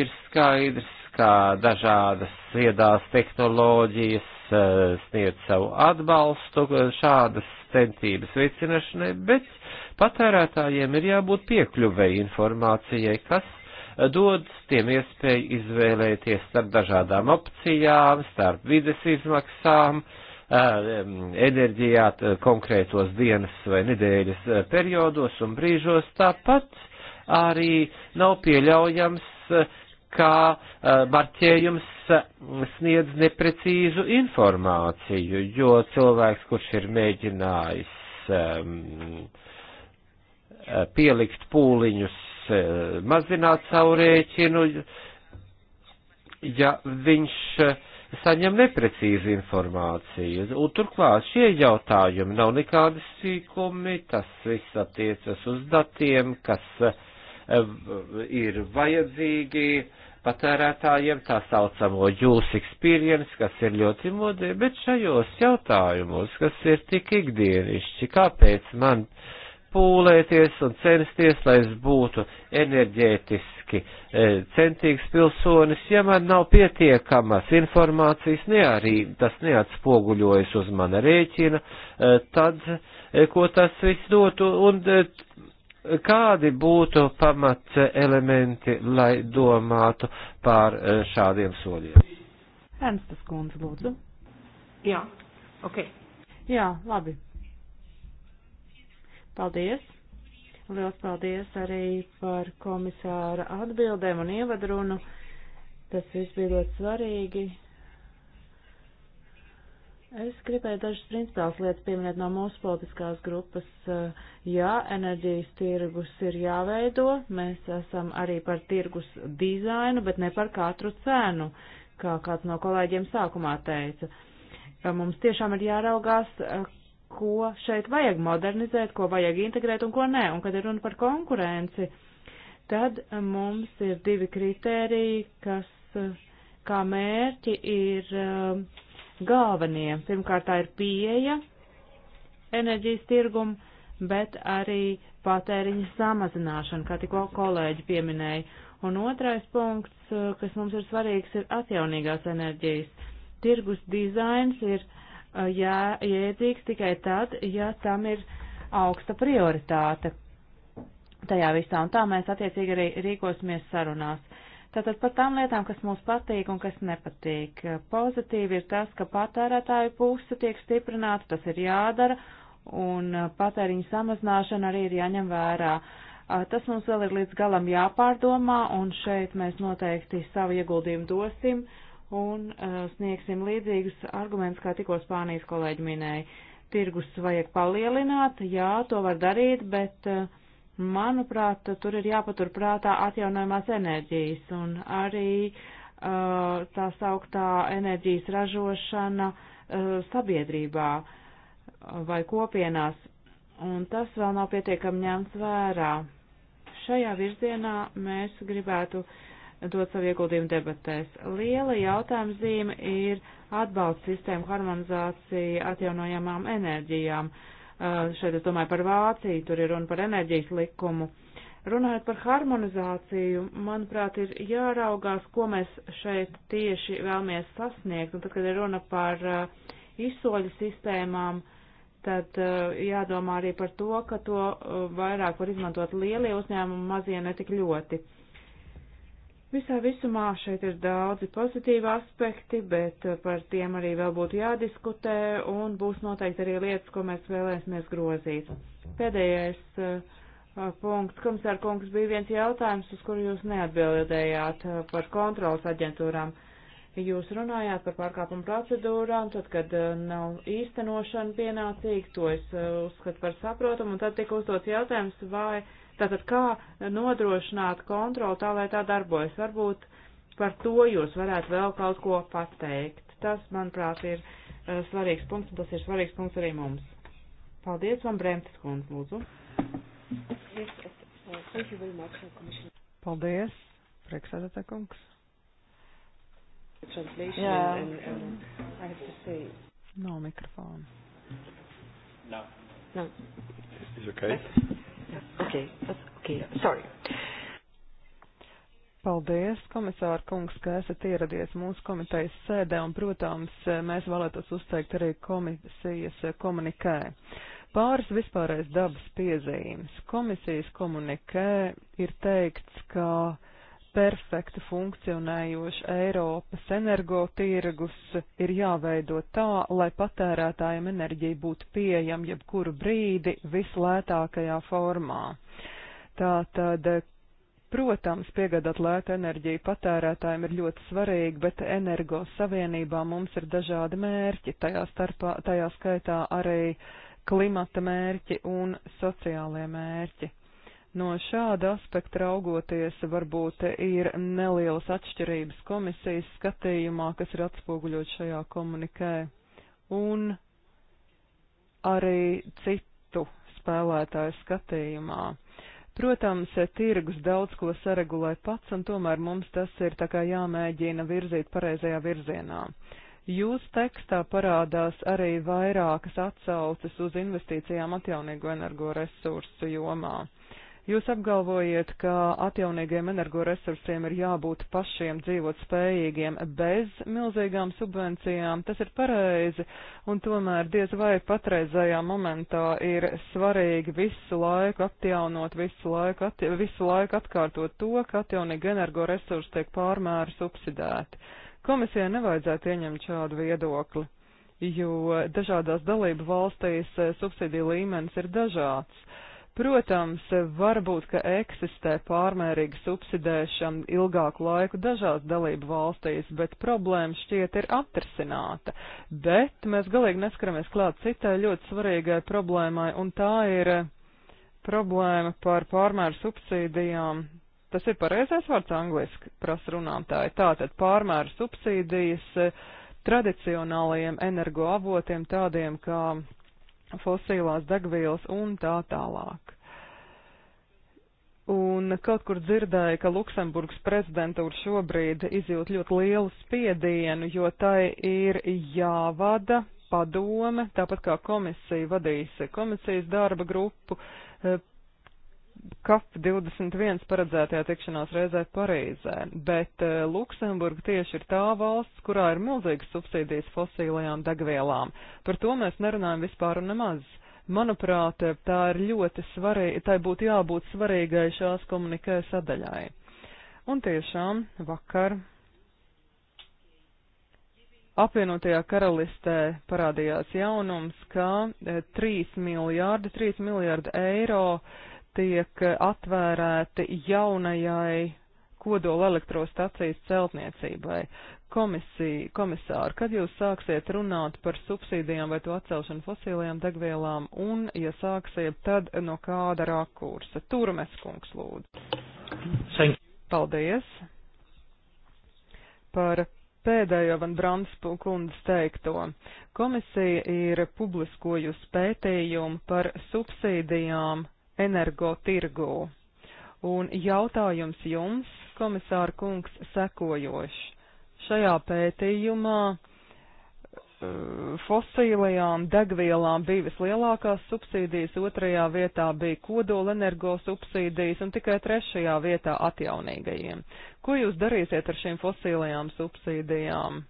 ir skaidrs, ka dažādas viedās tehnoloģijas e, sniedz savu atbalstu šādas centības veicināšanai, bet patērētājiem ir jābūt piekļuvei informācijai, kas dod tiem iespēju izvēlēties starp dažādām opcijām, starp vides izmaksām, uh, enerģijā konkrētos dienas vai nedēļas periodos un brīžos. Tāpat arī nav pieļaujams, kā marķējums sniedz neprecīzu informāciju, jo cilvēks, kurš ir mēģinājis pielikt pūliņus, mazināt savu rēķinu, ja viņš uh, saņem neprecīzu informāciju. Un turklāt šie jautājumi nav nekādi sīkumi, tas viss attiecas uz datiem, kas eh, ir vajadzīgi patērētājiem, tā saucamo use experience, kas ir ļoti modē, bet šajos jautājumos, kas ir tik ikdienišķi, kāpēc man pūlēties un censties, lai es būtu enerģētiski cilvēki, e, centīgs pilsonis, ja man nav pietiekamas informācijas, ne arī tas neatspoguļojas uz mana rēķina, e, tad e, ko tas viss dotu un kādi būtu pamats elementi, lai domātu pār šādiem soļiem? Ernstas kundze, lūdzu. Jā, ok. Jā, labi. Paldies. Liels paldies arī par komisāra atbildēm un ievadrunu. Tas viss bija ļoti svarīgi. Es gribēju dažas principālas lietas pieminēt no mūsu politiskās grupas. Jā, enerģijas tirgus ir jāveido. Mēs esam arī par tirgus dizainu, bet ne par katru cenu, kā kāds no kolēģiem sākumā teica. Mums tiešām ir jāraugās, ko šeit vajag modernizēt, ko vajag integrēt un ko nē. Un, kad ir runa par konkurenci, tad eh, mums ir divi kritēriji, kas eh, kā mērķi ir eh, galvenie. Pirmkārt, tā ir pieeja enerģijas tirgumu, bet arī patēriņa samazināšana, kā tikko kolēģi pieminēja. Un otrais punkts, kas mums ir svarīgs, ir atjaunīgās enerģijas. Tirgus dizains ir uh, jā, uh, jēdzīgs tikai tad, ja tam ir augsta prioritāte tajā visā, un tā mēs attiecīgi arī rīkosimies sarunās. Tātad par tām lietām, kas mums patīk un kas nepatīk. Pozitīvi ir tas, ka patērētāju puse tiek stiprināta, tas ir jādara, un patēriņu samazināšana arī ir jāņem vērā. Tas mums vēl ir līdz galam jāpārdomā, un šeit mēs noteikti savu ieguldījumu dosim. Uh, un uh, sniegsim līdzīgus argumentus, kā tikko Spānijas kolēģi minēja. Tirgus vajag palielināt, jā, to var darīt, bet, uh, manuprāt, tur ir jāpatur prātā atjaunojumās enerģijas un arī uh, tā sauktā enerģijas ražošana uh, sabiedrībā vai kopienās, un tas vēl nav pietiekami ņemts vērā. Šajā virzienā mēs gribētu uh, dot savu ieguldījumu debatēs. Liela jautājuma zīme ir atbalsts sistēmu harmonizācija atjaunojamām enerģijām. Uh, šeit es domāju par Vāciju, tur ir runa par enerģijas likumu. Runājot par harmonizāciju, manuprāt, ir jāraugās, ko mēs šeit tieši vēlamies sasniegt. Un tad, kad ir runa par uh, izsoļu sistēmām, tad uh, jādomā arī par to, ka to vairāk var izmantot lielie uzņēmumi, mazie netik ļoti. Uh, Visā visumā šeit ir daudzi pozitīvi aspekti, bet eh, par tiem arī vēl būtu jādiskutē un būs noteikti arī lietas, ko mēs vēlēsimies grozīt. Pēdējais eh, punkts, komisār kungs, bija viens jautājums, uz kuru jūs neatbildējāt eh, par kontrolas aģentūrām. Jūs runājāt par pārkāpumu procedūrām, tad, kad nav īstenošana pienācīga, to es uzskatu par saprotamu, un tad tika uzdots jautājums, vai uh, Tātad kā nodrošināt kontroli tā, lai tā darbojas? Varbūt par to jūs varētu vēl kaut ko pateikt. Tas, manuprāt, ir uh, svarīgs punkts, un tas ir svarīgs punkts arī mums. Paldies, man Bremtes kundz, lūdzu. Uh, uh, Paldies, priekšsēdētā kungs. Jā. Nav no mikrofona. Nav. No. No. Is okay? Okay. Okay. Sorry. Paldies, komisāra kungs, ka esat ieradies mūsu komitejas sēdē un, protams, mēs vēlētos uzteikt arī komisijas komunikē. Pāris vispārējais dabas piezīmes. Komisijas komunikē ir teikts, ka perfektu funkcionējošu Eiropas energotirgus ir jāveido tā, lai patērētājiem enerģija būtu pieejama jebkuru brīdi vislētākajā formā. Tātad, protams, piegādāt lētu enerģiju patērētājiem ir ļoti svarīgi, bet energo savienībā mums ir dažādi mērķi, tajā, starpā, tajā skaitā arī klimata mērķi un sociālie mērķi. No šāda aspekta raugoties, varbūt ir nelielas atšķirības komisijas skatījumā, kas ir atspoguļot šajā komunikē, un arī citu spēlētāju skatījumā. Protams, tirgus daudz ko saregulē pats, un tomēr mums tas ir tā kā jāmēģina virzīt pareizajā virzienā. Jūsu tekstā parādās arī vairākas atsauces uz investīcijām atjaunīgo energoresursu jomā. Uh, Jūs apgalvojat, ka atjaunīgiem energoresursiem ir jābūt pašiem dzīvot spējīgiem bez milzīgām subvencijām. Tas ir pareizi, un tomēr diez vai patreizajā momentā ir svarīgi visu laiku atjaunot, visu laiku, at, visu laiku atkārtot to, ka atjaunīgi energoresursi tiek pārmēri subsidēti. Komisijai nevajadzētu ieņemt šādu viedokli, jo dažādās dalību valstīs eh, subsīdija līmenis ir dažāds Protams, varbūt, ka eksistē pārmērīga subsidēšana ilgāku laiku dažās dalību valstīs, bet problēma šķiet ir atrisināta. Bet mēs galīgi neskaramies klāt citai ļoti svarīgai problēmai, un tā ir eh, problēma par pārmēru subsīdijām. Tas ir pareizais vārds angliski, prasa runātāji. Tātad pārmēru subsīdijas eh, tradicionālajiem energoavotiem tādiem kā fosilās degvielas un tā tālāk. Un kaut kur dzirdēju, ka Luksemburgas prezidentūra šobrīd izjūt ļoti lielu spiedienu, jo tai ir jāvada padome, tāpat kā komisija vadīs komisijas darba grupu eh, COP21 paredzētajā tikšanās reizē Parīzē, bet eh, Luksemburga tieši ir tā valsts, kurā ir milzīgas subsīdijas fosīlajām degvielām. Par to mēs nerunājam vispār un nemaz. Manuprāt, tā ir ļoti svarīga, tai būtu jābūt svarīgai šās komunikē sadaļai. Un tiešām vakar apvienotajā karalistē parādījās jaunums, ka 3 eh, miljārdi, 3 miljārdi eiro uh, tiek atvērēti jaunajai kodola elektrostacijas celtniecībai. Komisija, komisāri, kad jūs sāksiet runāt par subsīdijām vai to atcelšanu fosīlajām degvielām un, ja sāksiet, tad no kāda rakursa? Turmes kungs lūdzu. Paldies par pēdējo Van Brands kundas teikto. Komisija ir publiskojusi pētījumu par subsīdijām energotirgū. Un jautājums jums, komisāra kungs, sekojošs. Šajā pētījumā eh, fosīlajām degvielām bija vislielākās subsīdijas, otrajā vietā bija kodola energo subsīdijas un tikai trešajā vietā atjaunīgajiem. Ko jūs darīsiet ar šīm fosīlajām subsīdijām?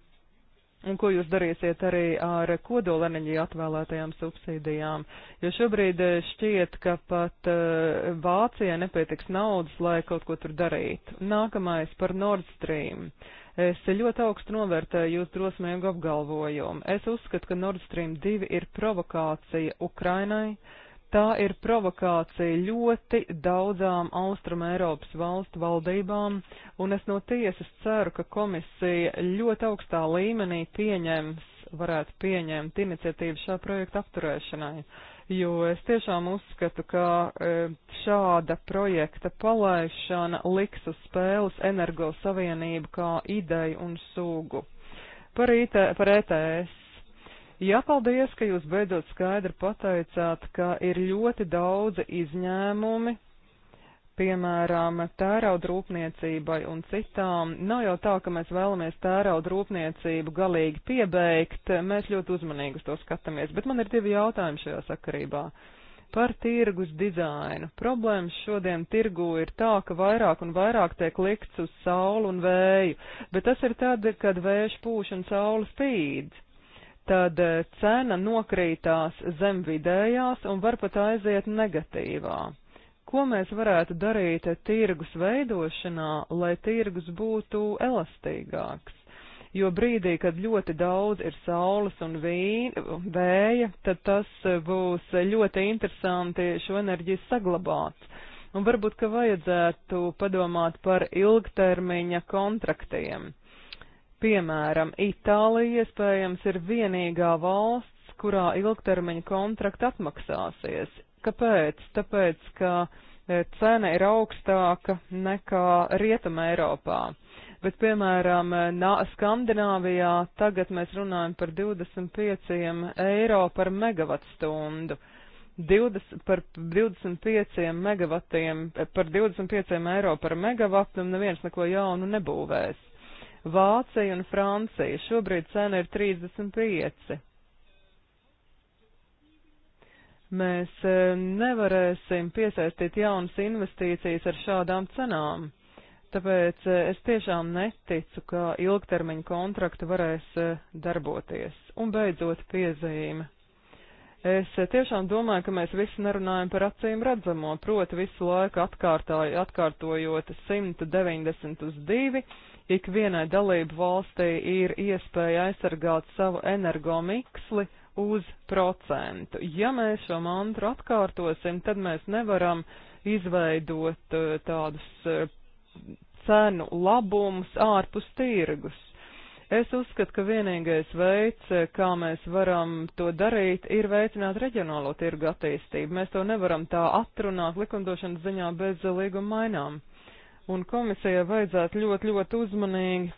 Un ko jūs darīsiet arī ar kodolenerģiju atvēlētajām subsīdijām? Jo šobrīd eh, šķiet, ka pat uh, Vācijai nepietiks naudas, lai kaut ko tur darītu. Nākamais par Nord Stream. Es ļoti augstu novērtēju jūs drosmīgu apgalvojumu. Es uzskatu, ka Nord Stream 2 ir provokācija Ukrainai, uh, Tā ir provokācija ļoti daudzām Austrum Eiropas valstu valdībām, un es no tiesas ceru, ka komisija ļoti augstā līmenī pieņems, varētu pieņemt iniciatīvu šā projekta apturēšanai, jo es tiešām uzskatu, ka e, šāda projekta palaišana liks uz spēles energo savienību kā ideju un sugu. Par, IT, par ETS Jā, paldies, ka jūs beidzot skaidri pateicāt, ka ir ļoti daudzi izņēmumi, piemēram, tērauda rūpniecībai un citām. Nav jau tā, ka mēs vēlamies tērauda rūpniecību galīgi piebeigt, mēs ļoti uzmanīgi uz to skatāmies, bet man ir divi jautājumi šajā sakarībā. Par tirgus dizainu. Problēmas šodien tirgu ir tā, ka vairāk un vairāk tiek likts uz saulu un vēju, bet tas ir tad, kad vējš pūš un saule spīdz tad eh, cena nokrītās zem vidējās un var pat aiziet negatīvā. Ko mēs varētu darīt tirgus veidošanā, lai tirgus būtu elastīgāks? Jo brīdī, kad ļoti daudz ir saules un vīna, vēja, tad tas eh, būs ļoti interesanti šo enerģiju saglabāt. Un varbūt, ka vajadzētu padomāt par ilgtermiņa kontraktiem Piemēram, Itālija iespējams ir vienīgā valsts, kurā ilgtermiņa kontrakta atmaksāsies. Kāpēc? Tāpēc, ka e, cena ir augstāka nekā Rietuma Eiropā. Bet, piemēram, e, Skandināvijā tagad mēs runājam par 25 eiro par megavatstundu. 20, par 25 megavatiem, e, par 25 eiro par megavatu un neviens neko jaunu nebūvēs. Vācija un Francija. Šobrīd cena ir 35. Mēs e, nevarēsim piesaistīt jaunas investīcijas ar šādām cenām. Tāpēc e, es tiešām neticu, ka ilgtermiņa kontrakti varēs e, darboties. Un beidzot piezīme. Es tiešām domāju, ka mēs visi nerunājam par acīm redzamo, proti visu laiku atkārtojot 192 ik vienai dalību valstī ir iespēja aizsargāt savu energomiksli uz procentu. Ja mēs šo mantru atkārtosim, tad mēs nevaram izveidot eh, tādus eh, cenu labumus ārpus tirgus. Es uzskatu, ka vienīgais veids, eh, kā mēs varam to darīt, ir veicināt reģionālo tirgu attīstību. Mēs to nevaram tā atrunāt likumdošanas ziņā bez līguma mainām un komisijai vajadzētu ļoti, ļoti uzmanīgi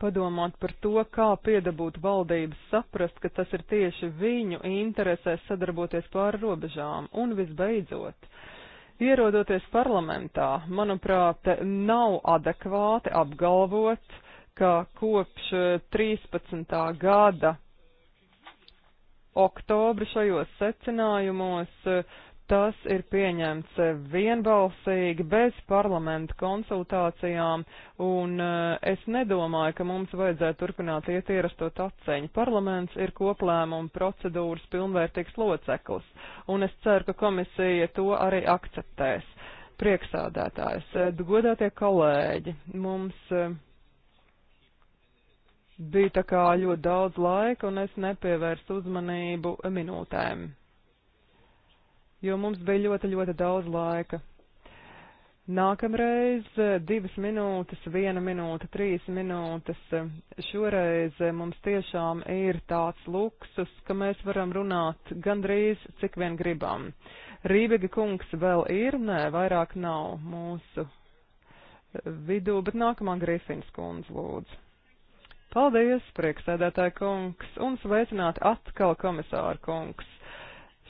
padomāt par to, kā piedabūt valdības saprast, ka tas ir tieši viņu interesēs sadarboties pāri robežām. Un visbeidzot, ierodoties parlamentā, manuprāt, nav adekvāti apgalvot, ka kopš 13. gada oktobra šajos secinājumos Tas ir pieņemts vienbalsīgi, bez parlamenta konsultācijām, un eh, es nedomāju, ka mums vajadzētu turpināt iet ierasto taceņu. Parlaments ir koplēmuma procedūras pilnvērtīgs loceklis, un es ceru, ka komisija to arī akceptēs. Prieksādētājs, eh, godātie kolēģi, mums eh, bija tā kā ļoti daudz laika, un es nepievērstu uzmanību minūtēm jo mums bija ļoti, ļoti daudz laika. Nākamreiz eh, divas minūtes, viena minūte, trīs minūtes. Eh, šoreiz eh, mums tiešām ir tāds luksus, ka mēs varam runāt gandrīz cik vien gribam. Rībega kungs vēl ir, nē, vairāk nav mūsu vidū, bet nākamā Grifins kundze lūdzu. Paldies, prieksēdētāja kungs, un sveicināt atkal komisāra kungs.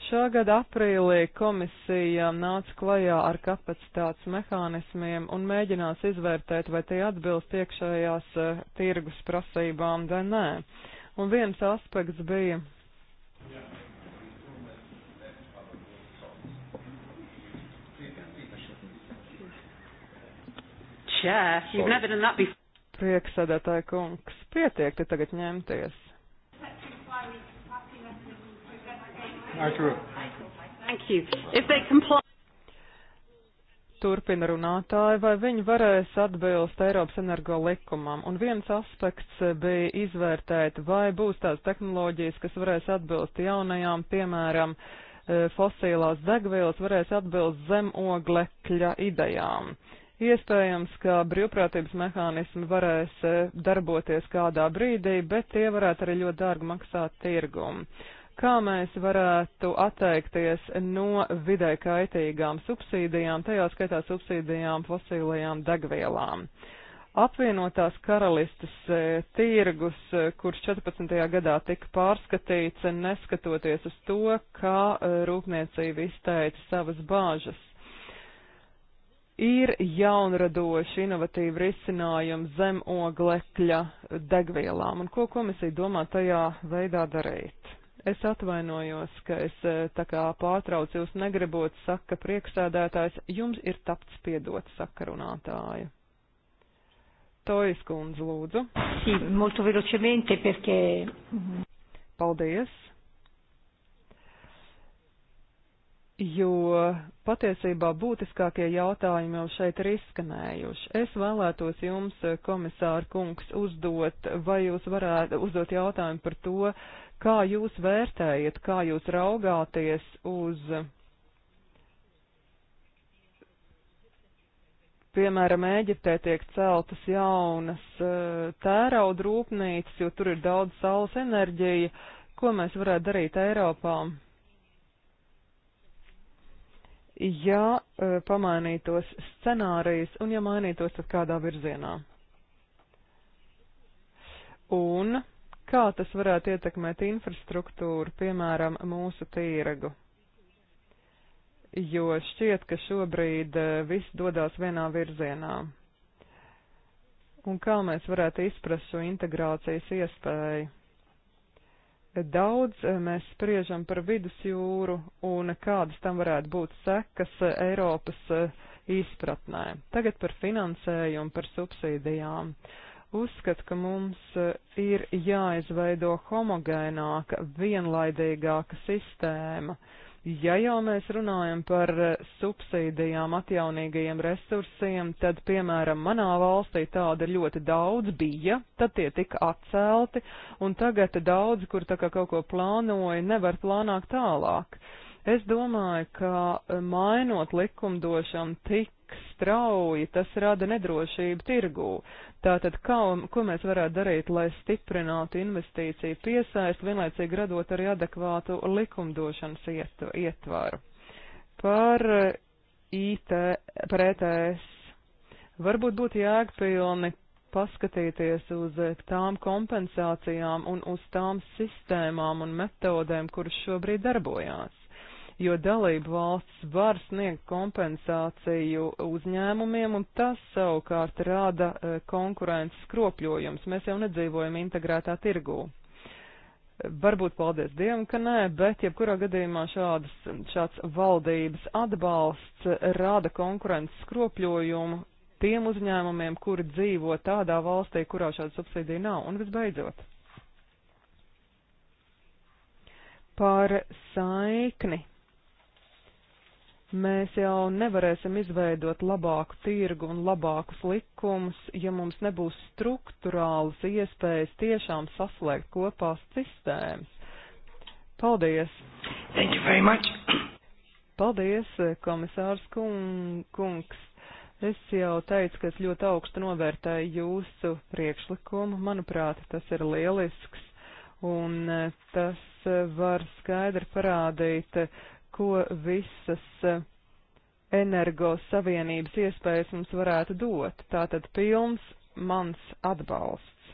Šā gada aprīlī komisija nāca klajā ar kapacitātes mehānismiem un mēģinās izvērtēt, vai tie atbilst iekšējās uh, tirgus prasībām vai nē. Un viens aspekts bija. Čē, Prieksēdētāji kungs, pietiek te tagad ņemties. Turpina runātāji, vai viņi varēs atbilst Eiropas energo likumam. Un viens aspekts eh, bija izvērtēt, vai būs tās tehnoloģijas, kas varēs atbilst jaunajām, piemēram, eh, fosīlās degvielas, varēs atbilst zemoglekļa idejām. Iespējams, ka brīvprātības mehānismi varēs eh, darboties kādā brīdī, bet tie varētu arī ļoti dārgi maksāt tirgumu kā mēs varētu atteikties no vidē kaitīgām subsīdijām, tajā skaitā subsīdijām fosīlajām degvielām. Apvienotās karalistas eh, tirgus, eh, kurš 14. gadā tika pārskatīts, neskatoties uz to, kā eh, rūpniecība izteica savas bāžas ir jaunradoši inovatīvi risinājumi zemoglekļa degvielām, un ko komisija domā tajā veidā darīt? Es atvainojos, ka es eh, tā kā pārtraucu jūs negribot, saka priekšsēdētājs, jums ir tapts piedot sakarunātāja. Tojas kundze, lūdzu. Sì, molto velocemente perché... Paldies. Jo patiesībā būtiskākie jautājumi jau šeit ir izskanējuši. Es vēlētos jums, komisāra kungs, uzdot, vai jūs varētu uzdot jautājumu par to, Kā jūs vērtējat, kā jūs raugāties uz, piemēram, Ēģiptē tiek celtas jaunas eh, tērauda rūpnīcas, jo tur ir daudz saules enerģija, ko mēs varētu darīt Eiropā? ja uh, pamainītos scenārijs un ja mainītos, tad kādā virzienā. Un Kā tas varētu ietekmēt infrastruktūru, piemēram, mūsu tīrgu? Jo šķiet, ka šobrīd eh, viss dodas vienā virzienā. Un kā mēs varētu izprast šo integrācijas iespēju? daudz eh, mēs spriežam par vidusjūru un kādas tam varētu būt sekas eh, Eiropas izpratnē. Tagad par finansējumu, par subsīdijām uzskata, ka mums eh, ir jāizveido homogēnāka, vienlaidīgāka sistēma. Ja jau mēs runājam par eh, subsīdijām atjaunīgajiem resursiem, tad, piemēram, manā valstī tāda ļoti daudz bija, tad tie tika atcelti, un tagad daudz, kur tā kā kaut ko plānoja, nevar plānāk tālāk. Uh, Es domāju, ka mainot likumdošanu tik strauji, tas rada nedrošību tirgū. Tātad, kā, ko mēs varētu darīt, lai stiprinātu investīciju piesaist, vienlaicīgi radot arī adekvātu likumdošanas ietvaru? Par eh, IT, par ETS. Varbūt būtu jēgpilni paskatīties uz eh, tām kompensācijām un uz tām sistēmām un metodēm, kuras šobrīd darbojās jo dalību valsts var sniegt kompensāciju uzņēmumiem, un tas savukārt rada e, konkurences skropļojums. Mēs jau nedzīvojam integrētā tirgū. Varbūt paldies Dievam, ka nē, bet jebkurā gadījumā šādas, šāds valdības atbalsts rada konkurences skropļojumu tiem uzņēmumiem, kuri dzīvo tādā valstī, kurā šāda subsīdija nav. Un visbeidzot, par saikni Mēs jau nevarēsim izveidot labāku tirgu un labākus likumus, ja mums nebūs struktūrāls iespējas tiešām saslēgt kopā sistēmas. Paldies! Thank you very much! Paldies, komisārs kung, kungs! Es jau teicu, ka es ļoti augstu novērtēju jūsu priekšlikumu. Manuprāt, tas ir lielisks, un eh, tas eh, var skaidri parādīt, eh, ko visas eh, energos savienības iespējas mums varētu dot. Tātad pilns mans atbalsts.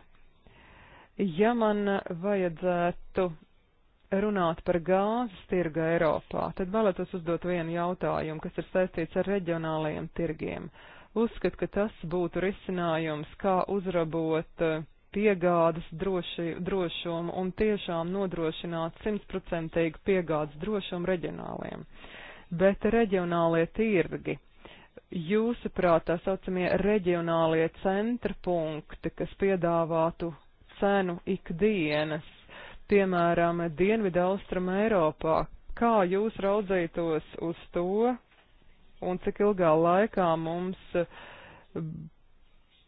Ja man vajadzētu runāt par gāzes tirgu Eiropā, tad vēlētos uzdot vienu jautājumu, kas ir saistīts ar reģionālajiem tirgiem. Uzskat, ka tas būtu risinājums, kā uzrabot uh, piegādes droši, drošumu un tiešām nodrošināt simtprocentīgu piegādes drošumu reģionāliem. Bet reģionālie tirgi, jūsuprāt, tā saucamie reģionālie centra punkti, kas piedāvātu cenu ikdienas, piemēram, Dienvidu Austrum Eiropā, kā jūs raudzītos uz to un cik ilgā laikā mums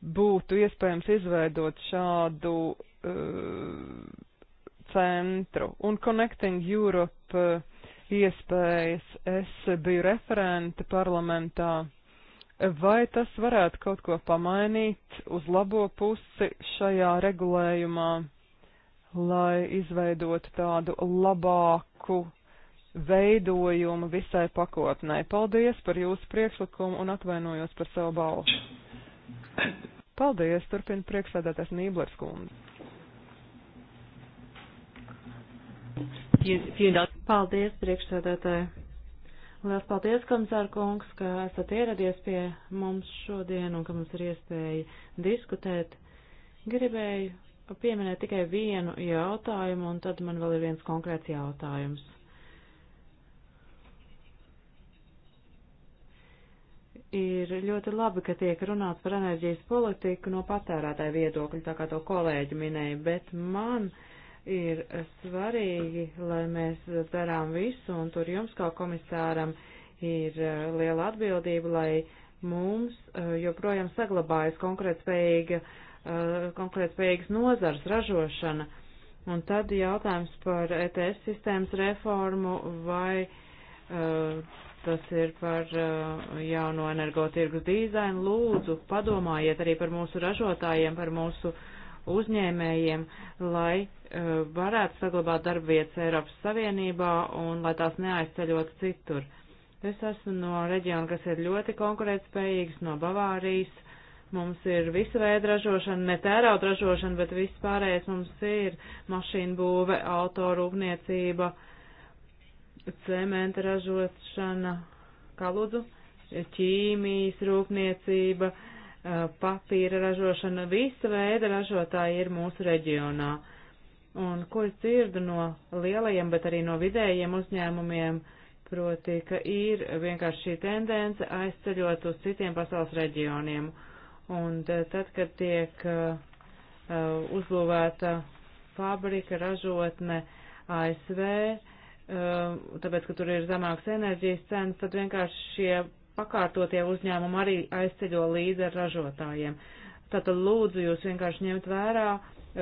būtu iespējams izveidot šādu uh, centru. Un Connecting Europe eh, iespējas es biju referente parlamentā. Vai tas varētu kaut ko pamainīt uz labo pusi šajā regulējumā, lai izveidotu tādu labāku veidojumu visai pakotnē? Paldies par jūsu priekšlikumu un atvainojos par savu balvu. Paldies, turpina priekšsēdētājs Nīblers kundze. Paldies, priekšsēdētāji. Lielas paldies, komisāra kungs, ka esat ieradies pie mums šodien un ka mums ir iespēja diskutēt. Gribēju pieminēt tikai vienu jautājumu, un tad man vēl ir viens konkrēts jautājums. ir ļoti labi, ka tiek runāts par enerģijas politiku no patērētāja viedokļa, tā kā to kolēģi minēja, bet man ir svarīgi, lai mēs darām visu, un tur jums kā komisāram ir eh, liela atbildība, lai mums eh, joprojām saglabājas konkrētspējīga, eh, konkrētspējīgas nozars ražošana. Un tad jautājums par ETS sistēmas reformu vai uh, Tas ir par uh, jauno energotirgus dizainu. Lūdzu, padomājiet arī par mūsu ražotājiem, par mūsu uzņēmējiem, lai uh, varētu saglabāt darbvietas Eiropas Savienībā un lai tās neaizceļot citur. Es esmu no reģiona, kas ir ļoti konkurētspējīgs, no Bavārijas. Mums ir visu veidu ražošana, ne tērauda ražošana, bet viss pārējais mums ir mašīnu būve, autorūpniecība. Uh, cementa ražošana, kā lūdzu, ķīmijas rūpniecība, papīra ražošana, visa veida ražotāji ir mūsu reģionā. Un ko es dzirdu no lielajiem, bet arī no vidējiem uzņēmumiem, proti, ka ir vienkārši šī tendence aizceļot uz citiem pasaules reģioniem. Un tad, kad tiek uh, uzbūvēta fabrika, ražotne ASV, Ehm, tāpēc, ka tur ir zemāks enerģijas cenas, tad vienkārši šie pakārtotie uzņēmumi arī aizceļo līdzi ar ražotājiem. Tātad lūdzu jūs vienkārši ņemt vērā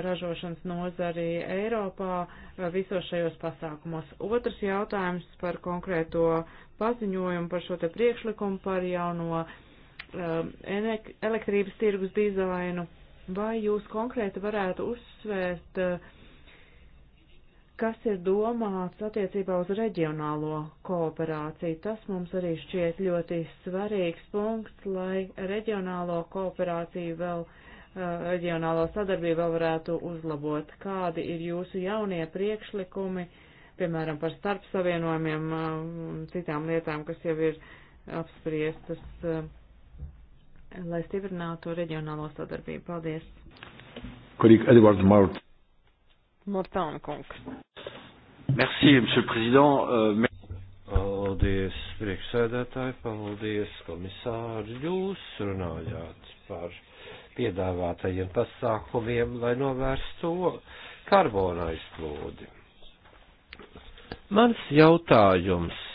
ražošanas nozari Eiropā eh, visos šajos pasākumos. Otrs jautājums par konkrēto paziņojumu par šo te priekšlikumu par jauno um, elektrības tirgus dizainu. Vai jūs konkrēti varētu uzsvērt uh, kas ir domāts attiecībā uz reģionālo kooperāciju. Tas mums arī šķiet ļoti svarīgs punkts, lai reģionālo kooperāciju vēl, eh, reģionālo sadarbību vēl varētu uzlabot. Kādi ir jūsu jaunie priekšlikumi, piemēram, par starpsavienojumiem eh, un citām lietām, kas jau ir apspriestas, eh, lai stiprinātu reģionālo sadarbību? Paldies! Kolīgi Edvards Mārts. Mortāna kungs. Merci, monsieur le président. Euh, paldies, priekšsēdētāji, paldies, komisāri. Jūs runājāt par piedāvātajiem pasākumiem, lai novērstu karbona aizplūdi. Mans jautājums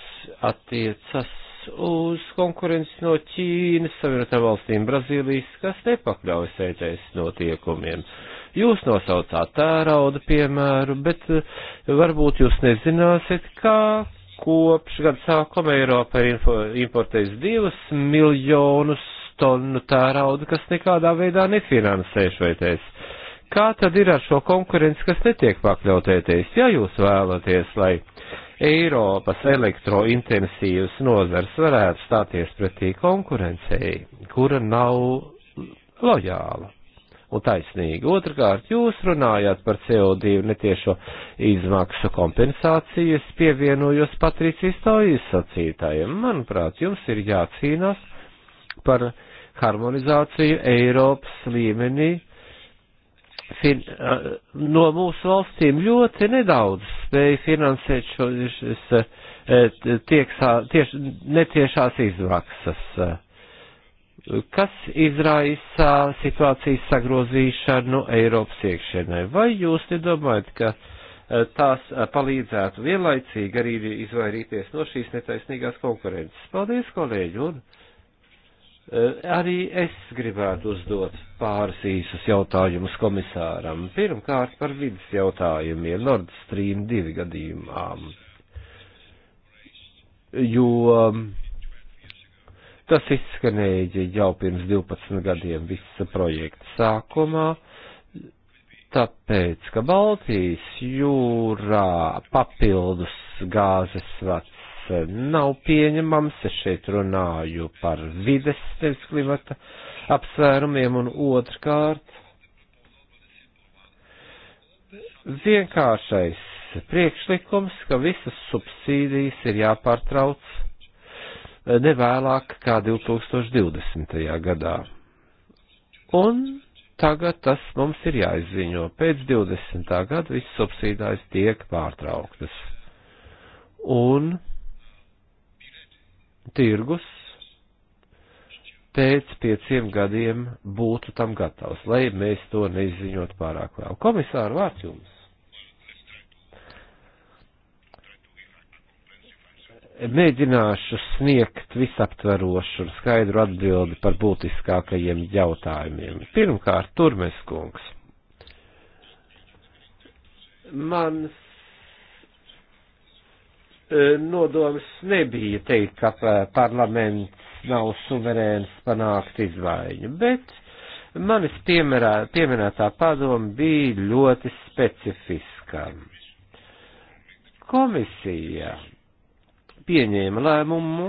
attiecas uz konkurenci no Ķīnas, Savienotām valstīm, Brazīlijas, kas nepakļaujas ētais notiekumiem. Uh, Jūs nosaucāt tērauda piemēru, bet eh, varbūt jūs nezināsiet, kā kopš gada sākuma Eiropa ir importējis divus miljonus tonu tērauda, kas nekādā veidā nefinansē Šveicēs. Kā tad ir ar šo konkurenci, kas netiek pakļautēties, ja jūs vēlaties, lai Eiropas elektrointensīvas nozars varētu stāties pretī konkurencei, kura nav lojāla? un taisnīgi. Otrakārt, jūs runājāt par CO2 netiešo izmaksu kompensāciju, es pievienojos Patricijas Tojas sacītājiem. Manuprāt, jums ir jācīnās par harmonizāciju Eiropas līmenī. Fin, uh, no mūsu valstīm ļoti nedaudz spēja finansēt šo, šis, uh, tieks, tieš, netiešās izmaksas uh, kas izraisa situācijas sagrozīšanu Eiropas iekšienē. Vai jūs nedomājat, ka e, tās e, palīdzētu vienlaicīgi arī izvairīties no šīs netaisnīgās konkurences? Paldies, kolēģi! Un e, arī es gribētu uzdot pāris īsus jautājumus komisāram. Pirmkārt par vidas jautājumiem Nord Stream 2 gadījumām. Jo um, Tas izskanēja jau pirms 12 gadiem visa projekta sākumā, tāpēc, ka Baltijas jūrā papildus gāzes vats nav pieņemams, es šeit runāju par vides, nevis klimata apsvērumiem, un otrkārt vienkāršais priekšlikums, ka visas subsīdijas ir jāpārtrauc nevēlāk kā 2020. gadā. Un tagad tas mums ir jāizziņo. Pēc 20. gada viss subsīdājas tiek pārtrauktas. Un tirgus pēc pieciem gadiem būtu tam gatavs, lai mēs to neizziņot pārāk vēl. Komisāra vārds jums! mēģināšu sniegt visaptverošu un skaidru atbildi par būtiskākajiem jautājumiem. Pirmkārt, Turmes kungs. Mans e, nodoms nebija teikt, ka e, parlaments nav suverēns panākt izvaiņu, bet manis piemērā, pieminētā padoma bija ļoti specifiska. Komisija pieņēma lēmumu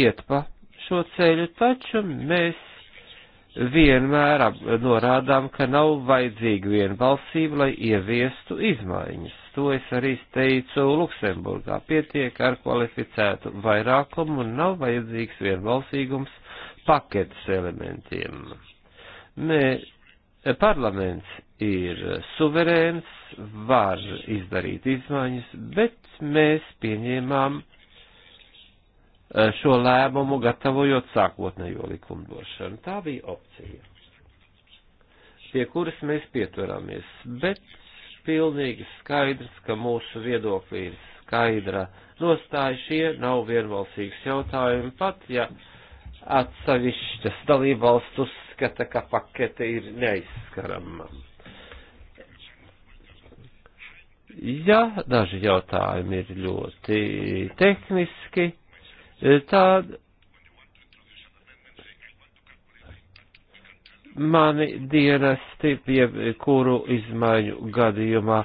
iet pa šo ceļu, taču mēs vienmēr norādām, ka nav vajadzīga vienbalsība, lai ieviestu izmaiņas. To es arī teicu Luksemburgā. Pietiek ar kvalificētu vairākumu un nav vajadzīgs vienbalsīgums paketes elementiem. Mēs Parlaments ir suverēns, var izdarīt izmaiņas, bet mēs pieņēmām eh, šo lēmumu gatavojot sākotnējo likumdošanu. Tā bija opcija, pie kuras mēs pieturamies, bet pilnīgi skaidrs, ka mūsu viedokļi ir skaidra nostāja šie nav vienbalsīgs jautājumi, pat ja atsevišķas dalībvalstus uzskata, ka pakete ir neaizskarama. Ja daži jautājumi ir ļoti tehniski, tad mani dienesti, pie kuru izmaiņu gadījumā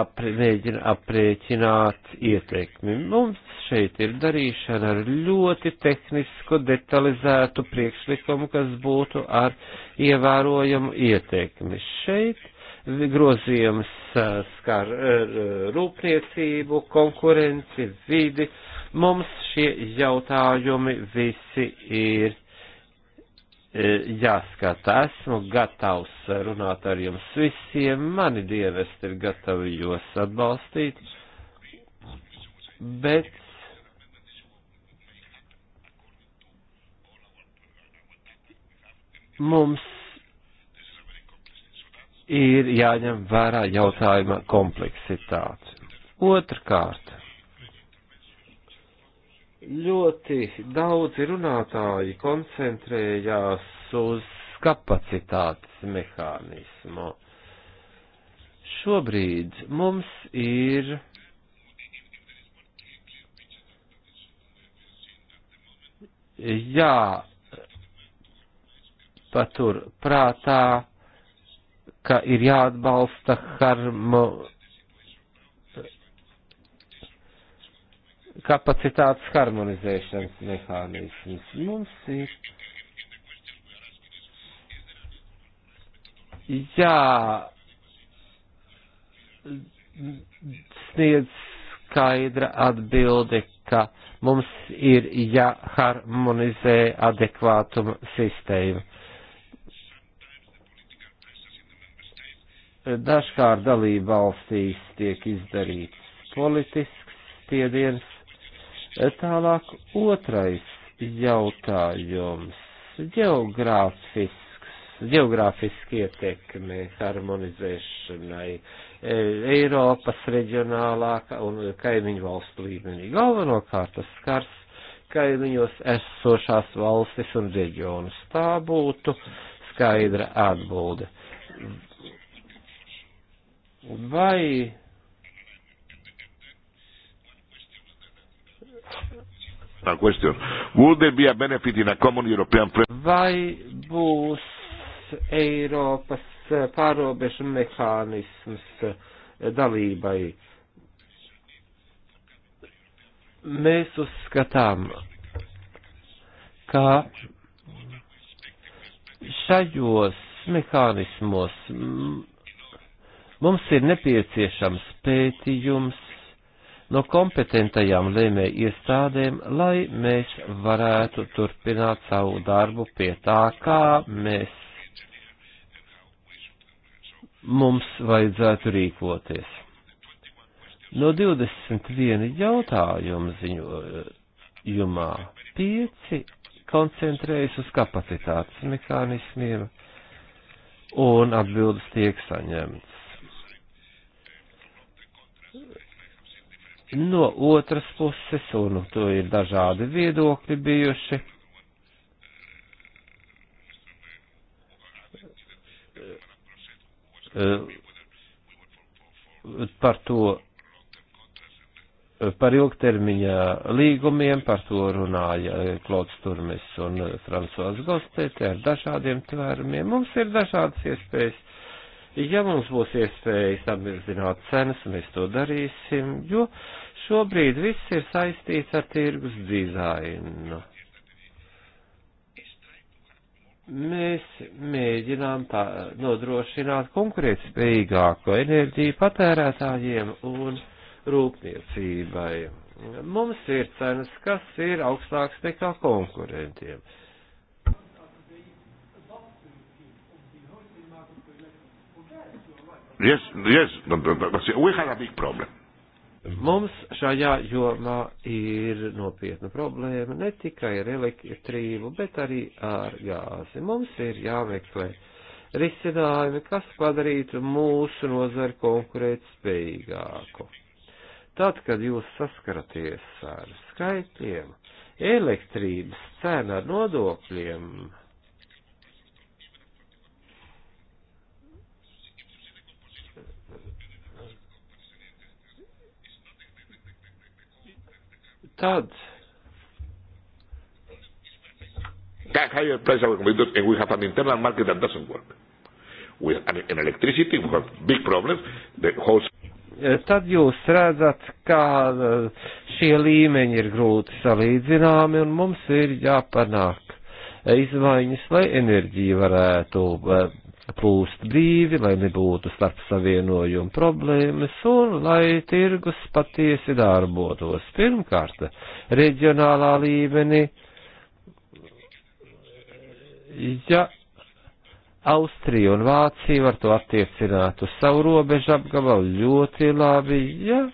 apri, mēģina aprēķināt ietekmi. Mums šeit ir darīšana ar ļoti tehnisku, detalizētu priekšlikumu, kas būtu ar ievērojumu ietekmi. Šeit grozījums skar rūpniecību, konkurenci, vidi. Mums šie jautājumi visi ir jāskatā. Esmu gatavs runāt ar jums visiem. Mani dienesti ir gatavi jūs atbalstīt bet Mums ir jāņem vērā jautājuma kompleksitāte. Otrkārt, ļoti daudzi runātāji koncentrējās uz kapacitātes mehānismu. Šobrīd mums ir jā patur prātā, ka ir jāatbalsta harmo, kapacitātes harmonizēšanas mehānisms. Mums ir jā, sniedz skaidra atbildi, ka mums ir jāharmonizē adekvātuma sistēma. Dažkārt dalība valstīs tiek izdarīts politisks spiediens. Tālāk otrais jautājums - geogrāfisks, geogrāfiski ietekme harmonizēšanai e, Eiropas reģionālā un kaimiņu valstu līmenī. Galvenokārt tas skars kaimiņos esošās valstis un reģionus. Tā būtu skaidra atbilde. Vai Vai būs Eiropas pārobežu mehānisms dalībai? Mēs uzskatām, ka šajos mehānismos Mums ir nepieciešams pētījums no kompetentajām lēmē iestādēm, lai mēs varētu turpināt savu darbu pie tā, kā mēs mums vajadzētu rīkoties. No 21 jautājumu ziņojumā 5 koncentrējas uz kapacitātes mehānismiem un atbildes tiek saņemts. No otras puses, un to ir dažādi viedokļi bijuši, par to, par ilgtermiņa līgumiem, par to runāja eh, Klods Turmes un eh, Fransuāls Gostete ar dažādiem tvērumiem. Mums ir dažādas iespējas Ja mums būs iespēja samazināt cenas, mēs to darīsim, jo šobrīd viss ir saistīts ar tirgus dizainu. Mēs mēģinām tā, nodrošināt konkurētspējīgāko enerģiju patērētājiem un rūpniecībai. Mums ir cenas, kas ir augstākas nekā konkurentiem. Uh, Yes, yes, that's it. We have a big problem. Mums šajā jomā ir nopietna problēma ne tikai ar elektrību, bet arī ar gāzi. Mums ir jāmeklē risinājumi, kas padarītu mūsu nozari konkurēt spējīgāku. Tad, kad jūs saskaraties ar skaitļiem, elektrības cena ar nodokļiem tad. That higher price our competitors, and we have an internal market that doesn't work. With an, an electricity, we have big problems. The whole e, tad jūs redzat, kā e, šie līmeņi ir grūti salīdzināmi un mums ir jāpanāk izmaiņas, lai enerģija varētu e, plūst brīvi, lai nebūtu starp savienojumu problēmas un lai tirgus patiesi darbotos. Pirmkārt, reģionālā līmenī, ja Austrija un Vācija var to attiecināt uz savu robežu apgabalu ļoti labi, ja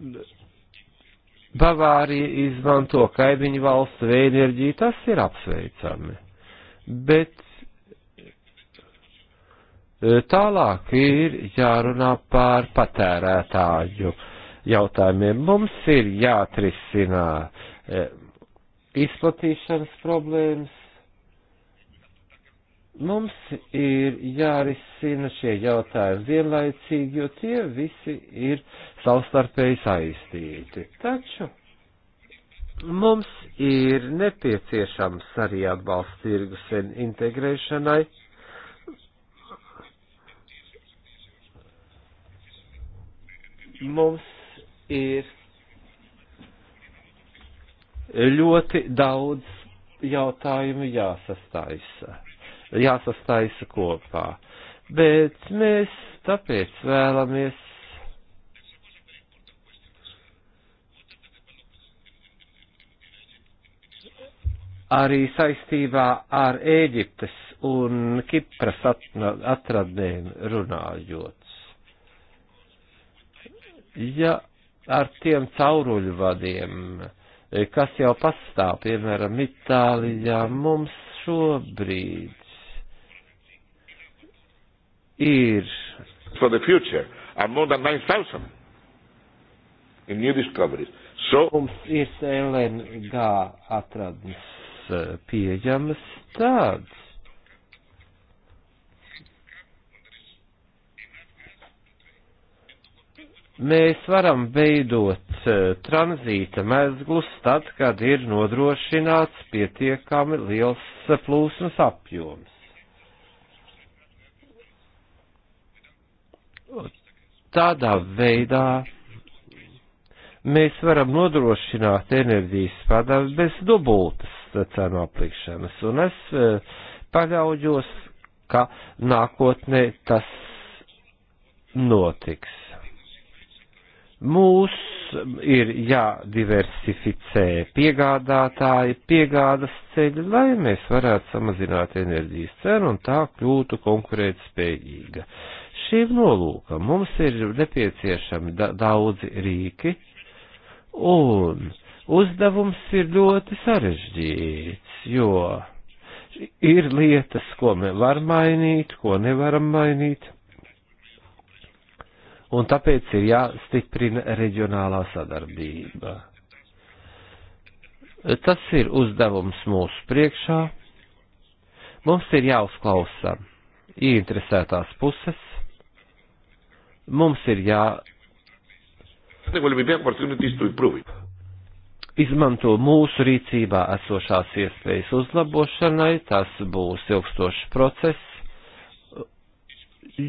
Uh, Bavārija izmanto kaimiņu valstu vējenerģiju, tas ir apsveicami. Bet e, tālāk ir jārunā par patērētāju jautājumiem. Mums ir jātrisinā e, izplatīšanas problēmas, Mums ir jārisina šie jautājumi vienlaicīgi, jo tie visi ir savstarpēji saistīti. Taču mums ir nepieciešams arī atbalsts tirgus integrēšanai. Mums ir ļoti daudz jautājumu jāsastaisa jāsastaisa kopā. Bet mēs tāpēc vēlamies arī saistībā ar Ēģiptes un Kipras atradnēm runājot. Ja ar tiem cauruļvadiem, kas jau pastāv, piemēram, Itālijā, mums šobrīd ir. For the future are more than 9,000 in new discoveries. So. Mums ir LNG atradnes eh, pieejamas tāds. Mēs varam veidot eh, tranzīta mezglus tad, kad ir nodrošināts pietiekami liels eh, plūsmas apjoms. Tādā veidā mēs varam nodrošināt enerģijas padavi bez dubultas cenu aplikšanas, un es e, paļaujos, ka nākotnē tas notiks. Mūs ir jādiversificē piegādātāji, piegādas ceļi, lai mēs varētu samazināt enerģijas cenu un tā kļūtu konkurētspējīga. spējīga Šīm nolūkam mums ir nepieciešami da daudzi rīki, un uzdevums ir ļoti sarežģīts, jo ir lietas, ko mēs varam mainīt, ko nevaram mainīt, un tāpēc ir jāstiprina reģionālā sadarbība. Tas ir uzdevums mūsu priekšā. Mums ir jāuzklausa ieinteresētās puses, Mums ir jā. Izmanto mūsu rīcībā esošās iespējas uzlabošanai, tas būs ilgstošs process,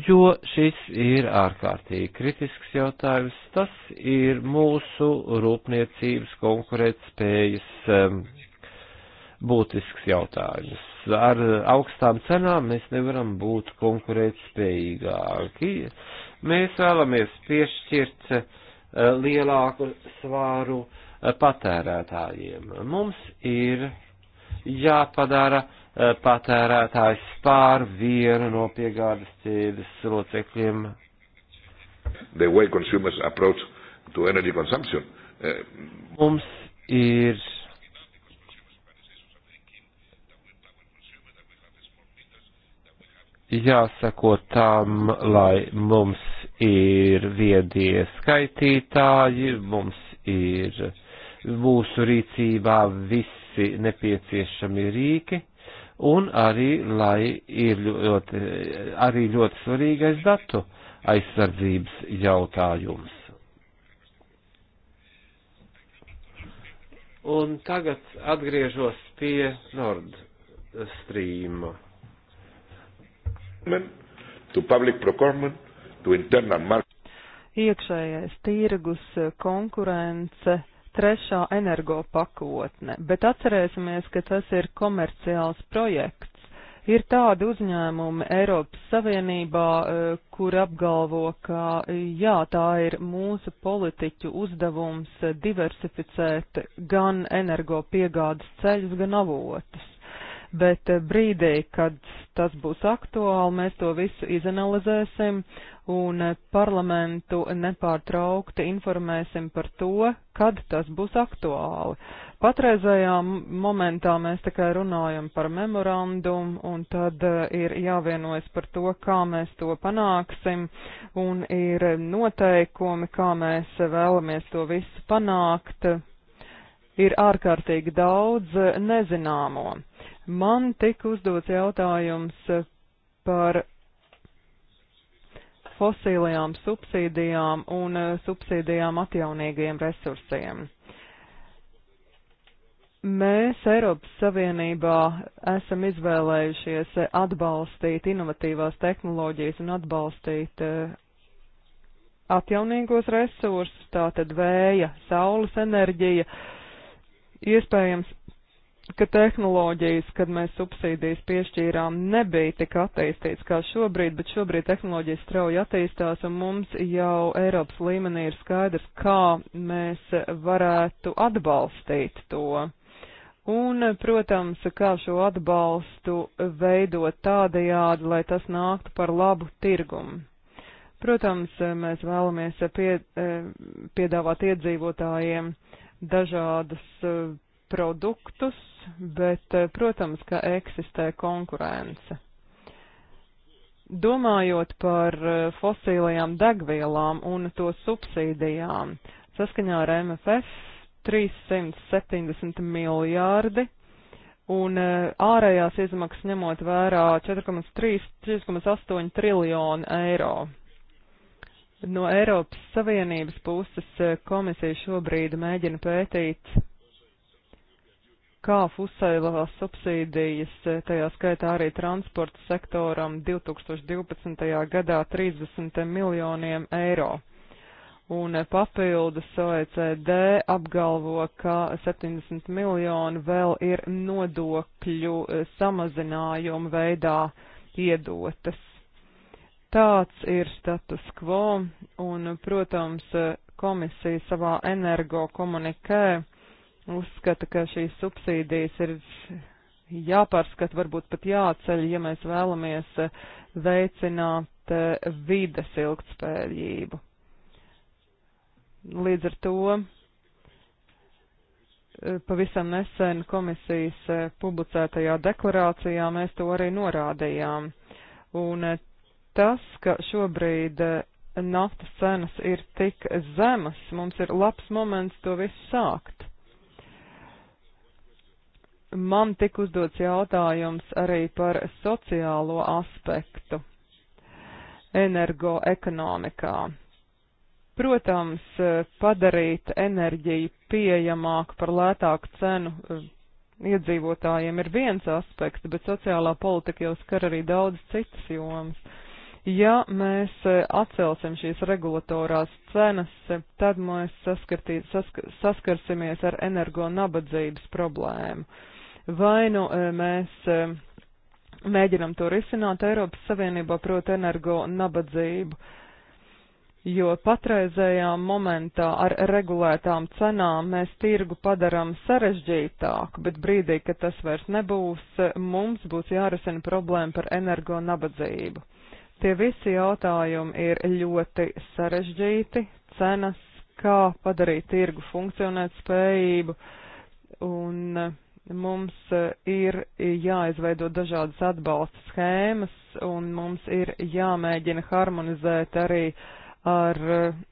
jo šis ir ārkārtīgi kritisks jautājums. Tas ir mūsu rūpniecības konkurētspējas um, būtisks jautājums. Ar augstām cenām mēs nevaram būt konkurētspējīgāki. Mēs vēlamies piešķirt eh, lielāku svāru eh, patērētājiem. Mums ir jāpadara eh, patērētājs pār vienu no piegādes ķēdes locekļiem. The way consumers approach to energy consumption. Mums ir jāsako tam, lai mums ir viedie skaitītāji, mums ir mūsu rīcībā visi nepieciešami rīki, un arī, lai ir ļoti, arī ļoti svarīgais datu aizsardzības jautājums. Un tagad atgriežos pie Nord Stream to public procurement, to internal market. Iekšējais tirgus, konkurence, trešā energopakotne, bet atcerēsimies, ka tas ir komerciāls projekts. Ir tādi uzņēmumi Eiropas Savienībā, eh, kur apgalvo, ka jā, tā ir mūsu politiķu uzdevums eh, diversificēt gan energopiegādes ceļus, gan avotus bet eh, brīdī, kad tas būs aktuāli, mēs to visu izanalizēsim un eh, parlamentu nepārtraukti informēsim par to, kad tas būs aktuāli. Patreizajā momentā mēs tikai runājam par memorandumu, un tad eh, ir jāvienojas par to, kā mēs to panāksim, un ir noteikumi, kā mēs vēlamies to visu panākt, ir ārkārtīgi daudz eh, nezināmo. Man tika uzdots jautājums eh, par fosīlajām subsīdijām un eh, subsīdijām atjaunīgiem resursiem. Mēs Eiropas Savienībā esam izvēlējušies atbalstīt inovatīvās tehnoloģijas un atbalstīt atjaunīgos resursus, tātad vēja, saules enerģija, uh, Iespējams, ka tehnoloģijas, kad mēs subsīdijas piešķīrām, nebija tik attīstīts kā šobrīd, bet šobrīd tehnoloģijas strauji attīstās un mums jau Eiropas līmenī ir skaidrs, kā mēs varētu atbalstīt to. Un, protams, kā šo atbalstu veidot tādajādi, lai tas nāktu par labu tirgumu. Protams, mēs vēlamies pie, eh, piedāvāt iedzīvotājiem uh, dažādus eh, produktus, bet, eh, protams, ka eksistē konkurence. Domājot par eh, fosīlajām degvielām un to subsīdijām, saskaņā ar MFF 370 miljārdi un ārējās izmaksas ņemot vērā 4,3-4,8 triljonu eiro. No Eiropas Savienības puses eh, komisija šobrīd mēģina pētīt, kā fusēlās subsīdijas, eh, tajā skaitā arī transporta sektoram 2012. gadā 30 miljoniem eiro. Un eh, papildus OECD apgalvo, ka 70 miljoni vēl ir nodokļu samazinājumu veidā iedotas. Tāds ir status quo, un, protams, komisija savā energo komunikē uzskata, ka šīs subsīdijas ir jāpārskat, varbūt pat jāceļ, ja mēs vēlamies veicināt eh, vides ilgtspējību. Līdz ar to eh, pavisam nesen komisijas eh, publicētajā deklarācijā mēs to arī norādījām. Un tas, ka šobrīd eh, naftas cenas ir tik zemas, mums ir labs moments to visu sākt. Man tik uzdots jautājums arī par sociālo aspektu energoekonomikā. Protams, eh, padarīt enerģiju pieejamāku par lētāku cenu eh, iedzīvotājiem ir viens aspekts, bet sociālā politika jau skar arī daudz citas jomas. Ja mēs e, atcelsim šīs regulatorās cenas, tad mēs saskartī, sask, saskarsimies ar energo nabadzības problēmu. Vai nu e, mēs e, mēģinam to risināt Eiropas Savienībā, proti, energo nabadzību, jo patreizējā momentā ar regulētām cenām mēs tirgu padaram sarežģītāku, bet brīdī, kad tas vairs nebūs, mums būs jārisina problēma par energo nabadzību. Tie visi jautājumi ir ļoti sarežģīti, cenas, kā padarīt tirgu funkcionēt spējību, un eh, mums eh, ir jāizveido dažādas atbalsta schēmas, un mums ir jāmēģina harmonizēt arī ar eh,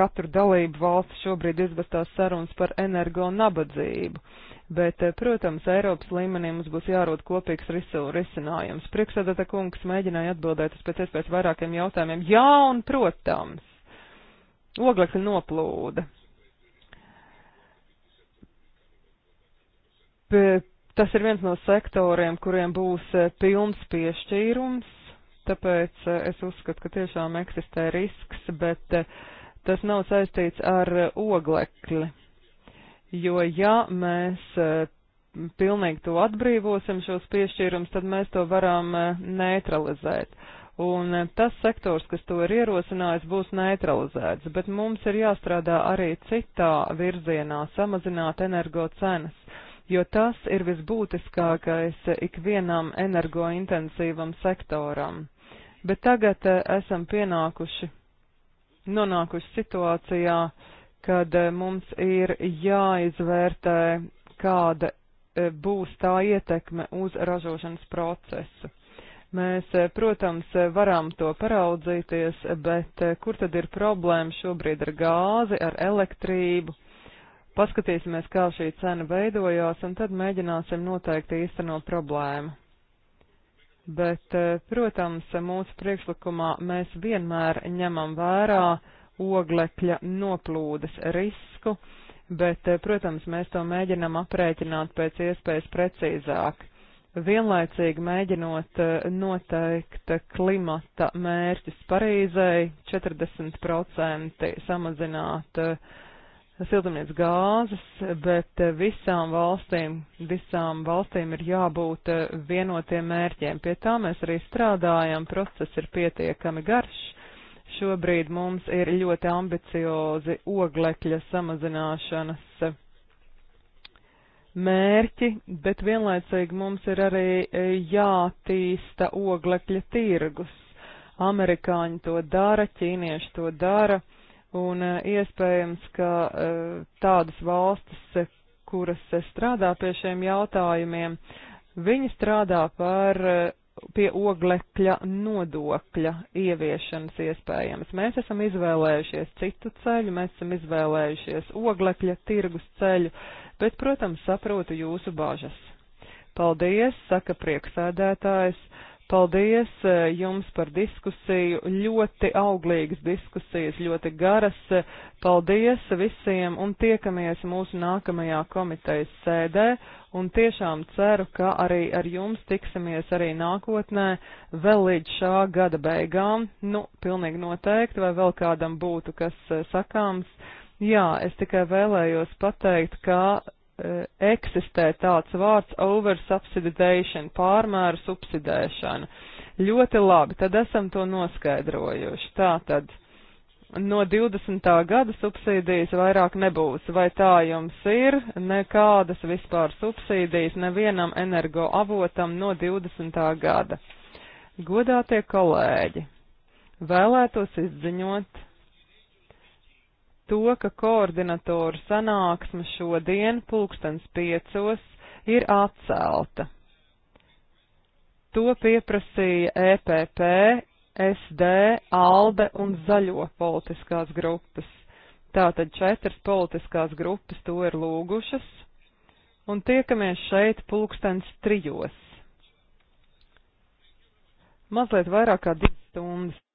katru dalību valsts šobrīd izvestās sarunas par energo nabadzību bet, eh, protams, Eiropas līmenī mums būs jārod kopīgs risinājums. Priekšsēdētā kungs mēģināja atbildēt uz pēc iespējas vairākiem jautājumiem. Jā, un protams, oglekļa noplūda. P tas ir viens no sektoriem, kuriem būs eh, pilns piešķīrums, tāpēc eh, es uzskatu, ka tiešām eksistē risks, bet tas nav saistīts ar oglekli jo ja mēs eh, pilnīgi to atbrīvosim šos piešķīrums, tad mēs to varam eh, neutralizēt. Un eh, tas sektors, kas to ir ierosinājis, būs neutralizēts, bet mums ir jāstrādā arī citā virzienā samazināt energo cenas, jo tas ir visbūtiskākais ikvienam energointensīvam sektoram. Bet tagad esam pienākuši, nonākuši situācijā, uh, kad eh, mums ir jāizvērtē, kāda eh, būs tā ietekme uz ražošanas procesu. Mēs, eh, protams, varam to paraudzīties, bet kur tad ir problēma šobrīd ar gāzi, ar elektrību? Paskatīsimies, kā šī cena veidojās, un tad mēģināsim noteikt īsteno problēmu. Bet, protams, mūsu priekšlikumā mēs vienmēr ņemam vērā uh, oglekļa noplūdes risku, bet, eh, protams, mēs to mēģinam aprēķināt pēc iespējas precīzāk vienlaicīgi mēģinot eh, noteikt klimata mērķus Parīzei 40% samazināt eh, siltumnīcas gāzes, bet visām valstīm, visām valstīm ir jābūt vienotiem mērķiem. Pie tā mēs arī strādājam, process ir pietiekami garš, Šobrīd mums ir ļoti ambiciozi oglekļa samazināšanas mērķi, bet vienlaicīgi mums ir arī jātīsta oglekļa tirgus. Amerikāņi to dara, ķīnieši to dara, un e, iespējams, ka e, tādas valstis, e, kuras strādā pie šiem jautājumiem, viņi strādā par pie oglekļa nodokļa ieviešanas iespējams. Mēs esam izvēlējušies citu ceļu, mēs esam izvēlējušies oglekļa tirgus ceļu, bet, protams, saprotu jūsu bažas. Paldies, saka prieksēdētājs. Paldies e, jums par diskusiju, ļoti auglīgas diskusijas, ļoti garas. E, paldies visiem un tiekamies mūsu nākamajā komitejas sēdē un tiešām ceru, ka arī ar jums tiksimies arī nākotnē vēl līdz šā gada beigām. Nu, pilnīgi noteikti, vai vēl kādam būtu kas e, sakāms. Jā, es tikai vēlējos pateikt, ka E, eksistē tāds vārds oversubsidization, pārmēru subsidēšana. Ļoti labi, tad esam to noskaidrojuši. Tātad no 20. gada subsīdijas vairāk nebūs. Vai tā jums ir? Nekādas vispār subsīdijas nevienam energoavotam no 20. gada. Godātie kolēģi, vēlētos izziņot to, ka koordinatoru sanāksme šodien pulkstens piecos ir atcelta. To pieprasīja EPP, SD, ALDE un Zaļo politiskās grupas. Tātad četras politiskās grupas to ir lūgušas, un tiekamies šeit pulkstens trijos. Mazliet vairāk kā divas stundas.